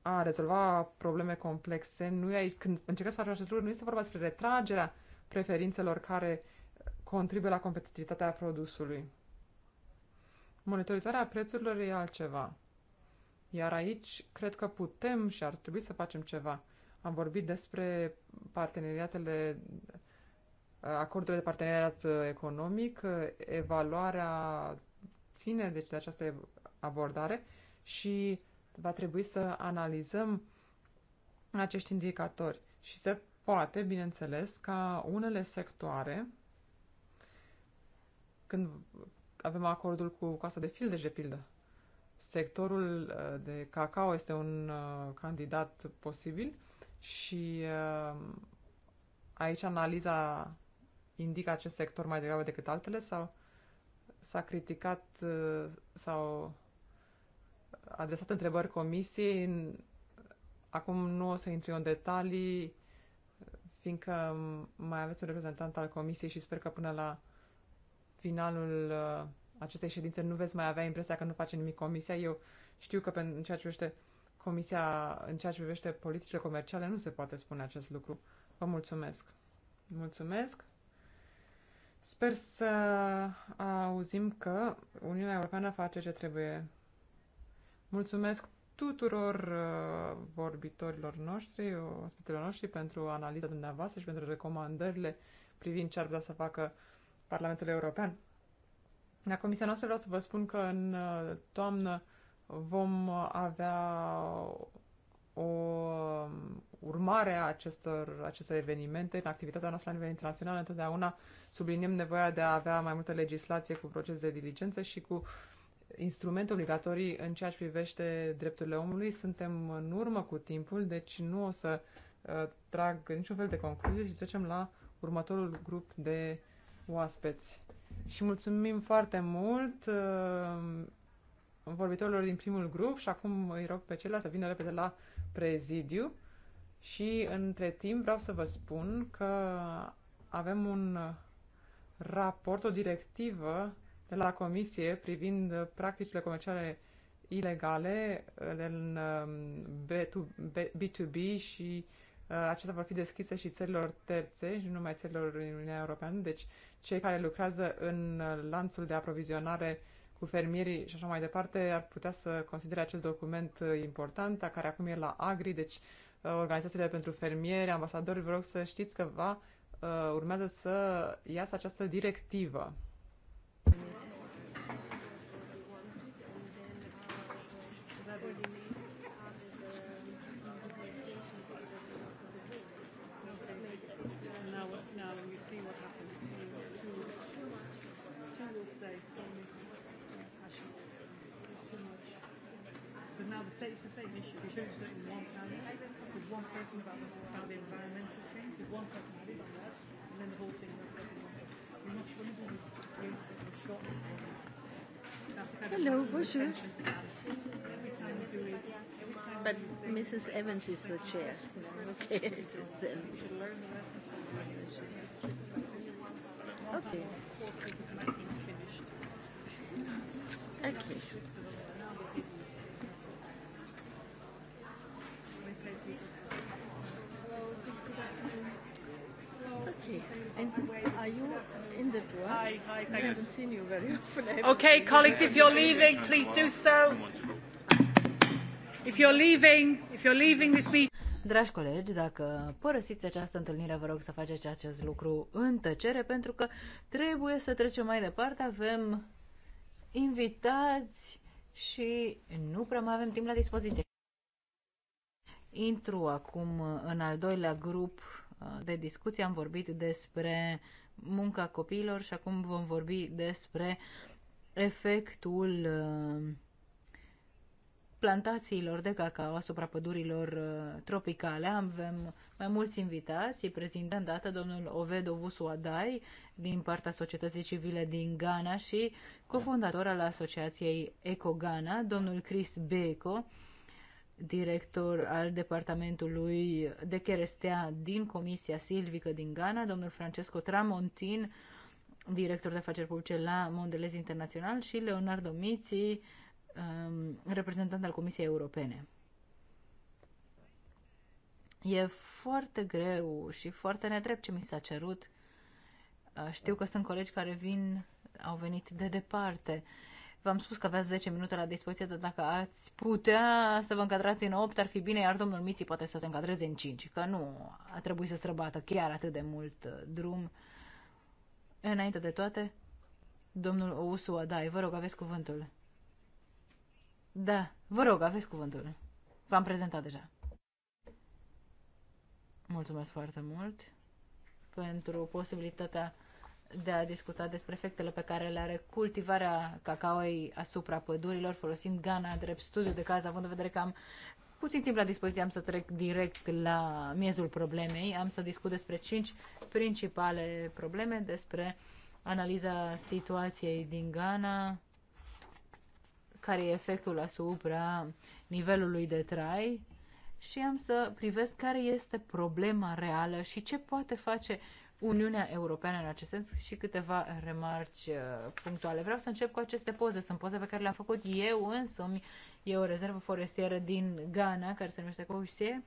a rezolva probleme complexe. Nu e, aici, când încercați să faci acest lucru, nu este vorba despre retragerea preferințelor care contribuie la competitivitatea produsului. Monitorizarea prețurilor e altceva. Iar aici cred că putem și ar trebui să facem ceva. Am vorbit despre parteneriatele, acordurile de parteneriat uh, economic, evaluarea ține deci de această abordare și va trebui să analizăm acești indicatori și se poate, bineînțeles, ca unele sectoare când avem acordul cu Casa de Fildeș, de pildă. Sectorul uh, de cacao este un uh, candidat posibil și uh, aici analiza indică acest sector mai degrabă decât altele sau s-a criticat sau adresat întrebări comisiei. Acum nu o să intru în detalii, fiindcă mai aveți un reprezentant al comisiei și sper că până la finalul uh, acestei ședințe nu veți mai avea impresia că nu face nimic comisia. Eu știu că în ceea ce privește comisia, în ceea ce privește politicile comerciale, nu se poate spune acest lucru. Vă mulțumesc! Mulțumesc! Sper să auzim că Uniunea Europeană face ce trebuie. Mulțumesc tuturor uh, vorbitorilor noștri, ospitelor noștri, pentru analiza dumneavoastră și pentru recomandările privind ce ar putea să facă Parlamentul European. La comisia noastră vreau să vă spun că în uh, toamnă vom avea o um, urmare a acestor, acestor evenimente. În activitatea noastră la nivel internațional întotdeauna subliniem nevoia de a avea mai multă legislație cu proces de diligență și cu instrumente obligatorii în ceea ce privește drepturile omului. Suntem în urmă cu timpul, deci nu o să uh, trag niciun fel de concluzie și trecem la următorul grup de oaspeți. Și mulțumim foarte mult uh, vorbitorilor din primul grup și acum îi rog pe ceilalți să vină repede la prezidiu. Și între timp vreau să vă spun că avem un raport, o directivă de la Comisie privind practicile comerciale ilegale în B2B um, și Uh, acestea vor fi deschise și țărilor terțe și nu numai țărilor Uniunea Europeană, deci cei care lucrează în lanțul de aprovizionare cu fermierii și așa mai departe ar putea să considere acest document uh, important, care acum e la Agri, deci uh, organizațiile pentru fermieri, ambasadori, vă rog să știți că va urmează să iasă această directivă. same issue. should have one panel with one person about the, about the environmental with one on that, and then the whole thing must shot. Hello, bonjour. But Mrs. Evans is the chair. Okay. okay. Okay. high, high yes. continue very often. Okay, colleagues, if you're leaving, please do so. If you're leaving, if you're leaving this meeting. Dragi colegi, dacă părăsiți această întâlnire, vă rog să faceți acest lucru în tăcere, pentru că trebuie să trecem mai departe. Avem invitați și nu prea mai avem timp la dispoziție. Intru acum în al doilea grup uh, de discuție. Am vorbit despre munca copiilor și acum vom vorbi despre efectul uh, plantațiilor de cacao asupra pădurilor uh, tropicale. Avem mai mulți invitați, prezint dată domnul Ovedo Ovusu Adai din partea societății civile din Ghana și cofondator al asociației Eco Ghana, domnul Chris Beco, director al departamentului de cherestea din Comisia Silvică din Ghana, domnul Francesco Tramontin, director de afaceri publice la Mondelez Internațional și Leonardo Miții, um, reprezentant al Comisiei Europene. E foarte greu și foarte nedrept ce mi s-a cerut. Știu că sunt colegi care vin, au venit de departe V-am spus că aveați 10 minute la dispoziție, dar dacă ați putea să vă încadrați în 8, ar fi bine, iar domnul Miții poate să se încadreze în 5, că nu a trebuit să străbată chiar atât de mult uh, drum. Înainte de toate, domnul Ousu Adai, vă rog, aveți cuvântul. Da, vă rog, aveți cuvântul. V-am prezentat deja. Mulțumesc foarte mult pentru posibilitatea de a discuta despre efectele pe care le are cultivarea cacaoi asupra pădurilor, folosind Ghana drept studiu de caz, având în vedere că am puțin timp la dispoziție, am să trec direct la miezul problemei. Am să discut despre cinci principale probleme, despre analiza situației din Ghana, care e efectul asupra nivelului de trai și am să privesc care este problema reală și ce poate face Uniunea Europeană în acest sens și câteva remarci uh, punctuale. Vreau să încep cu aceste poze. Sunt poze pe care le-am făcut eu însumi. E o rezervă forestieră din Ghana, care se numește Cousie,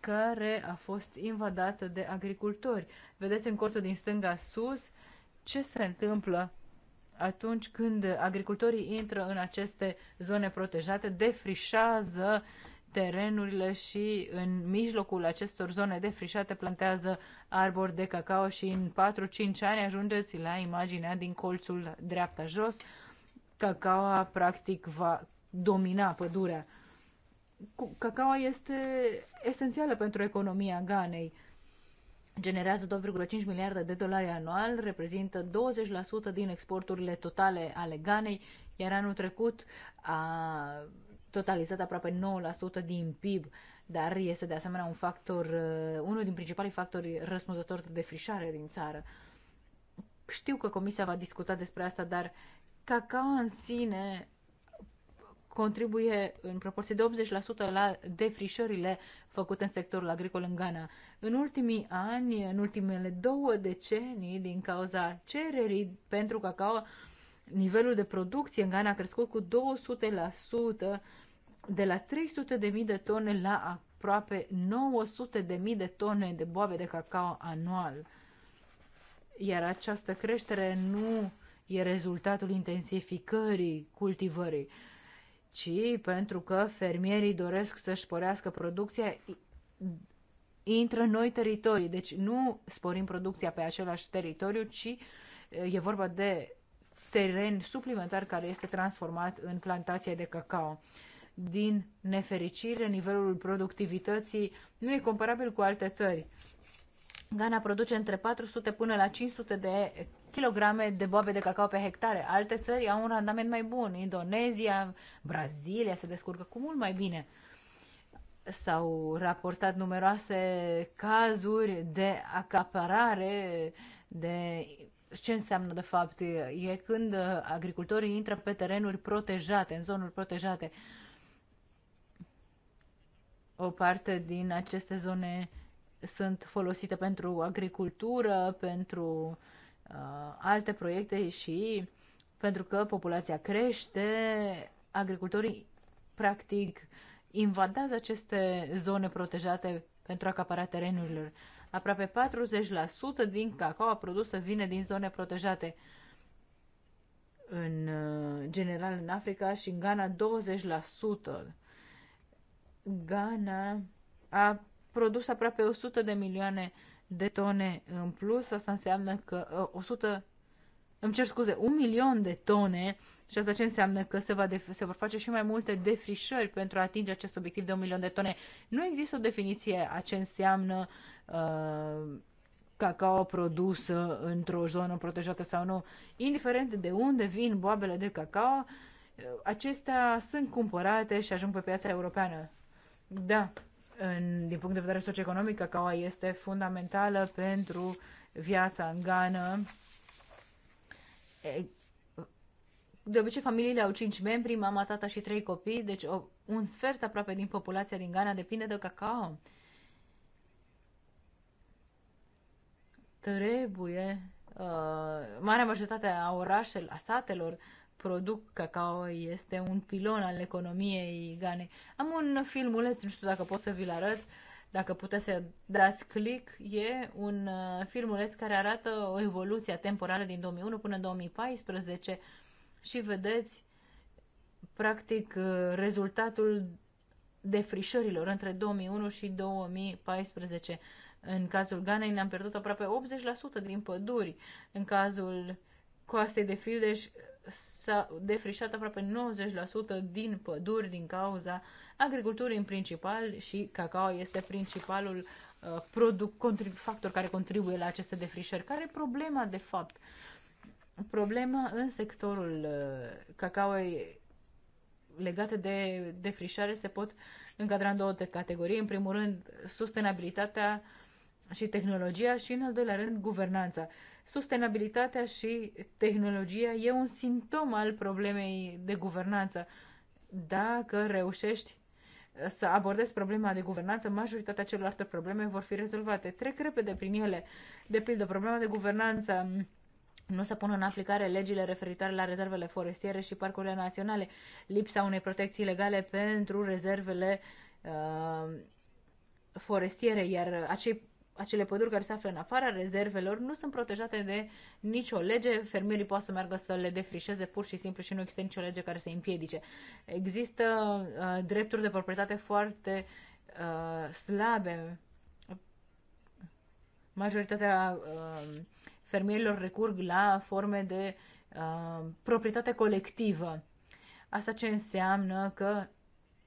care a fost invadată de agricultori. Vedeți în cortul din stânga sus ce se întâmplă atunci când agricultorii intră în aceste zone protejate, defrișează uh, terenurile și în mijlocul acestor zone defrișate plantează arbori de cacao și în 4-5 ani ajungeți la imaginea din colțul dreapta jos. Cacaoa practic va domina pădurea. Cacaoa este esențială pentru economia Ganei. Generează 2,5 miliarde de dolari anual, reprezintă 20% din exporturile totale ale Ganei, iar anul trecut a totalizat aproape 9% din PIB, dar este de asemenea un factor, uh, unul din principalii factori răspunzători de defrișare din țară. Știu că Comisia va discuta despre asta, dar cacao în sine contribuie în proporție de 80% la defrișările făcute în sectorul agricol în Ghana. În ultimii ani, în ultimele două decenii, din cauza cererii pentru cacao, nivelul de producție în Ghana a crescut cu 200%, de la 300.000 de tone la aproape 900.000 de tone de boabe de cacao anual. Iar această creștere nu e rezultatul intensificării cultivării, ci pentru că fermierii doresc să-și sporească producția, intră în noi teritorii. Deci nu sporim producția pe același teritoriu, ci e vorba de teren suplimentar care este transformat în plantație de cacao din nefericire, nivelul productivității nu e comparabil cu alte țări. Ghana produce între 400 până la 500 de kilograme de boabe de cacao pe hectare. Alte țări au un randament mai bun. Indonezia, Brazilia se descurcă cu mult mai bine. S-au raportat numeroase cazuri de acaparare, de ce înseamnă de fapt? E când agricultorii intră pe terenuri protejate, în zonuri protejate. Uh, o parte din aceste zone sunt folosite pentru agricultură, pentru uh, alte proiecte și pentru că populația crește, agricultorii practic invadează aceste zone protejate pentru a acapara terenurilor. Aproape 40% din cacao produsă vine din zone protejate. În uh, general în Africa și în Ghana 20%. Ghana a produs aproape 100 de milioane de tone în plus. Asta înseamnă că 100 ă, îmi cer scuze, un milion de tone și asta ce înseamnă că se, va def- se vor face și mai multe defrișări pentru a atinge acest obiectiv de un milion de tone. Nu există o definiție a ce înseamnă uh, cacao produsă într-o zonă protejată sau nu. Indiferent de unde vin boabele de cacao, ă, acestea sunt cumpărate și ajung pe piața europeană. Da, în, din punct de vedere socioeconomic, cacaoa este fundamentală pentru viața în Ghana. De obicei, familiile au 5 membri, mama, tata și 3 copii, deci o, un sfert aproape din populația din Ghana depinde de cacao. Trebuie. Uh, marea majoritate a orașelor, a satelor, uh, produc cacao este un pilon al economiei Ganei. Am un filmuleț, nu știu dacă pot să vi-l arăt, dacă puteți să dați click, e un uh, filmuleț care arată o evoluție temporală din 2001 până în 2014 și vedeți practic uh, rezultatul defrișărilor între 2001 și 2014. În cazul Ganei ne-am pierdut aproape 80% din păduri. În cazul coastei de Fildeș s-a defrișat aproape 90% din păduri din cauza agriculturii în principal și cacao este principalul uh, factor care contribuie la aceste defrișări. Care e problema de fapt? Problema în sectorul uh, cacao legate de defrișare se pot încadra în două categorii. În primul rând, sustenabilitatea și tehnologia și în al doilea rând, guvernanța. Uh, sustenabilitatea și tehnologia e un simptom al problemei de guvernanță. Dacă reușești uh, să abordezi problema de guvernanță, majoritatea celorlalte probleme vor fi rezolvate. Trec repede prin ele. De pildă, problema de guvernanță mm, nu se pun în aplicare legile referitoare la rezervele forestiere și parcurile naționale, lipsa unei protecții legale pentru rezervele uh, forestiere, iar acei acele păduri care se află în afara rezervelor nu sunt protejate de nicio lege. Fermierii poate să meargă să le defrișeze pur și simplu și nu există nicio lege care să împiedice. Există uh, drepturi de proprietate foarte uh, slabe. Majoritatea uh, fermierilor recurg la forme de uh, proprietate colectivă. Asta ce înseamnă că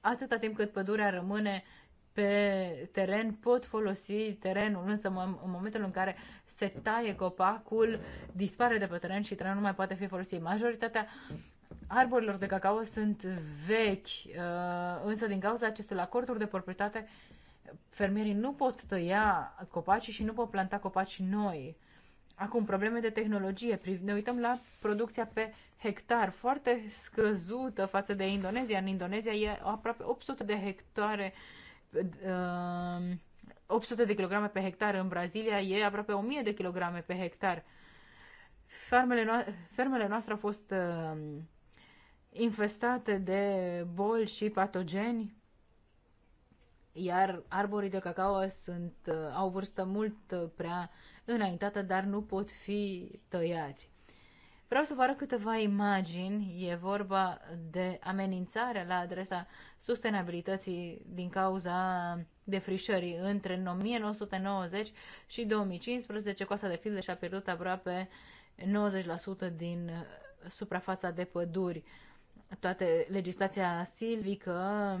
atâta timp cât pădurea rămâne uh, pe teren pot folosi terenul, însă în momentul în care se taie copacul, dispare de pe teren și terenul nu mai poate fi folosit. Majoritatea arborilor de cacao sunt vechi, uh, însă din cauza acestor acorduri de proprietate, fermierii nu pot tăia copacii și nu pot planta copaci noi. Acum, probleme de tehnologie. Ne uităm la producția pe hectar, foarte scăzută față de Indonezia. În Indonezia e aproape 800 de hectare uh, 800 ehm, de kilograme pe hectar în Brazilia e aproape 1000 de kilograme pe hectar. Fermele, no- fermele noastre au fost uh, infestate de boli și patogeni, iar arborii de cacao sunt, uh, au vârstă mult prea înaintată, dar nu pot fi tăiați. Vreau să vă arăt câteva imagini. E vorba de amenințare la adresa sustenabilității din cauza defrișării. Între 1990 și 2015, Coasta de Filde și-a pierdut aproape 90% din uh, suprafața de păduri. Toate legislația silvică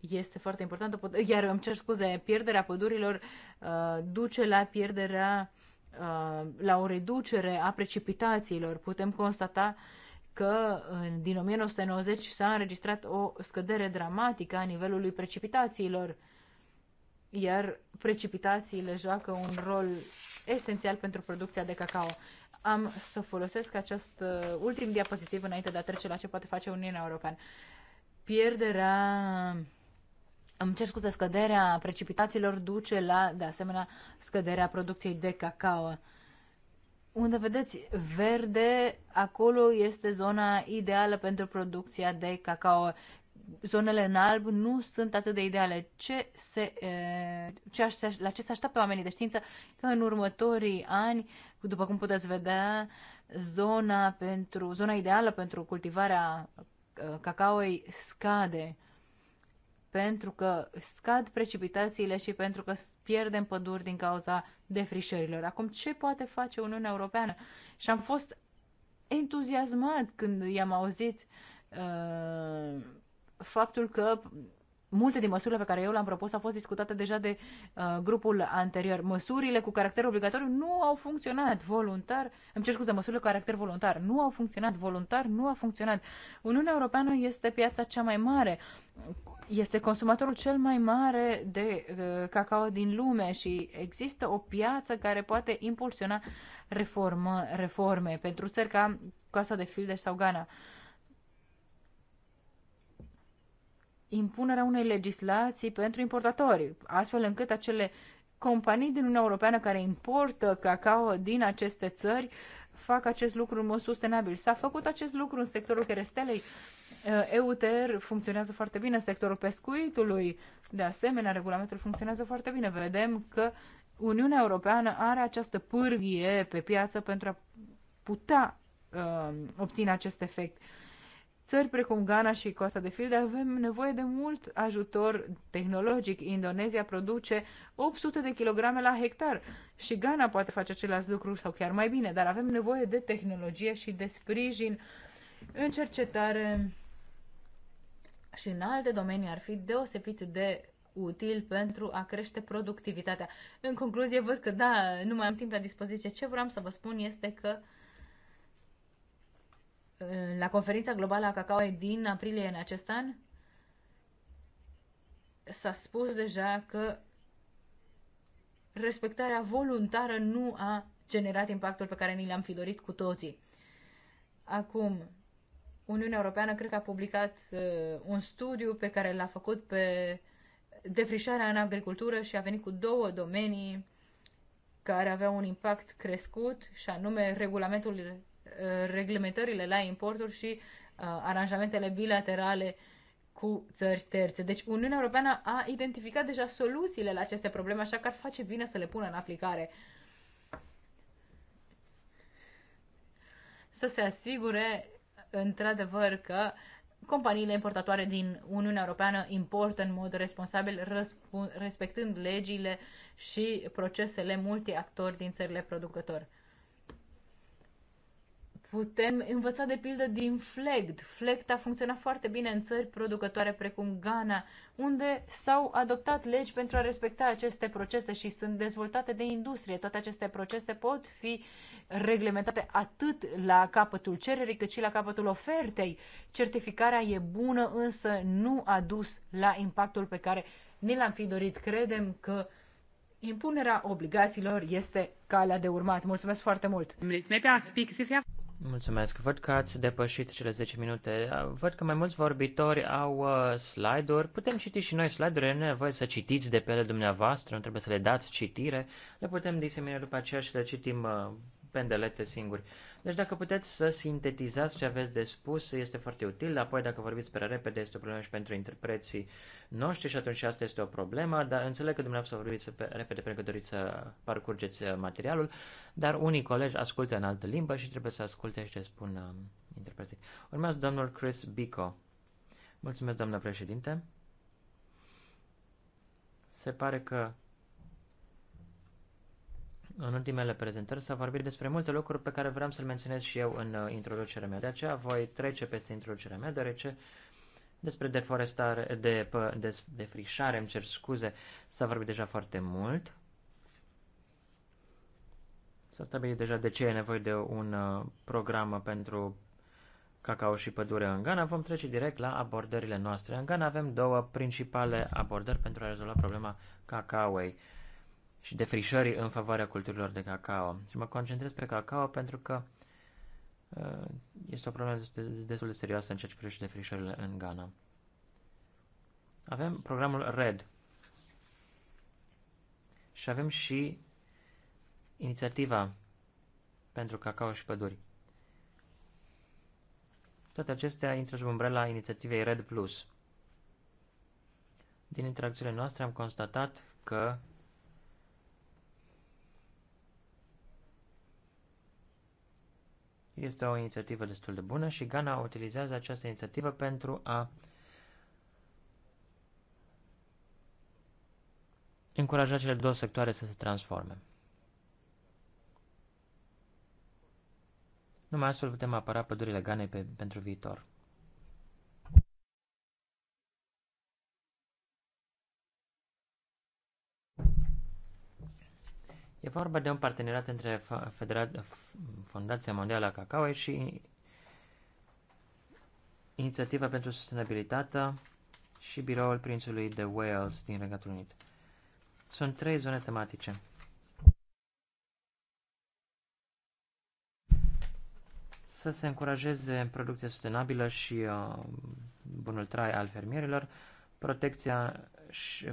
este foarte importantă. Iar îmi cer scuze, pierderea pădurilor uh, duce la pierderea Uh, la o reducere a precipitațiilor. Putem constata că din 1990 s-a înregistrat o scădere dramatică a nivelului precipitațiilor, iar precipitațiile joacă un rol esențial pentru producția de cacao. Am să folosesc acest uh, ultim diapozitiv înainte de a trece la ce poate face Uniunea Europeană. Pierderea îmi cer scuze, scăderea precipitațiilor duce la, de asemenea, scăderea producției de cacao. Unde vedeți verde, acolo este zona ideală pentru producția de cacao. Zonele în alb nu sunt atât de ideale. Ce se, ce aș, la ce se așteaptă oamenii de știință că în următorii ani, după cum puteți vedea, zona, pentru, zona ideală pentru cultivarea cacaoi scade pentru că scad precipitațiile și pentru că pierdem păduri din cauza defrișărilor. Acum, ce poate face Uniunea Europeană? Și am fost entuziasmat când i-am auzit uh, faptul că multe din măsurile pe care eu le-am propus au fost discutate deja de uh, grupul anterior. Măsurile cu caracter obligatoriu nu au funcționat voluntar. Îmi cer scuze, măsurile cu caracter voluntar nu au funcționat voluntar, nu a funcționat. Uniunea Europeană este piața cea mai mare. Este consumatorul cel mai mare de uh, cacao din lume și există o piață care poate impulsiona reformă, reforme pentru țări ca casa de Fildeș sau Ghana. Uh, impunerea unei legislații pentru importatori, astfel încât acele companii din Uniunea Europeană care importă cacao din aceste țări fac acest lucru în mod sustenabil. S-a făcut acest lucru în sectorul cherestelei. Uh, EUTR funcționează foarte bine, sectorul pescuitului, de asemenea, regulamentul funcționează foarte bine. Vedem că Uniunea Europeană are această pârghie pe piață pentru a putea uh, obține acest efect. Uh, țări precum Ghana și Costa de Filde avem nevoie de mult ajutor tehnologic. Indonezia produce 800 de kilograme la hectar și Ghana poate face același lucru sau chiar mai bine, dar avem nevoie de tehnologie și de sprijin în cercetare și în alte domenii ar fi deosebit de util pentru a crește productivitatea. În concluzie, văd că da, nu mai am timp la dispoziție. Ce vreau să vă spun este că uh, la conferința globală a cacao din aprilie în acest an, s-a spus deja că respectarea voluntară nu a generat impactul pe care ni l-am fi dorit cu toții. Acum, Uniunea Europeană cred că a publicat uh, un studiu pe care l-a făcut pe defrișarea în agricultură și a venit cu două domenii care aveau un impact crescut, și anume regulamentul Uh, reglementările la importuri și uh, aranjamentele bilaterale cu țări terțe. Deci Uniunea Europeană a identificat deja soluțiile la aceste probleme, așa că ar face bine să le pună în aplicare. Să se asigure, într-adevăr, că companiile importatoare din Uniunea Europeană importă în mod responsabil, respectând legile și procesele multiactori din țările producători. Putem învăța de pildă din FLEGT. FLEGT a funcționat foarte bine în țări producătoare precum Ghana, unde s-au adoptat legi pentru a respecta aceste procese și sunt dezvoltate de industrie. Toate aceste procese pot fi reglementate atât la capătul cererii cât și la capătul ofertei. Certificarea e bună, însă nu a dus la impactul pe care ni l-am fi dorit. Credem că impunerea obligațiilor este calea de urmat. Mulțumesc foarte mult! Mulțumesc. Văd că ați depășit cele 10 minute. Văd că mai mulți vorbitori au uh, slide-uri. Putem citi și noi slide-urile, nu e nevoie să citiți de pe ele dumneavoastră, nu trebuie să le dați citire. Le putem disemina după aceea și le citim uh, pendelete singuri. Deci dacă puteți să sintetizați ce aveți de spus, este foarte util. Apoi, dacă vorbiți prea repede, este o problemă și pentru interpreții noștri și atunci asta este o problemă. Dar înțeleg că dumneavoastră vorbiți repede pentru că doriți să parcurgeți uh, materialul, dar unii colegi ascultă în altă limbă și trebuie să asculte și ce spun uh, interpreții. Urmează domnul Chris Bico. Mulțumesc, doamnă președinte. Se pare că în ultimele prezentări s-a vorbit despre multe lucruri pe care vreau să le menționez și eu în uh, introducerea mea. De aceea voi trece peste introducerea mea, deoarece despre deforestare, de, de, de frișare, îmi cer scuze, s-a vorbit deja foarte mult. S-a stabilit deja de ce e nevoie de un uh, program pentru cacao și pădure în Ghana. Vom trece direct la abordările noastre. În Ghana avem două principale abordări pentru a rezolva problema cacaoei și defrișării în favoarea culturilor de cacao. Și mă concentrez pe cacao pentru că uh, este o problemă destul de serioasă în ceea ce privește defrișările în Ghana. Avem programul RED și avem și inițiativa pentru cacao și păduri. Toate acestea intră sub umbrela inițiativei RED+. Plus. Din interacțiile noastre am constatat că Este o inițiativă destul de bună și Ghana utilizează această inițiativă pentru a încuraja cele două sectoare să se transforme. Numai astfel putem apăra pădurile Ghanei pe, pentru viitor. E vorba de un parteneriat între Federa- Fundația Mondială a Cacao și Inițiativa pentru Sustenabilitate și Biroul Prințului de Wales din Regatul Unit. Sunt trei zone tematice. Să se încurajeze producția sustenabilă și uh, bunul trai al fermierilor, uh, protecția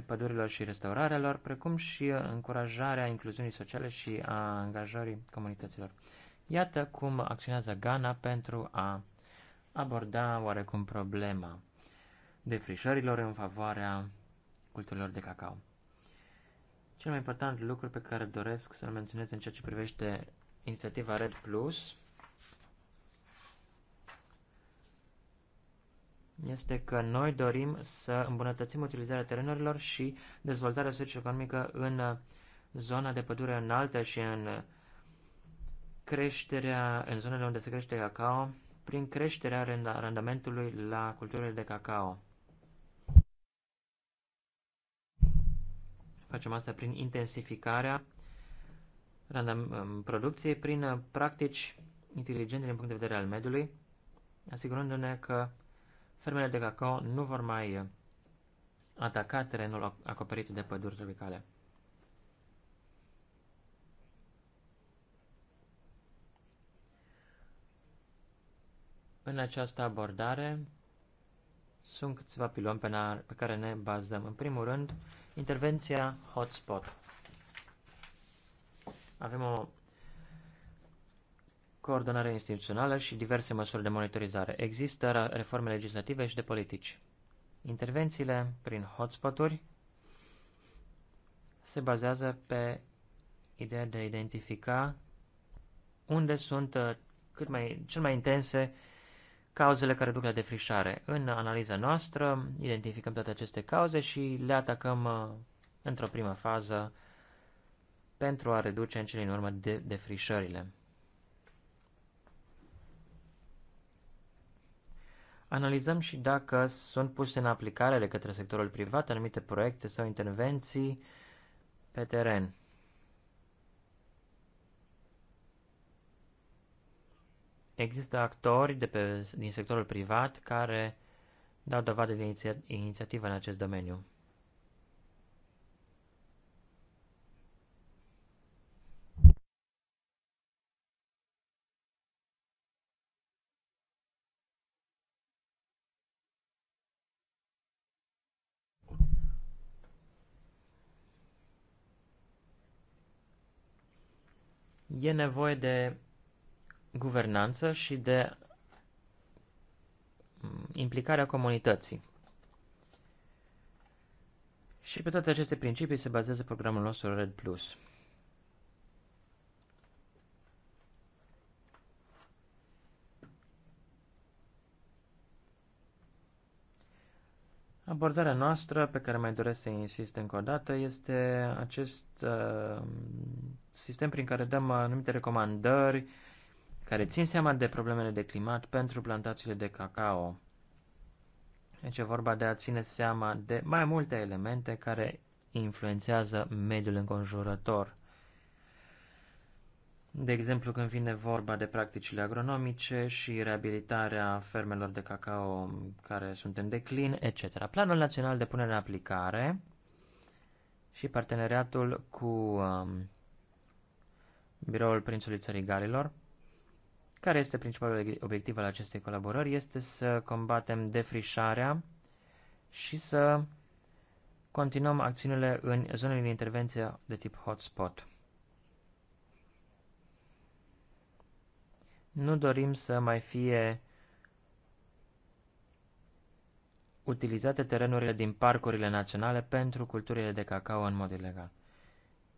pădurilor și lor, precum și încurajarea incluziunii sociale și a angajării comunităților. Iată cum acționează Ghana pentru a aborda oarecum problema defrișărilor în favoarea culturilor de cacao. Cel mai important lucru pe care doresc să-l menționez în ceea ce privește inițiativa Red Plus este că noi dorim să îmbunătățim utilizarea terenurilor și dezvoltarea socioeconomică în uh, zona de pădure înaltă și în uh, creșterea, în zonele unde se crește cacao, prin creșterea randamentului la culturile de cacao. Facem asta prin intensificarea um, producției, prin uh, practici inteligente din punct de vedere al mediului, asigurându-ne că fermele de cacao nu vor mai uh, ataca terenul acoperit de păduri tropicale. În această abordare sunt câțiva piloni pe care ne bazăm. În primul rând, intervenția hotspot. Avem o coordonare instituțională și diverse măsuri de monitorizare. Există reforme legislative și de politici. Intervențiile prin hotspoturi se bazează pe ideea de a identifica unde sunt uh, cât mai, cel mai intense cauzele care duc la defrișare. În analiza noastră identificăm toate aceste cauze și le atacăm uh, într-o primă fază pentru a reduce în cele din urmă de defrișările. Analizăm și dacă sunt puse în aplicare de către sectorul privat anumite proiecte sau intervenții pe teren. Există actori de pe, din sectorul privat care dau dovadă de iniția, inițiativă în acest domeniu. E nevoie de guvernanță și de mm, implicarea comunității. Și pe toate aceste principii se bazează programul nostru Red Plus. Abordarea noastră, pe care mai doresc să insist încă o dată, este acest uh, sistem prin care dăm anumite recomandări care țin seama de problemele de climat pentru plantațiile de cacao. Deci e vorba de a ține seama de mai multe elemente care influențează mediul înconjurător de exemplu când vine vorba de practicile agronomice și reabilitarea fermelor de cacao care sunt în declin, etc. Planul Național de Punere în Aplicare și parteneriatul cu um, Biroul Prințului Țării Galilor, care este principalul obiectiv al acestei colaborări, este să combatem defrișarea și să continuăm acțiunile în zonele de intervenție de tip hotspot. Nu dorim să mai fie utilizate terenurile din parcurile naționale pentru culturile de cacao în mod ilegal.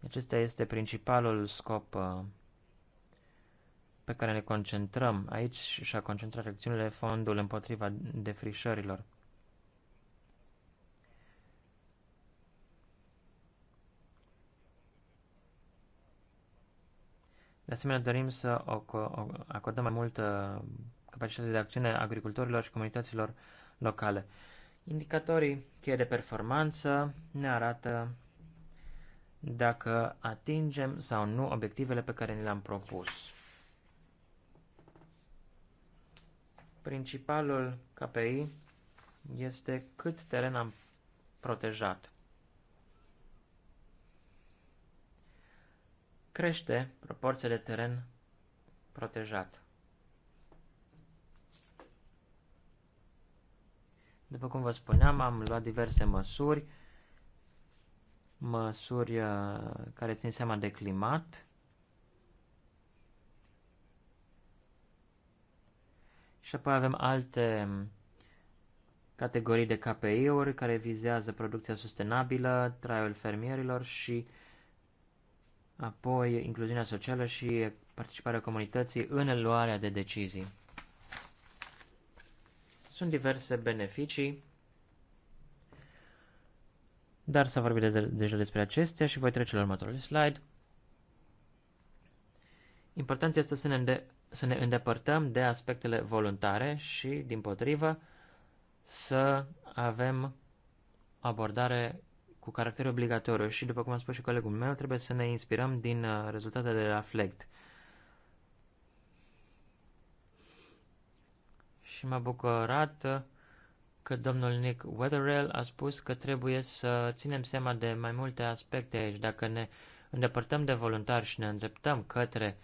Acesta este principalul scop uh, pe care ne concentrăm aici și a concentrat acțiunile fondul împotriva defrișărilor. De asemenea, dorim să acordăm mai multă capacitate de acțiune agricultorilor și comunităților locale. Indicatorii cheie de performanță ne arată dacă atingem sau nu obiectivele pe care ni le-am propus. Principalul KPI este cât teren am protejat. crește proporția de teren protejat. După cum vă spuneam, am luat diverse măsuri, măsuri uh, care țin seama de climat și apoi avem alte categorii de KPI-uri care vizează producția sustenabilă, traiul fermierilor și uh, apoi incluziunea socială și participarea comunității în luarea de decizii. Sunt diverse beneficii, dar s-a vorbit deja despre acestea și voi trece la următorul slide. Important este să ne, să ne îndepărtăm de aspectele voluntare și, din potrivă, să avem abordare cu caracter obligatoriu și, după cum a spus și colegul meu, trebuie să ne inspirăm din uh, rezultatele de la FLECT. Și m-a bucurat uh, că domnul Nick Weatherell a spus că trebuie să ținem seama de mai multe aspecte aici. Dacă ne îndepărtăm de voluntari și ne îndreptăm către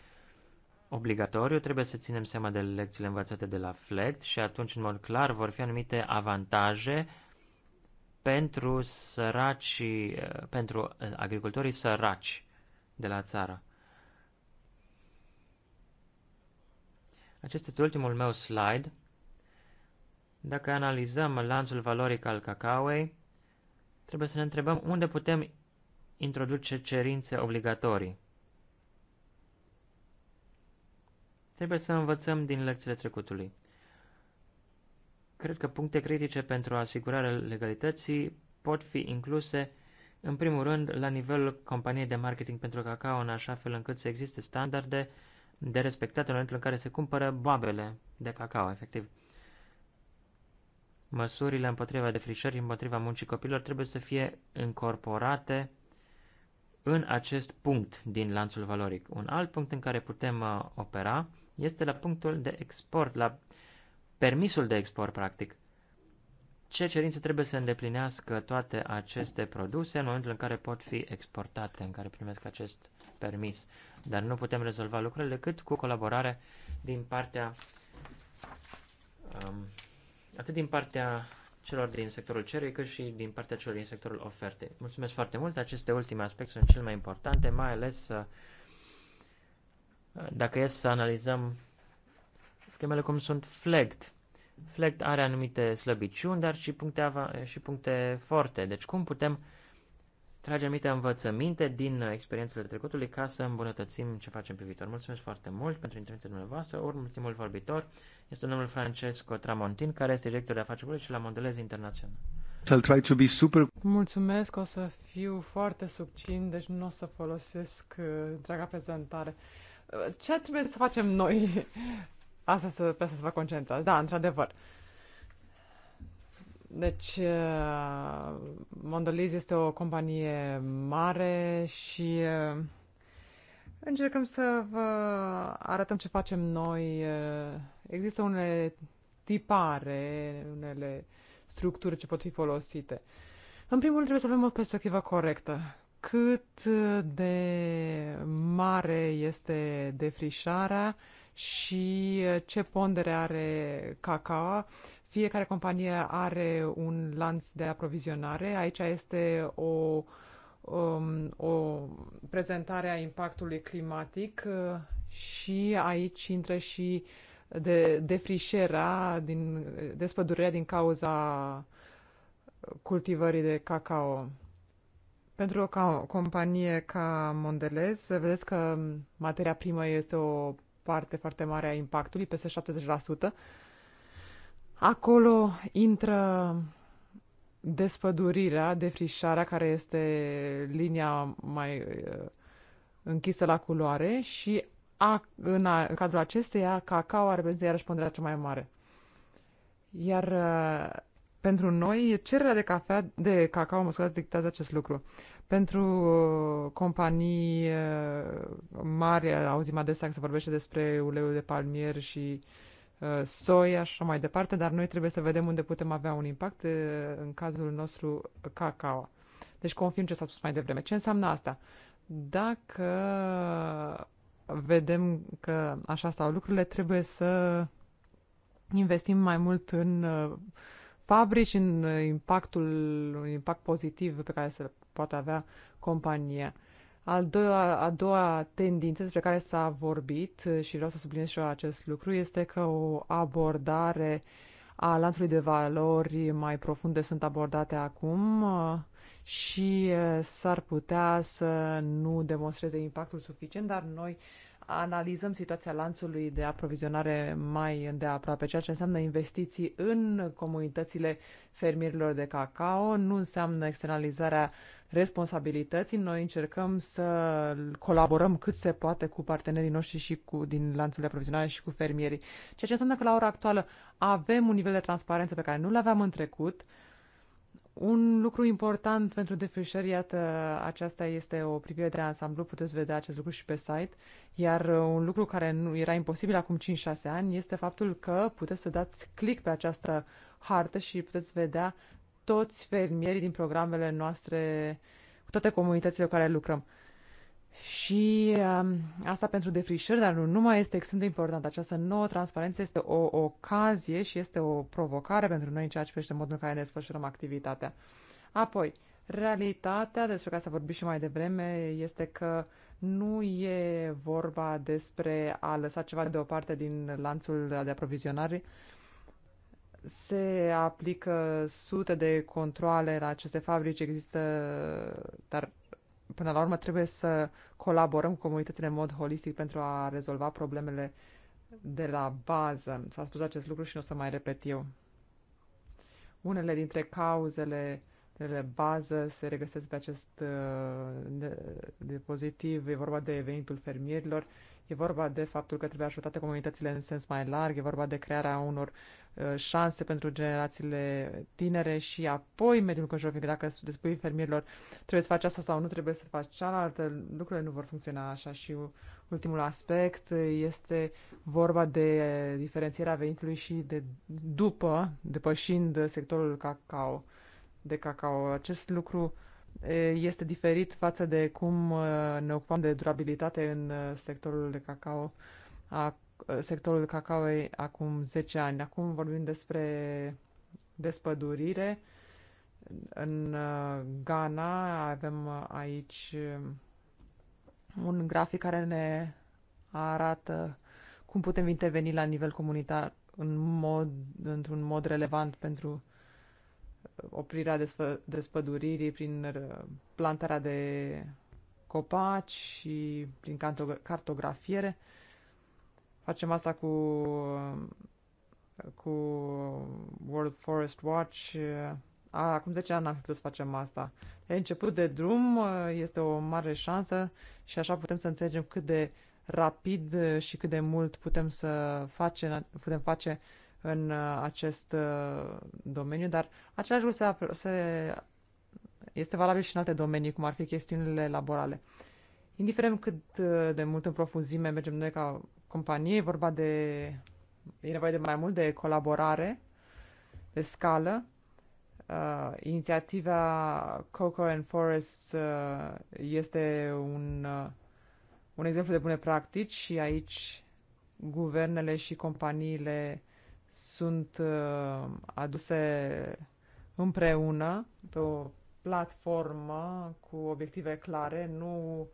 obligatoriu, trebuie să ținem seama de lecțiile învățate de la FLECT și atunci, în mod clar, vor fi anumite avantaje uh, pentru săraci, pentru eh, agricultorii săraci de la țară. Acesta este ultimul meu slide. Dacă analizăm lanțul valoric al cacaoei, trebuie să ne întrebăm unde putem introduce cerințe obligatorii. Trebuie să învățăm din lecțiile trecutului. Cred că puncte critice pentru asigurarea legalității pot fi incluse, în primul rând, la nivelul companiei de marketing pentru cacao, în așa fel încât să existe standarde de respectat în momentul în care se cumpără boabele de cacao, efectiv. Măsurile împotriva defrișării, împotriva muncii copilor trebuie să fie incorporate în acest punct din lanțul valoric. Un alt punct în care putem uh, opera este la punctul de export, la permisul de export, practic. Ce cerințe trebuie să îndeplinească toate aceste produse în momentul în care pot fi exportate, în care primesc acest permis. Dar nu putem rezolva lucrurile decât cu colaborare din partea um, atât din partea celor din sectorul cererii, cât și din partea celor din sectorul ofertei. Mulțumesc foarte mult, aceste ultime aspecte sunt cel mai importante, mai ales uh, dacă e să analizăm Schemele cum sunt flagged, flagged are anumite slăbiciuni, dar și puncte, și puncte forte. Deci cum putem trage anumite învățăminte din experiențele trecutului ca să îmbunătățim ce facem pe viitor. Mulțumesc foarte mult pentru intervenția dumneavoastră. Ultimul vorbitor este domnul Francesco Tramontin, care este director de afaceri publice la Mondelez Internațional. I'll try to be super... Mulțumesc, o să fiu foarte succint, deci nu o să folosesc uh, întreaga prezentare. Uh, ce trebuie să facem noi? Asta să, pe asta să vă concentrați. Da, într-adevăr. Deci, uh, Mondoliz este o companie mare și uh, încercăm să vă arătăm ce facem noi. Uh, există unele tipare, unele structuri ce pot fi folosite. În primul rând, trebuie să avem o perspectivă corectă. Cât de mare este defrișarea, și uh, ce pondere are cacao. Fiecare companie are un lanț de aprovizionare. Aici este o, um, o prezentare a impactului climatic uh, și aici intră și de defrișera, din, despădurerea din cauza cultivării de cacao. Pentru o companie ca Mondelez, vedeți că materia primă este o parte foarte mare a impactului, peste 70%. Acolo intră despădurirea, defrișarea, care este linia mai uh, închisă la culoare și a, în, a, în cadrul acesteia, cacao are reprezintă iarăși ponderea cea mai mare. Iar uh, pentru noi, cererea de cafea, de cacao, mă scuzați, dictează acest lucru. Pentru uh, companii uh, mari, auzim adesea că se vorbește despre uleiul de palmier și uh, soi, așa mai departe, dar noi trebuie să vedem unde putem avea un impact, în cazul nostru cacao. Deci confirm ce s-a spus mai devreme. Ce înseamnă asta? Dacă vedem că așa stau lucrurile, trebuie să investim mai mult în fabrici, în impactul, un impact pozitiv pe care să poate avea compania. Al doua, a doua tendință despre care s-a vorbit uh, și vreau să subliniez și eu acest lucru este că o abordare a lanțului de valori mai profunde sunt abordate acum uh, și uh, s-ar putea să nu demonstreze impactul suficient, dar noi analizăm situația lanțului de aprovizionare mai îndeaproape, ceea ce înseamnă investiții în comunitățile fermierilor de cacao, nu înseamnă externalizarea responsabilității. Noi încercăm să colaborăm cât se poate cu partenerii noștri și cu, din lanțul de aprovizionare și cu fermierii. Ceea ce înseamnă că la ora actuală avem un nivel de transparență pe care nu-l aveam în trecut. Un lucru important pentru defrișări, iată, aceasta este o privire de ansamblu, puteți vedea acest lucru și pe site, iar uh, un lucru care nu era imposibil acum 5-6 ani este faptul că puteți să dați click pe această hartă și puteți vedea toți fermierii din programele noastre, cu toate comunitățile cu care lucrăm. Și um, asta pentru defrișări, dar nu numai este extrem de important. Această nouă transparență este o ocazie și este o provocare pentru noi în ceea ce privește modul în care ne desfășurăm activitatea. Apoi, realitatea despre care s-a vorbit și mai devreme este că nu e vorba despre a lăsa ceva deoparte din lanțul de aprovizionare, uh, se aplică sute de controle la aceste fabrici, există, dar până la urmă trebuie să colaborăm cu comunitățile în mod holistic pentru a rezolva problemele de la bază. S-a spus acest lucru și nu o să mai repet eu. Unele dintre cauzele de bază se regăsesc pe acest uh, depozitiv, e vorba de venitul fermierilor, e vorba de faptul că trebuie ajutate comunitățile în sens mai larg, e vorba de crearea unor Uh, șanse pentru generațiile tinere și apoi mediul înconjurător, fiindcă dacă le spui fermierilor trebuie să faci asta sau nu trebuie să faci cealaltă, lucrurile nu vor funcționa așa și ultimul aspect este vorba de diferențierea venitului și de după, depășind sectorul cacao, de cacao. Acest lucru uh, este diferit față de cum uh, ne ocupăm de durabilitate în sectorul de cacao. Uh, sectorul cacaoi acum 10 ani. Acum vorbim despre despădurire. În uh, Ghana avem uh, aici um, un grafic care ne arată cum putem interveni la nivel comunitar în mod, într-un mod relevant pentru oprirea despă, despăduririi prin plantarea de copaci și prin cartografiere. Facem asta cu, cu World Forest Watch. A, acum 10 ani am fi putut să facem asta. E început de drum, este o mare șansă și așa putem să înțelegem cât de rapid și cât de mult putem să face, putem face în acest uh, domeniu, dar același lucru se, se, este valabil și în alte domenii, cum ar fi chestiunile laborale. Indiferent cât uh, de mult în profunzime mergem noi ca companie, e vorba de... e nevoie de mai mult de colaborare, de scală. Uh, inițiativa Coco and Forest uh, este un, uh, un exemplu de bune practici și aici guvernele și companiile sunt uh, aduse împreună pe o platformă cu obiective clare, nu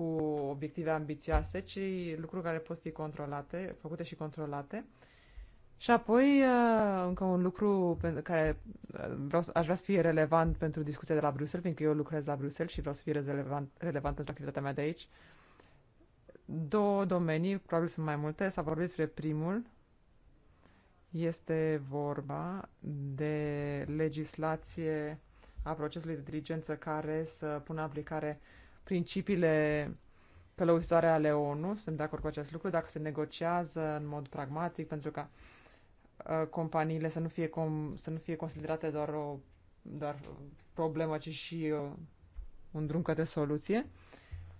cu obiective ambițioase, ci lucruri care pot fi controlate, făcute și controlate. Și apoi, uh, încă un lucru pe care uh, vreau, aș vrea să fie relevant pentru discuția de la Bruxelles, fiindcă eu lucrez la Bruxelles și vreau să fie relevant, relevant pentru activitatea mea de aici. Două domenii, probabil sunt mai multe, s-a vorbit despre primul. Este vorba de legislație a procesului de diligență care să pună aplicare uh, principiile călăuzitoare ale ONU, sunt de acord cu acest lucru, dacă se negociază în mod pragmatic pentru ca ă, companiile să nu fie, com, să nu fie considerate doar o doar problemă, ci și ă, un drum către soluție.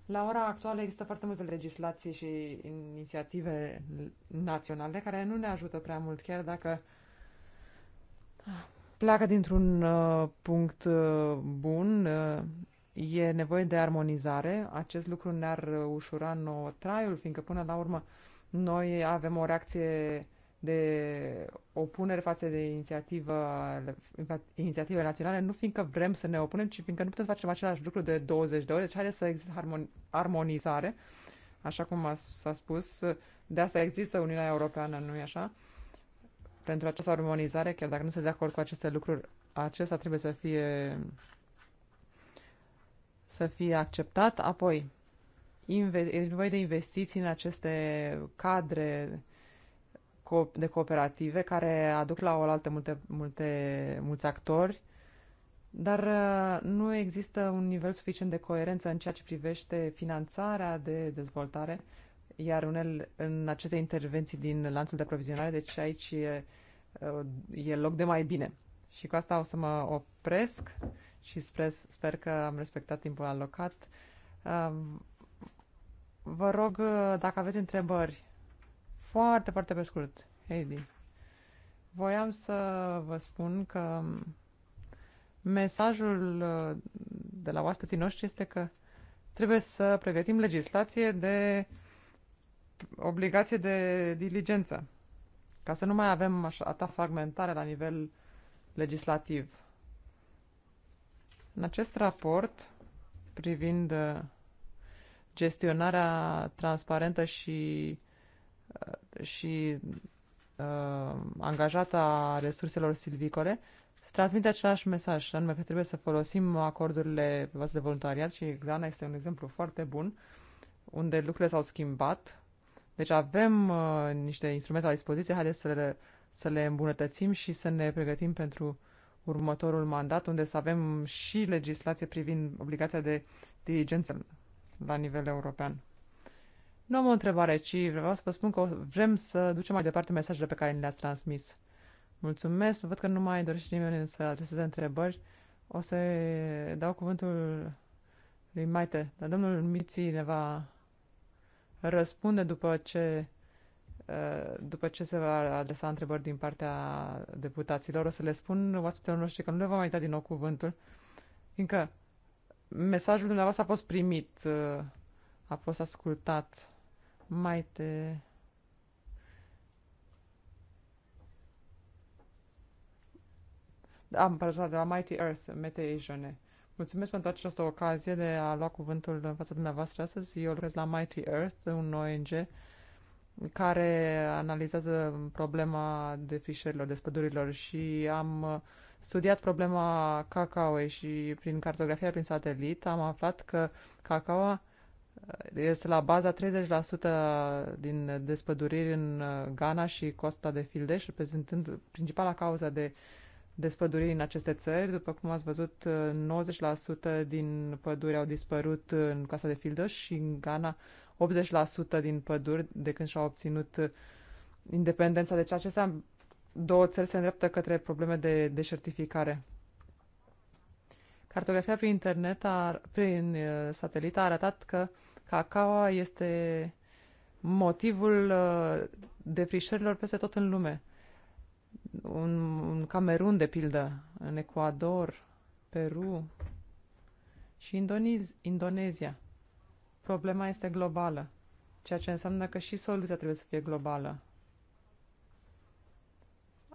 La ora actuală există foarte multe legislații și inițiative naționale care nu ne ajută prea mult, chiar dacă pleacă dintr-un ă, punct bun, e nevoie de armonizare. Acest lucru ne-ar ușura nouă traiul, fiindcă până la urmă noi avem o reacție de opunere față de inițiativă, inițiative naționale, nu fiindcă vrem să ne opunem, ci fiindcă nu putem să facem același lucru de 20 de ore. Deci haideți să există armonizare, așa cum s-a spus. De asta există Uniunea Europeană, nu e așa? Pentru această armonizare, chiar dacă nu se de acord cu aceste lucruri, acesta trebuie să fie să fie acceptat, apoi e nevoie de investiții în aceste cadre de cooperative care aduc la oaltă multe, multe, mulți actori, dar uh, nu există un nivel suficient de coerență în ceea ce privește finanțarea de dezvoltare, iar unel, în aceste intervenții din lanțul de aprovizionare, deci aici e, uh, e loc de mai bine. Și cu asta o să mă opresc și sper, sper că am respectat timpul alocat. Um, vă rog, uh, dacă aveți întrebări, foarte, foarte pe scurt, Heidi. Voiam să vă spun că mesajul uh, de la oaspeții noștri este că trebuie să pregătim legislație de obligație de diligență, ca să nu mai avem așa, atâta fragmentare la nivel legislativ. În acest raport privind uh, gestionarea transparentă și, uh, și uh, angajată a resurselor silvicole, se transmite același mesaj, anume că trebuie să folosim acordurile pe bază de voluntariat și Exana este un exemplu foarte bun unde lucrurile s-au schimbat. Deci avem uh, niște instrumente la dispoziție, haideți să le, să le îmbunătățim și să ne pregătim pentru următorul mandat, unde să avem și legislație privind obligația de diligență la nivel european. Nu am o întrebare, ci vreau să vă spun că vrem să ducem mai departe mesajele pe care le-ați transmis. Mulțumesc, văd că nu mai dorește nimeni să adreseze întrebări. O să dau cuvântul lui Maite, dar domnul Miții ne va răspunde după ce Uh, după ce se va adresa întrebări din partea deputaților, o să le spun oaspeților noștri că nu le vom mai da din nou cuvântul, fiindcă mesajul dumneavoastră a fost primit, uh, a fost ascultat. Mai te... Am da, părăsat de la Mighty Earth, Mete Jone. Mulțumesc pentru această ocazie de a lua cuvântul în fața dumneavoastră astăzi. Eu lucrez la Mighty Earth, un ONG care analizează problema de despădurilor și am uh, studiat problema cacaoei și prin cartografia prin satelit am aflat că cacaoa uh, este la baza 30% din despăduriri în uh, Ghana și Costa de Fildeș, reprezentând principala cauză de despăduriri în aceste țări. După cum ați văzut, 90% din păduri au dispărut în Costa de Fildeș și în Ghana 80% din păduri de când și-au obținut uh, independența. Deci acestea două țări se îndreptă către probleme de deșertificare. Cartografia prin internet, a, prin uh, satelit, a arătat că cacao este motivul uh, defrișărilor peste tot în lume. Un, un Camerun, de pildă, în Ecuador, Peru și Indonez- Indonezia. Problema este globală, ceea ce înseamnă că și soluția trebuie să fie globală.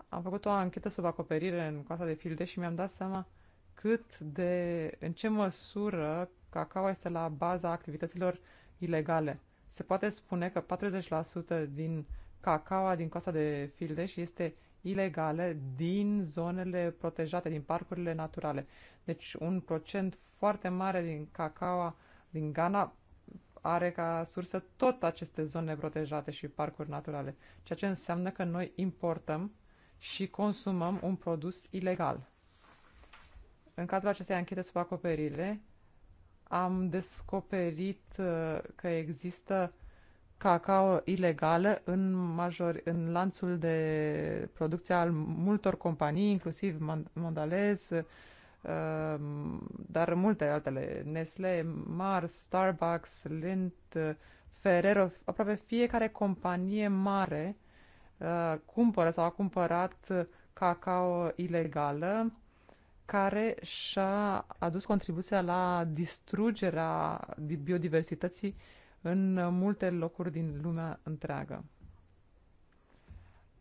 Am făcut o anchetă sub acoperire în coasta de filde și mi-am dat seama cât de, în ce măsură cacao este la baza activităților ilegale. Se poate spune că 40% din cacaoa din coasta de filde și este ilegale din zonele protejate, din parcurile naturale. Deci un procent foarte mare din cacaoa din Ghana are ca sursă tot aceste zone protejate și parcuri naturale, ceea ce înseamnă că noi importăm și consumăm un produs ilegal. În cadrul acestei anchete sub acoperire, am descoperit uh, că există cacao ilegală în, major, în lanțul de producție al multor companii, inclusiv Mondalez, Ehm, dar multe altele, Nestle, Mars, Starbucks, Lind, Ferrero, aproape fiecare companie mare eh, cumpără sau a cumpărat cacao ilegală care și-a adus contribuția la distrugerea biodiversității în multe locuri din lumea întreagă.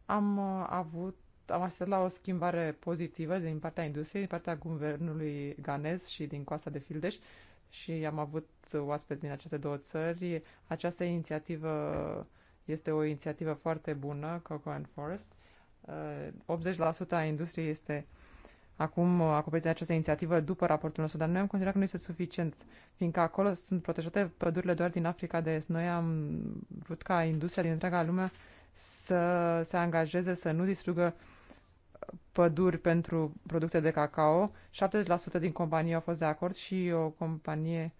Am eh, avut am așteptat la o schimbare pozitivă din partea industriei, din partea guvernului ganez și din coasta de Fildeș și am avut oaspeți din aceste două țări. Această inițiativă este o inițiativă foarte bună, Coco and Forest. 80% uh, a industriei este acum acoperită de această inițiativă după raportul nostru, dar noi am considerat că nu este suficient, fiindcă acolo sunt protejate pădurile doar din Africa de Est. Noi am vrut ca industria din întreaga lume să se angajeze, să nu distrugă uh, păduri pentru producte de cacao. 70% din companii au fost de acord și o companie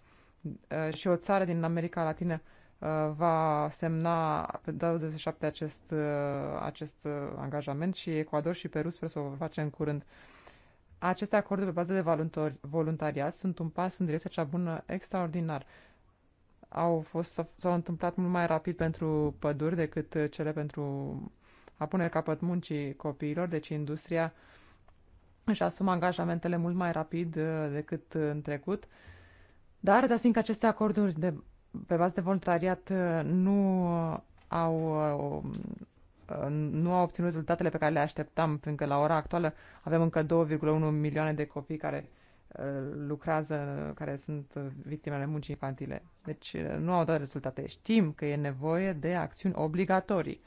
uh, și o țară din America Latină uh, va semna pe 27 acest, uh, acest angajament și Ecuador și Peru sper să o facă în curând. Aceste acorduri pe bază de voluntariat sunt un pas în direcția cea bună extraordinar. Au fost, s-au întâmplat mult mai rapid pentru păduri decât cele pentru a pune capăt muncii copiilor, deci industria își asumă angajamentele mult mai rapid uh, decât în trecut. Dar, dar fiindcă aceste acorduri de, pe bază de voluntariat uh, nu au uh, um, nu au obținut rezultatele pe care le așteptam, pentru că la ora actuală avem încă 2,1 milioane de copii care lucrează, care sunt victimele muncii infantile. Deci nu au dat rezultate. Știm că e nevoie de acțiuni obligatorii.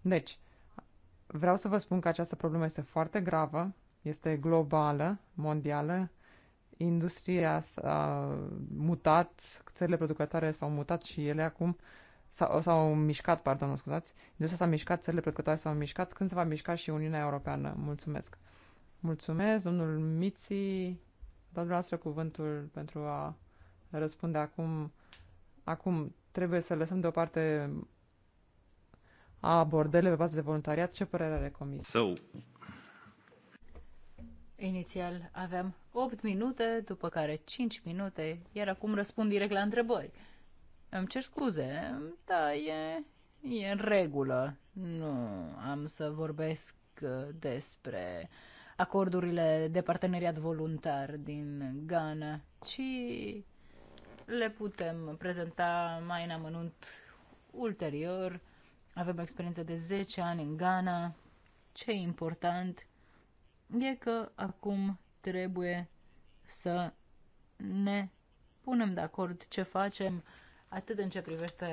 Deci, Vreau să vă spun că această problemă este foarte gravă, este globală, mondială. Industria s-a mutat, țările producătoare s-au mutat și ele acum s-au, s-au mișcat, pardon, scuzați. Industria s-a mișcat, țările producătoare s-au mișcat. Când se va mișca și Uniunea Europeană? Mulțumesc! Mulțumesc, domnul Miții. Dați dumneavoastră cuvântul pentru a răspunde acum. Acum trebuie să lăsăm deoparte a abordările pe bază de voluntariat. Ce părere are comisia? So. Inițial aveam 8 minute, după care 5 minute, iar acum răspund direct la întrebări. Îmi cer scuze, da, e, e în regulă. Nu am să vorbesc uh, despre acordurile de parteneriat voluntar din Ghana, ci le putem prezenta mai în amănunt ulterior avem o experiență de 10 ani în Ghana. Ce e important e că acum trebuie să ne punem de acord ce facem, atât în ce privește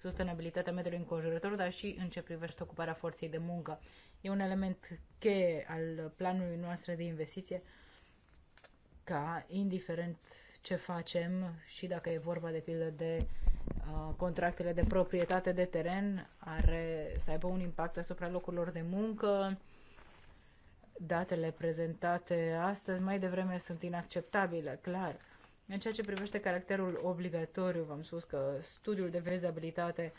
sustenabilitatea mediului înconjurător, dar și în ce privește ocuparea forței de muncă. E un element cheie al planului noastră de investiție ca, indiferent ce facem și dacă e vorba de pildă de contractele de proprietate de teren are să aibă un impact asupra locurilor de muncă. Datele prezentate astăzi mai devreme sunt inacceptabile, clar. În ceea ce privește caracterul obligatoriu, v-am spus că studiul de vezabilitate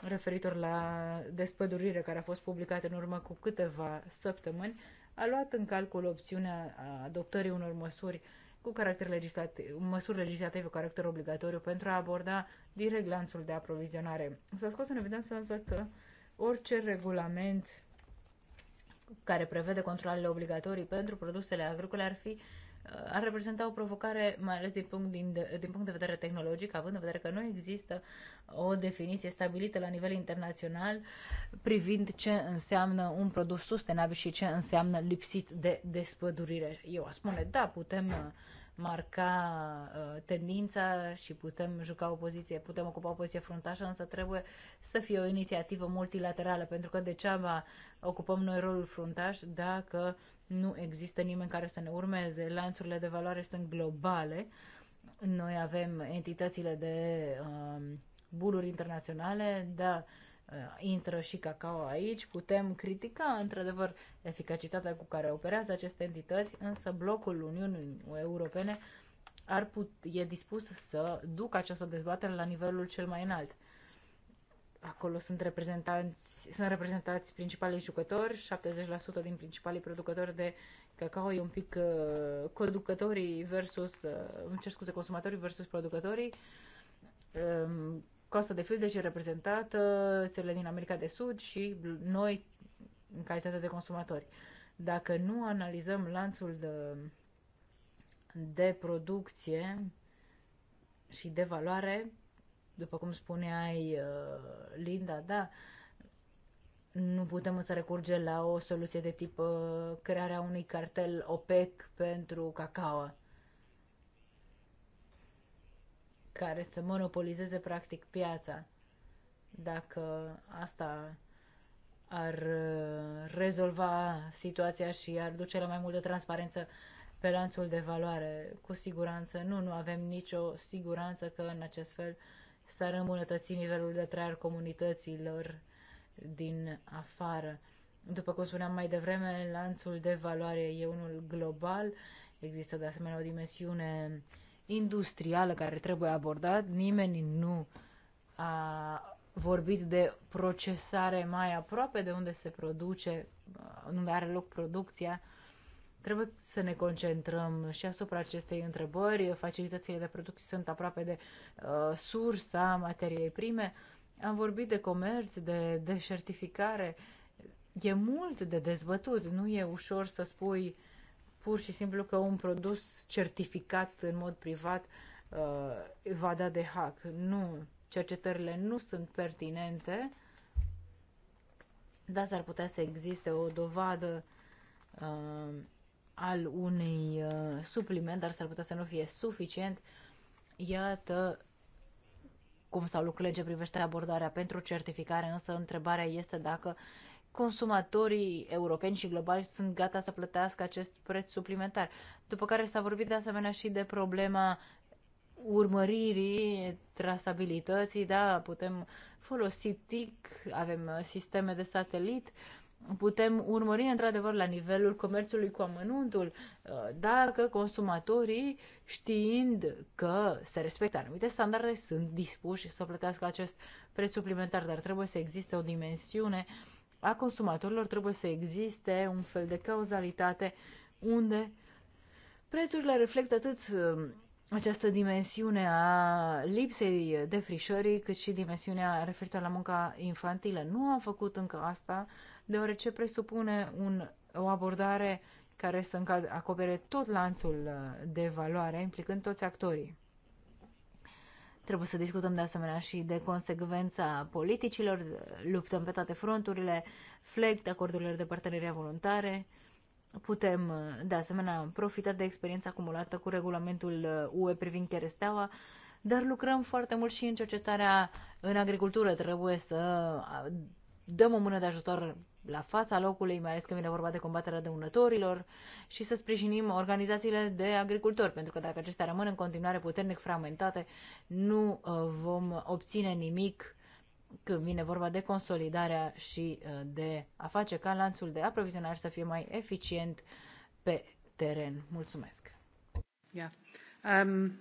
referitor la despădurire care a fost publicat în urmă cu câteva săptămâni a luat în calcul opțiunea adoptării unor măsuri uh, cu caracter legislativ, măsuri legislative cu caracter obligatoriu pentru a aborda direct lanțul de aprovizionare. S-a scos în evidență însă că orice regulament care prevede controlele obligatorii pentru produsele agricole ar fi Uh, ar reprezenta o provocare, mai ales din punct, din, din punct de vedere tehnologic, având în vedere că nu există o definiție stabilită la nivel internațional privind ce înseamnă un produs sustenabil și ce înseamnă lipsit de despădurire. Eu aș spune, da, putem uh, marca uh, tendința și putem juca o poziție, putem ocupa o poziție fruntașă, însă trebuie să fie o inițiativă multilaterală, pentru că degeaba ocupăm noi rolul fruntaș dacă nu există nimeni care să ne urmeze, lanțurile de valoare sunt globale, noi avem entitățile de uh, um, buluri internaționale, da. uh, intră și cacao aici, putem critica într-adevăr eficacitatea cu care operează aceste entități, însă blocul Uniunii Europene ar put, e dispus să ducă această dezbatere la nivelul cel mai înalt. Acolo sunt reprezentanți, sunt reprezentați principalii jucători, 70% din principalii producători de cacao e un pic uh, conducătorii versus, uh, îmi cer scuze, consumatorii versus producătorii. Um, Costa de Fildeș e reprezentată, țările din America de Sud și noi în calitate de consumatori. Dacă nu analizăm lanțul de, de producție și de valoare, după cum spuneai, uh, Linda, da, nu putem să recurge la o soluție de tip uh, crearea unui cartel OPEC pentru cacao, care să monopolizeze practic piața. Dacă asta ar uh, rezolva situația și ar duce la mai multă transparență pe lanțul de valoare. Cu siguranță nu, nu avem nicio siguranță că în acest fel uh, s-ar îmbunătăți nivelul de trai al comunităților din afară. După cum spuneam mai devreme, lanțul de valoare e unul global, există de asemenea o dimensiune industrială care trebuie abordat. Nimeni nu a vorbit de procesare mai aproape de unde se produce, unde are loc producția, Trebuie să ne concentrăm și asupra acestei întrebări. Facilitățile de producție sunt aproape de uh, sursa materiei prime. Am vorbit de comerț, de deșertificare. E mult de dezbătut. Nu e ușor să spui pur și simplu că un produs certificat în mod privat uh, va da de hack. Nu. Cercetările nu sunt pertinente. Da, s-ar putea să existe o dovadă uh, al unui uh, supliment, dar s-ar putea să nu fie suficient. Iată cum stau lucrurile în ce privește abordarea pentru certificare, însă întrebarea este dacă consumatorii europeni și globali sunt gata să plătească acest preț suplimentar. După care s-a vorbit de asemenea și de problema urmăririi, trasabilității, da, putem folosi TIC, avem sisteme de satelit, uh, putem urmări într-adevăr la nivelul comerțului cu amănuntul uh, dacă consumatorii, știind că se respectă anumite standarde, sunt dispuși să plătească acest preț suplimentar, dar trebuie să existe o dimensiune a consumatorilor, trebuie să existe un fel de cauzalitate unde prețurile reflectă atât um, această dimensiune a lipsei defrișării, cât și dimensiunea referitoare la munca infantilă. Nu am făcut încă asta, deoarece presupune un, o abordare care să acopere tot lanțul uh, de valoare, implicând toți actorii. Trebuie să discutăm de asemenea și de consecvența politicilor, luptăm pe toate fronturile, flect acordurile de parteneria voluntare. Putem, uh, de asemenea, profita de experiența acumulată cu regulamentul uh, UE privind cheresteaua, dar lucrăm foarte mult și în cercetarea în agricultură. Trebuie să dăm o mână de ajutor la fața locului, mai ales când vine vorba de combaterea dăunătorilor și să sprijinim organizațiile de agricultori, pentru că dacă acestea rămân în continuare puternic fragmentate, nu uh, vom obține nimic când vine vorba de consolidarea și uh, de a face ca lanțul de aprovizionare să fie mai eficient pe teren. Mulțumesc! Yeah. Um,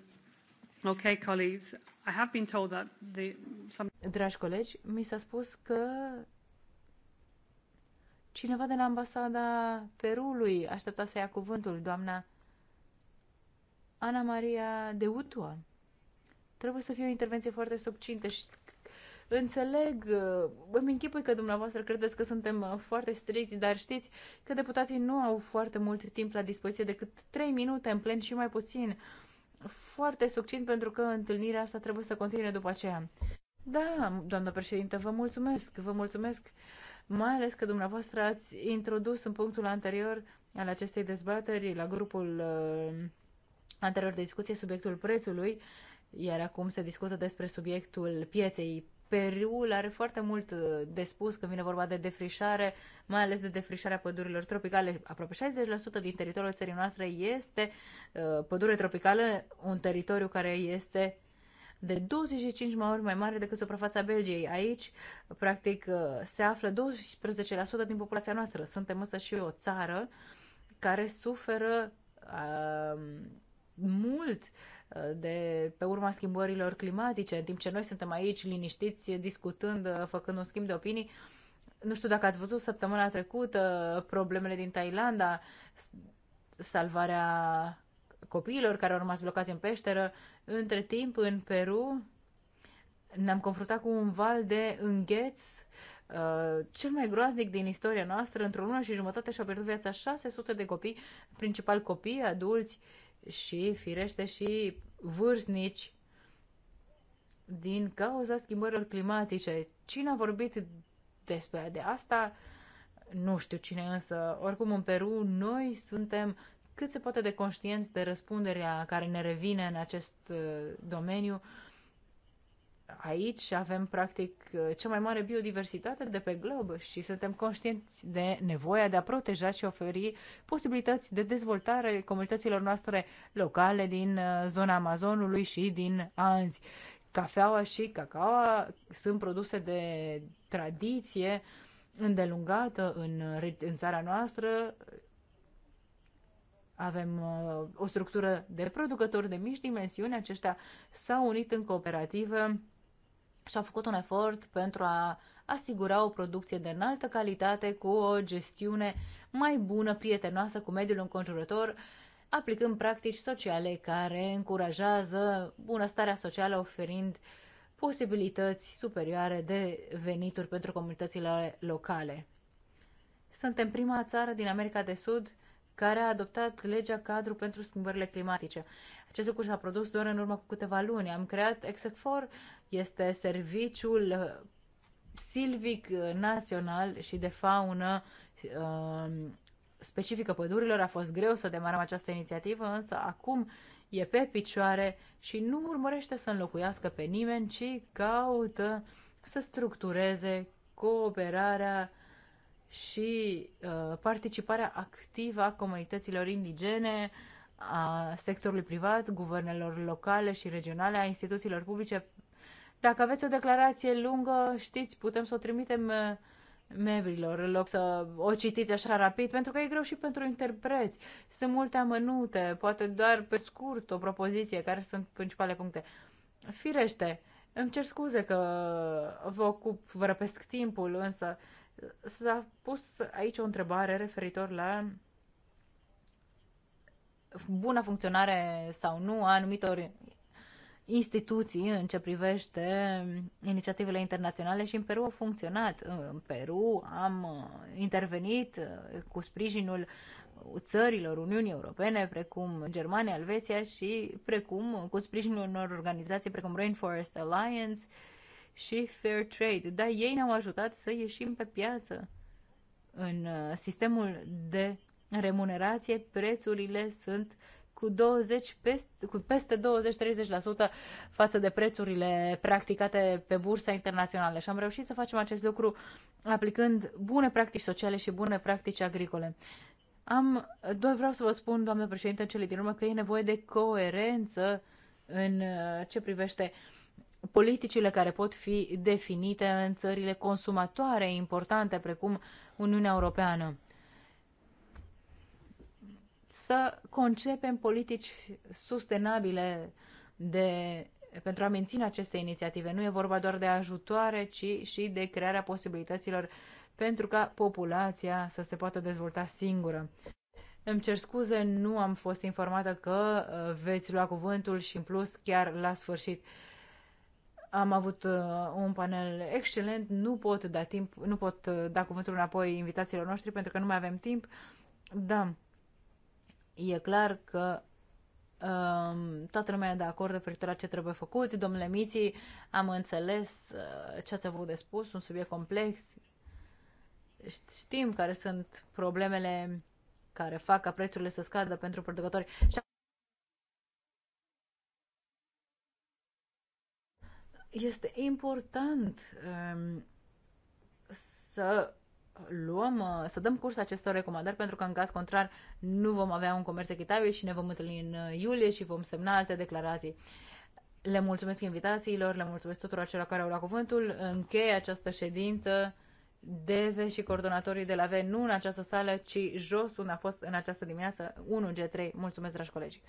okay, colleagues. I have been told that the, some... Dragi colegi, mi s-a spus că Cineva de la ambasada Perului aștepta să ia cuvântul, doamna Ana Maria de Utua. Trebuie să fie o intervenție foarte subcintă și înțeleg, îmi închipui că dumneavoastră credeți că suntem uh, foarte stricți, dar știți că deputații nu au foarte mult timp la dispoziție decât 3 minute în plen și mai puțin. Foarte succint pentru că întâlnirea asta trebuie să continue după aceea. Da, doamnă președintă, vă mulțumesc, vă mulțumesc mai ales că dumneavoastră ați introdus în punctul anterior al acestei dezbateri la grupul uh, anterior de discuție subiectul prețului, iar acum se discută despre subiectul pieței. Periul are foarte mult uh, de spus când vine vorba de defrișare, mai ales de defrișarea pădurilor tropicale. Aproape 60% din teritoriul țării noastre este uh, pădure tropicală, un teritoriu care este de 25 mai ori mai mare decât suprafața Belgiei. Aici, practic, uh, se află 12% din populația noastră. Suntem însă și o țară care suferă um, uh, mult de pe urma schimbărilor climatice, în timp ce noi suntem aici liniștiți, discutând, uh, făcând un schimb de opinii. Nu știu dacă ați văzut săptămâna trecută uh, problemele din Thailanda, salvarea copiilor care au rămas blocați în peșteră. Între timp, în Peru, ne-am confruntat cu un val de îngheț. Uh, cel mai groaznic din istoria noastră, într-o lună și jumătate și-au pierdut viața 600 de copii, principal copii, adulți și, firește, și vârstnici din cauza schimbărilor climatice. Cine a vorbit despre de asta? Nu știu cine însă. Oricum, în Peru, noi suntem cât se poate de conștienți de răspunderea care ne revine în acest uh, domeniu. Aici avem, practic, uh, cea mai mare biodiversitate de pe glob și suntem conștienți de nevoia de a proteja și oferi posibilități de dezvoltare comunităților noastre locale din uh, zona Amazonului și din Anzi. Cafeaua și cacaoa sunt produse de tradiție îndelungată în, în țara noastră avem uh, o structură de producători de mici dimensiuni, aceștia s-au unit în cooperativă și au făcut un efort pentru a asigura o producție de înaltă calitate cu o gestiune mai bună, prietenoasă cu mediul înconjurător, aplicând practici sociale care încurajează bunăstarea socială oferind posibilități superioare de venituri pentru comunitățile locale. Suntem prima țară din America de Sud care a adoptat legea cadru pentru schimbările climatice. Acest lucru s-a produs doar în urmă cu câteva luni. Am creat Exefor, este serviciul uh, silvic uh, național și de faună uh, specifică pădurilor. A fost greu să demarăm această inițiativă, însă acum e pe picioare și nu urmărește să înlocuiască pe nimeni, ci caută să structureze cooperarea și uh, participarea activă a comunităților indigene, a sectorului privat, guvernelor locale și regionale, a instituțiilor publice. Dacă aveți o declarație lungă, știți, putem să o trimitem uh, membrilor în loc să o citiți așa rapid, pentru că e greu și pentru interpreți. Sunt multe amănunte, poate doar pe scurt o propoziție, care sunt principale puncte. Firește, îmi cer scuze că vă ocup, vă răpesc timpul, însă uh, S-a pus aici o întrebare referitor la buna funcționare sau nu a anumitor instituții în ce privește inițiativele internaționale și în Peru au funcționat. În Peru am uh, intervenit uh, cu sprijinul țărilor Uniunii Europene, precum Germania, Elveția și precum uh, cu sprijinul unor organizații precum Rainforest Alliance, și fair trade, dar ei ne-au ajutat să ieșim pe piață. În uh, sistemul de remunerație, prețurile sunt cu 20 peste, cu peste 20-30% față de prețurile practicate pe bursa internațională și am reușit să facem acest lucru aplicând bune practici sociale și bune practici agricole. Am, doar vreau să vă spun, doamnă președinte, în cele din urmă, că e nevoie de coerență în uh, ce privește uh, politicile care pot fi definite în țările consumatoare importante, precum Uniunea Europeană. Să concepem politici sustenabile de, pentru a menține aceste inițiative. Nu e vorba doar de ajutoare, ci și de crearea posibilităților pentru ca populația să se poată dezvolta singură. Îmi cer scuze, nu am fost informată că uh, veți lua cuvântul și în plus chiar la sfârșit. Am avut uh, un panel excelent, nu pot da timp, nu pot uh, da cuvântul înapoi invitațiilor noștri pentru că nu mai avem timp. Da, e clar că um, toată lumea e de acord referitor la ce trebuie făcut. Domnule Miții, am înțeles uh, ce ați avut de spus, un subiect complex. Știm care sunt problemele care fac ca prețurile să scadă pentru producători. Este important um, să luăm, uh, să dăm curs acestor recomandări, pentru că în caz contrar nu vom avea un comerț echitabil și ne vom întâlni în uh, iulie și vom semna alte declarații. Le mulțumesc invitațiilor, le mulțumesc tuturor celor care au luat cuvântul. Încheie această ședință. DV și coordonatorii de la V, nu în această sală, ci jos unde a fost în această dimineață 1G3. Mulțumesc, dragi colegi!